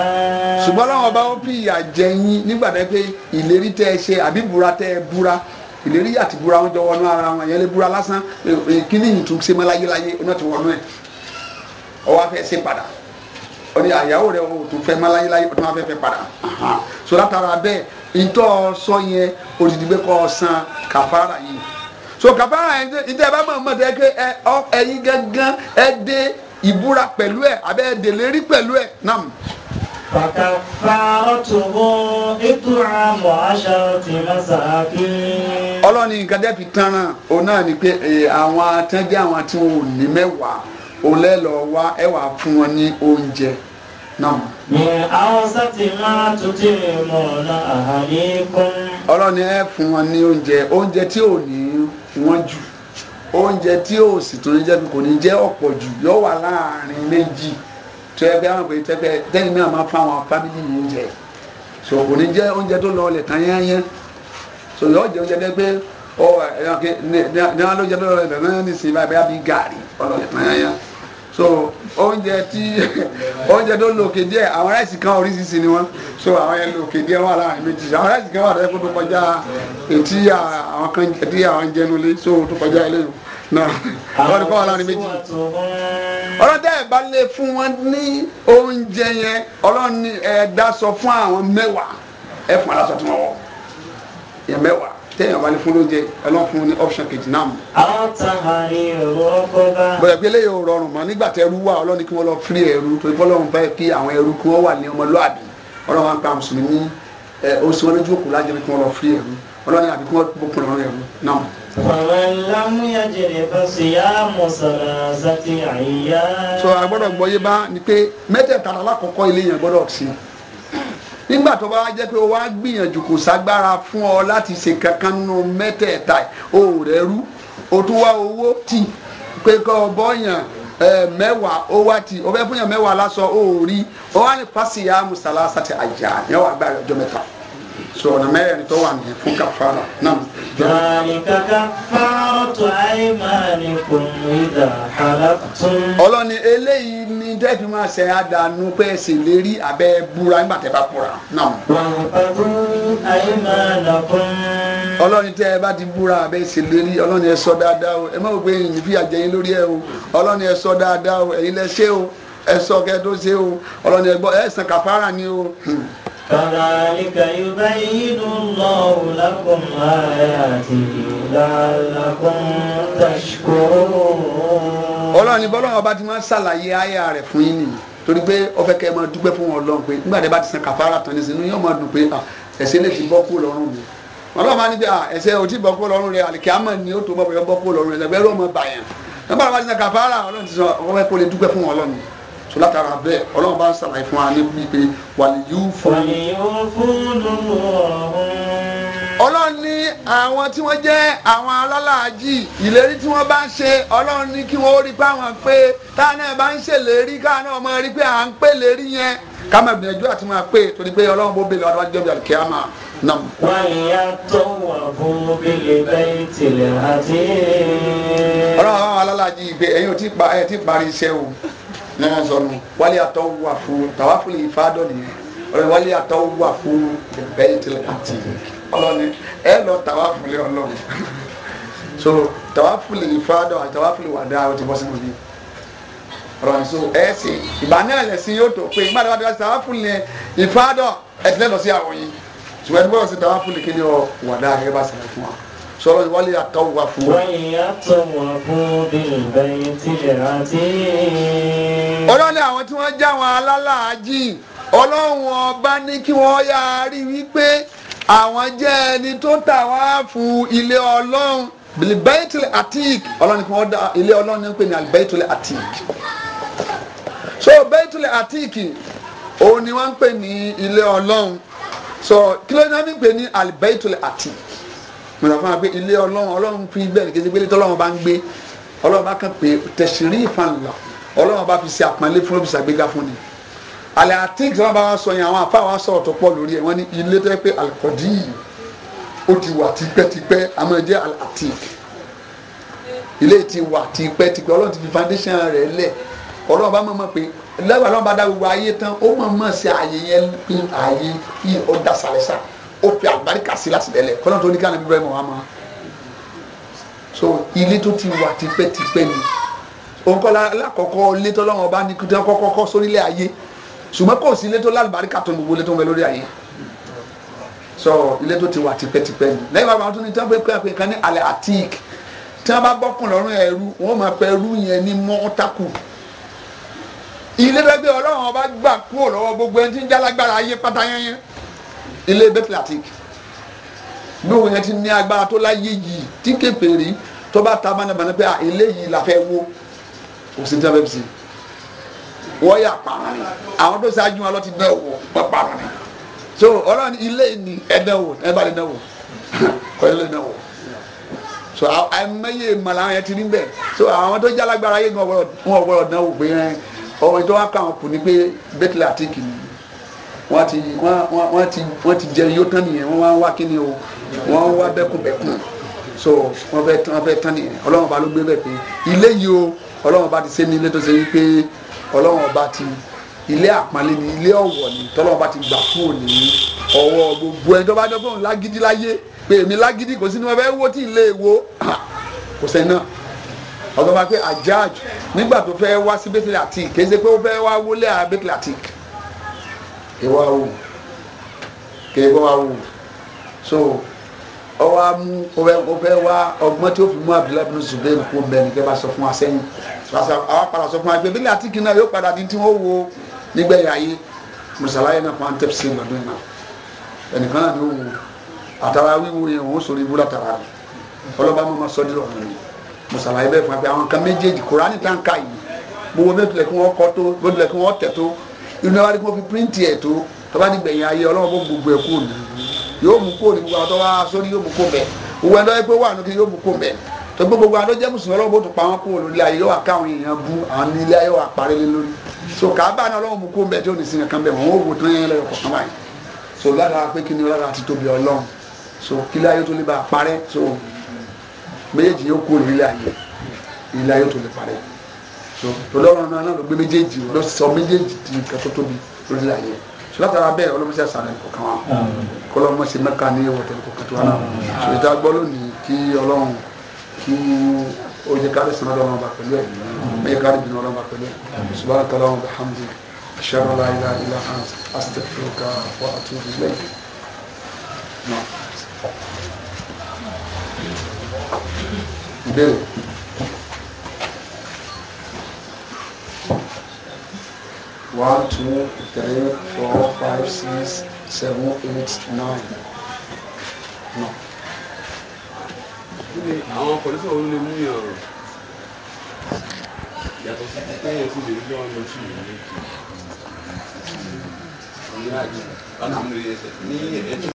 ṣùgbọ́n ọlọ́run bá ó fìyà jẹ yín nígbà tẹ́ pé ìlérí tẹ́ ẹ ṣe àbí búra tẹ́ ẹ búra ìlérí àti búra wọn jọ wọnú ara wọn yẹn lè búra lásán kíní ìtúnṣe mọ́ láyé láyé ọ̀nà ti wọnú ẹ̀ ọwọ́ afẹ́ ṣe padà ọ̀rẹ́ àyàwó ah, rẹ̀ o tó fẹ́ máa láyéláyé o tó máa fẹ́ fẹ́ padà so látara bẹ́ẹ̀ ìtọ́ sọ yẹn odidi gbé kọ́ san kàfàrà yìí so kàfàrà yẹn ìtẹ́ ẹ bá mọ̀ mọ̀ tẹ́ ẹ ẹyin gangan ẹ dé ìbúra pẹ̀lú ẹ̀ abẹ́ ẹ dè lérí pẹ̀lú ẹ̀ nàm. Ọlọ́ni nǹkan dẹ́bi tán náà, òun náà ni pé àwọn atẹ́jẹ́ àwọn tí wọn ò ní mẹ́wàá, òun lẹ́ ẹ̀wà fún wọn ní oúnjẹ ọlọ́run ni ẹ fún wọn ní oúnjẹ oúnjẹ tí ò ní wọ́n jù oúnjẹ tí ò sì tó ní jẹ́ kò ní jẹ́ ọ̀pọ̀ jù yóò wà láàrin méjì tó ẹgbẹ́ àwọn pé tẹ́gbẹ́ tẹ́yìn náà máa fáwọn fámìlì ní oúnjẹ so kò ní jẹ́ oúnjẹ tó lọ ọlẹ̀ tán yẹ́nyẹ́ so yóò jẹ oúnjẹ dẹ́gbẹ́ ọ ẹ̀ ní wọn ló jẹ tó lọ ọlẹ̀ nísìnyí báyìí bí gàrí ọlọ́lẹ̀ tán yẹ́nyẹ́ so oúnjẹ tí oúnjẹ tó lòkè díẹ̀ àwọn ráìsì kan oríṣiríṣi ni wọ́n so àwọn yẹn lòkè díẹ̀ wà láàrin méjì àwọn ráìsì kan wà tó yẹ kó tó kọjá etí àwọn kan jẹ tí àwọn jẹnu lé so tó kọjá eléyìí náà wọ́n kọ́ wà láàrin méjì. ọlọ́dẹ ẹ̀ bá lè fún wọn ní oúnjẹ yẹn ọlọ́run ni ẹ̀ dá sọ fún àwọn mẹ́wàá ẹ̀ fún aláṣọ tí wọ́n wọ̀ yẹn mẹ́wàá téèyàn bá ní fún lóúnjẹ ọlọ́run fún ní option kejì náà mọ̀. àtàhàrí ẹ̀rọ ọkọ bá. bọ̀dọ̀ pé eléyìí rọrùn mọ́ nígbà tẹ́rú wà ọlọ́run kí wọ́n lọ fírí ẹ̀rú torí fọlọ́run báyìí kí àwọn ẹrú kí wọ́n wà ní ọmọlúàbí ọlọ́run máa ń pa mùsùlùmí ẹ̀ ó sì wọ́n lójú òkú lájẹ́ kí wọ́n lọ fírí ẹ̀rú ọlọ́run àbí kí wọ́n bókun lọ́rùn ẹ̀rú náà. sọ àgbọ́dọ̀ gbọ́ yé bá ni pé mẹ́tẹ̀ẹ̀ta alákọ̀ọ́kọ́ ilé nígbà tó bá wá jẹ́ pé o wá gbìyànjú kò ságbára fún ọ láti ṣe kankan nínú mẹ́tẹ̀ẹ̀ta o rẹ̀ rú o tún wá owó tì pé kọ́ ọ bọ́yàn eh, mẹ́wàá ó wá tì o fẹ́ fún yàn mẹ́wàá lásán o rí o wá ní pàṣẹ yà á mùsàlásà ti àjà ní ọwọ́ àgbà mẹ́ta so ọ̀nà mẹ́rin tó ọlọ́ni eléyìí ni dẹ́ẹ̀fì máa ṣe àdánù pé ẹ̀sìn lérí abẹ́ búra nígbà tẹ́ bá búra náà. wàhùnkàdù aymanakum. ọlọ́ni tẹ́ ẹ bá ti búra abẹ́ ẹ̀sìn lérí ọlọ́ni ẹ sọ dáadáa o ẹ má wò pé èyí fi àjẹyìn lórí ẹ o ọlọ́ni ẹ sọ dáadáa o ẹ̀yin lẹ ṣe o ẹ sọ kẹ́ẹ́ tó ṣe o ọlọ́ni ẹ gbọ́ ẹ san kàfàrà ni o. كذلك يبين الله لكم آياته لعلكم تشكرون ọlọ́run ni bọ́lọ́run ọba ti máa ń ṣàlàyé àyà rẹ̀ fún yín nìyí torí pé ó fẹ́ kẹ́ ẹ máa dúpẹ́ fún ọlọ́run pé nígbà tí ẹ bá ti san kàfàrà tán ní sinú yóò máa dùn pé ẹ̀ṣẹ̀ lè ti bọ́ kú lọ́rùn mi ọlọ́run máa ní bí ẹ̀ṣẹ̀ ò tí bọ́ kú lọ́rùn rẹ̀ àlìkíámà ni ó tó bọ́ bọ́ kú lọ́rùn rẹ̀ ẹ̀ṣẹ̀ ló mọ bàyàn nígbà tí ẹ bá ti san kàfàrà ọlọ́run ti sọ ọ so látara bẹ́ẹ̀ ọlọ́run bá ń sàlàyé fún wa ní pípé wàlíyú fún. wàlíyú fún ọlọ́run ní àwọn tí wọ́n jẹ́ àwọn alálàájì ìlérí tí wọ́n bá ń ṣe ọlọ́run ní kí wọ́n rí pé àwọn pé táwọn náà bá ń ṣèlérí káwọn náà máa rí pé à ń pè lérí yẹn ká máa gbìyànjú àti máa pè torí pé ọlọ́run bó bèèrè ọdún ajọ́bí àlùkè àmà náà. wáyà tó wà fún bílẹ̀ bẹ́ẹ̀ àti. ọlọ́run àwọn alálàájì ìgbé ẹ̀yin ò tí parí iṣẹ́ o náà sọnù wálé àtọ́ wà fún tàwáfù lè fa dọ̀ nìyẹn ọlọ́ni wálé àtọ́ wà fún bẹ́ẹ̀ tilẹ̀ àti ọlọ́ni ẹ lọ tàwáfù lé ọlọ́run so tàwáfù lè fa dọ̀ àti tàwáfù lè wà dáa ó ti bọ́ sínú mi ọlọ́ni so ẹ sì ìgbà náà lẹ̀sìn yóò tó pé ìgbà tó tàwáfù lè ìfa dọ̀ ẹ̀ tilẹ̀ lọ sí àwọn yìí ṣùgbọ́n ẹ ti gbọ́dọ̀ sí tàwáfù lè kéde ọ̀ wà dáa gẹ́gẹ́ bá ṣẹlẹ̀ fún wa sọlọ ni wàlẹ̀ àtàwọn wà fún. wọ́n yà tó wọn fún bílbẹ̀yìn tilẹ̀ àti. ọlọ́ni àwọn tí wọ́n já wọn alálàájì ọlọ́run ọba ní kí wọ́n yáa rí wípé àwọn jẹ́ ẹni tó tà wá fún ilé ọlọ́run bilibaitul atik ọlọ́run kí wọ́n da ilé ọlọ́run ní pè ní alibaitul atik so baitule atik òun ni wọ́n ń pè ní ilé ọlọ́run so kí ló ní wọ́n ń pè ní alibaitul atik mo sọ fún wa pé ilé ọlọ́run ọlọ́run fi gbẹ́ ní kéde pé ilé tọ́lọ́run bá ń gbé ọlọ́run bá kàn pé tẹ̀sírí ìfànlá ọlọ́run bá fi ṣe àpọ́nlé fún òbíṣà gbéga fún ni àlẹ́ àtìkì tí wọ́n bá wá sọ yẹn àwọn àfa wa sọ̀rọ̀ tó pọ̀ lórí ẹ̀ wọ́n ní ilé tó yẹ pé àlùkọ́dí yìí ó ti wà tipẹ́tipẹ́ àmọ́ ẹ jẹ́ àtìkì ilé ti wà tipẹ́tipẹ́ ọlọ́run ti fi foundation rẹ̀ lẹ̀ ọlọ́run bá mọ̀ mọ̀ pé lẹ́wọ̀n ọlọ́run bá dá gbogbo ayé tán ó mọ̀ mọ̀ sí ààyè yẹn pín ààyè yìí ó dá sàlẹ̀ sàlẹ̀ ó fi àbáríkà sí láti lẹ́lẹ̀ kọ́nà tó ní ká nàbí Ibrahim wà máa so ilé tó ti wà tipẹ́tipẹ́ ni òun kọ́ lákọ̀ọ́kọ́ ilé tó lọ́wọ́ bá ní kí wọ́n kọ́kọ́ kọ́ sórílẹ̀ ayé ṣùgbọ́n kò sí ilé tó lálùbáríkà tó gbogbo ilé tó ń bẹ lórí ayé so ilé tó ti wà tipẹ́tipẹ́ ni lẹ́yìn bàbá tó ní tí wọ́n pè é kan ní alẹ́ àtíkì tí wọ́n bá bọ́kùn lọ́rùn ẹrú wọ́n máa pẹ́ ẹrú yẹn ní mọ́tàkù ilé tó gbé ọlọ́run ọba gbà kúrò lọ́wọ́ gbogbo ẹni tí ń jálágbára ayé pátá yẹn yẹn ilé betlatic bí òun yẹn ti ní agbára tó láyé yìí tí kèfèrí tó bá ta mánabàná pé ilé yìí la fẹ́ wó kò sí tẹ́lẹ̀ sí wọ́n yà pààrọ̀ ni àwọn tó ṣáájú wọn lọ ti dẹ́ wọ wọ́n pààrọ̀ ni so ọlọ́run ilé ni ẹ̀dẹ́wò ẹ̀bá lè dẹ́wò kọ́yọ́ lè dẹ́wò so àìmọye ìmọ̀lá yẹn ti rí bẹ́ẹ̀ so àwọn tó jálágbára yé wọn ọ̀gbọ̀rọ̀ dánwò pé ọmọ ìjọba kà kù ní pé bẹ́tìlá àtìkì wọ́n ti wọ́n ti wọ́n ti jẹ yóò tán nìyẹn wọ́n wá wá kíni o wọ́n wá bẹ́kùnbẹ́kùn so wọ́n fẹ́ tán wọ́n fẹ́ tán nìyẹn ọlọ́run ọba ló gbé bẹ́ẹ̀ pé ilé yìí o ọlọ́run ba ti ṣe ní ilé tó ṣe wípé ọlọ́run ọba ti ilé àpọ́nlé ni ilé ọ̀wọ̀ ni tọ́lọ́run ọba ti gbà fún òní ọwọ́ gbogbo ẹni tó bá jọ pé òun lágídí láyé pé èmi lágídí kò sí ni wọ́n fẹ́ wó tí ilé wo ah, kò sẹ́ náà ọ̀dọ́ bá pé àjáàjù nígbà tó fẹ́ wá sí bẹ́tẹ̀lì àtìk kì í ṣe ìwà wù kì í bọ́ wa wù so ọwọ́ amú ọfẹ́ wa ọgbọ́n tí ó fi mú Abdullahi bin Zubair kó bẹ́ẹ̀ ni kẹ́ bá sọ fún wa sẹ́yìn àwọn padà sọ fún wa pé bílẹ̀ àti kìnnà yóò padà di tí wọ́n wo nígbẹ̀yà yìí mùsàlàyé náà fún antẹ́pìsì lọ́dún náà ẹnìkan náà ni ó wù àtàrà wíwú yẹn òun sòrí ibú látara rẹ̀ ọlọ́ba mọ́ máa sọ dé lọ́wọ́ mi mùsàlàyé bẹ́ẹ̀ fún wa pé àwọn kan méjèèjì Kùránì tá ń ka yìí gbogbo bẹ́ẹ̀ tilẹ̀ kí wọ́n kọ́ tó bẹ́ẹ̀ tilẹ̀ kí wọ́n tẹ̀ tó inú wa ni kò fi píríǹtì ẹ̀ tó tọ́ba ní gbẹ̀yìn ayé ọlọ́run bó gbogbo ẹ̀ kú òní yóò mú kó ní gbogbo àwọn tọ́ba sórí yóò mú kó mẹ́ owó ẹ̀dọ́ ẹgbẹ́ wà nù kí yóò mú kó mẹ́ tó gbogbo gbogbo àdó jẹ́ mùsùlùmí ọlọ́run bó tún pa wọn kó lórí ayé yóò wá káwọn èèyàn bú àwọn ilé ayé wà parí lé lórí so kàábà náà ọlọ́run mú kó mẹ́ tí ò ní sin nǹkan bẹ̀ wọ́n ó wò tán yẹn lẹ́yọ̀ kọ̀ọ̀kan báyìí so lára pé kí so kí ilé ayé tó lè bá a tọ́lọ́run náà ló gbé méjèèjì ló sọ méjèèjì di nǹkan tó tóbi lórí ayé látara bẹ́ẹ̀ ọlọ́mọṣẹ́ sàrẹ̀ kọ̀ọ̀kan wa kọ́lọ́mọṣẹ́ mẹ́ka ní wọ̀tẹ̀ kọ̀ọ̀kan tó wà náà ṣòwòtá gbọ́ lónìí kí ọlọ́run kí ó jẹ́ kárí sinmi ọlọ́run ọba pẹ̀lú ẹ̀ ó jẹ́ kárí bínú ọlọ́run ọba pẹ̀lú ẹ̀ subahana tala wọn bihamdi ashara la ilaha illa ant astaghfiruka wa atubu ilayk. ìbéèrè. one two three four five six seven eight nine. No. kí ni àwọn pọ̀lísì ọ̀hún lè mú yàn rò yàtọ̀ sí pé kéèyàn sì lè rí ọ̀hún lọ sí ìlú méjì. ní ẹ̀jẹ̀.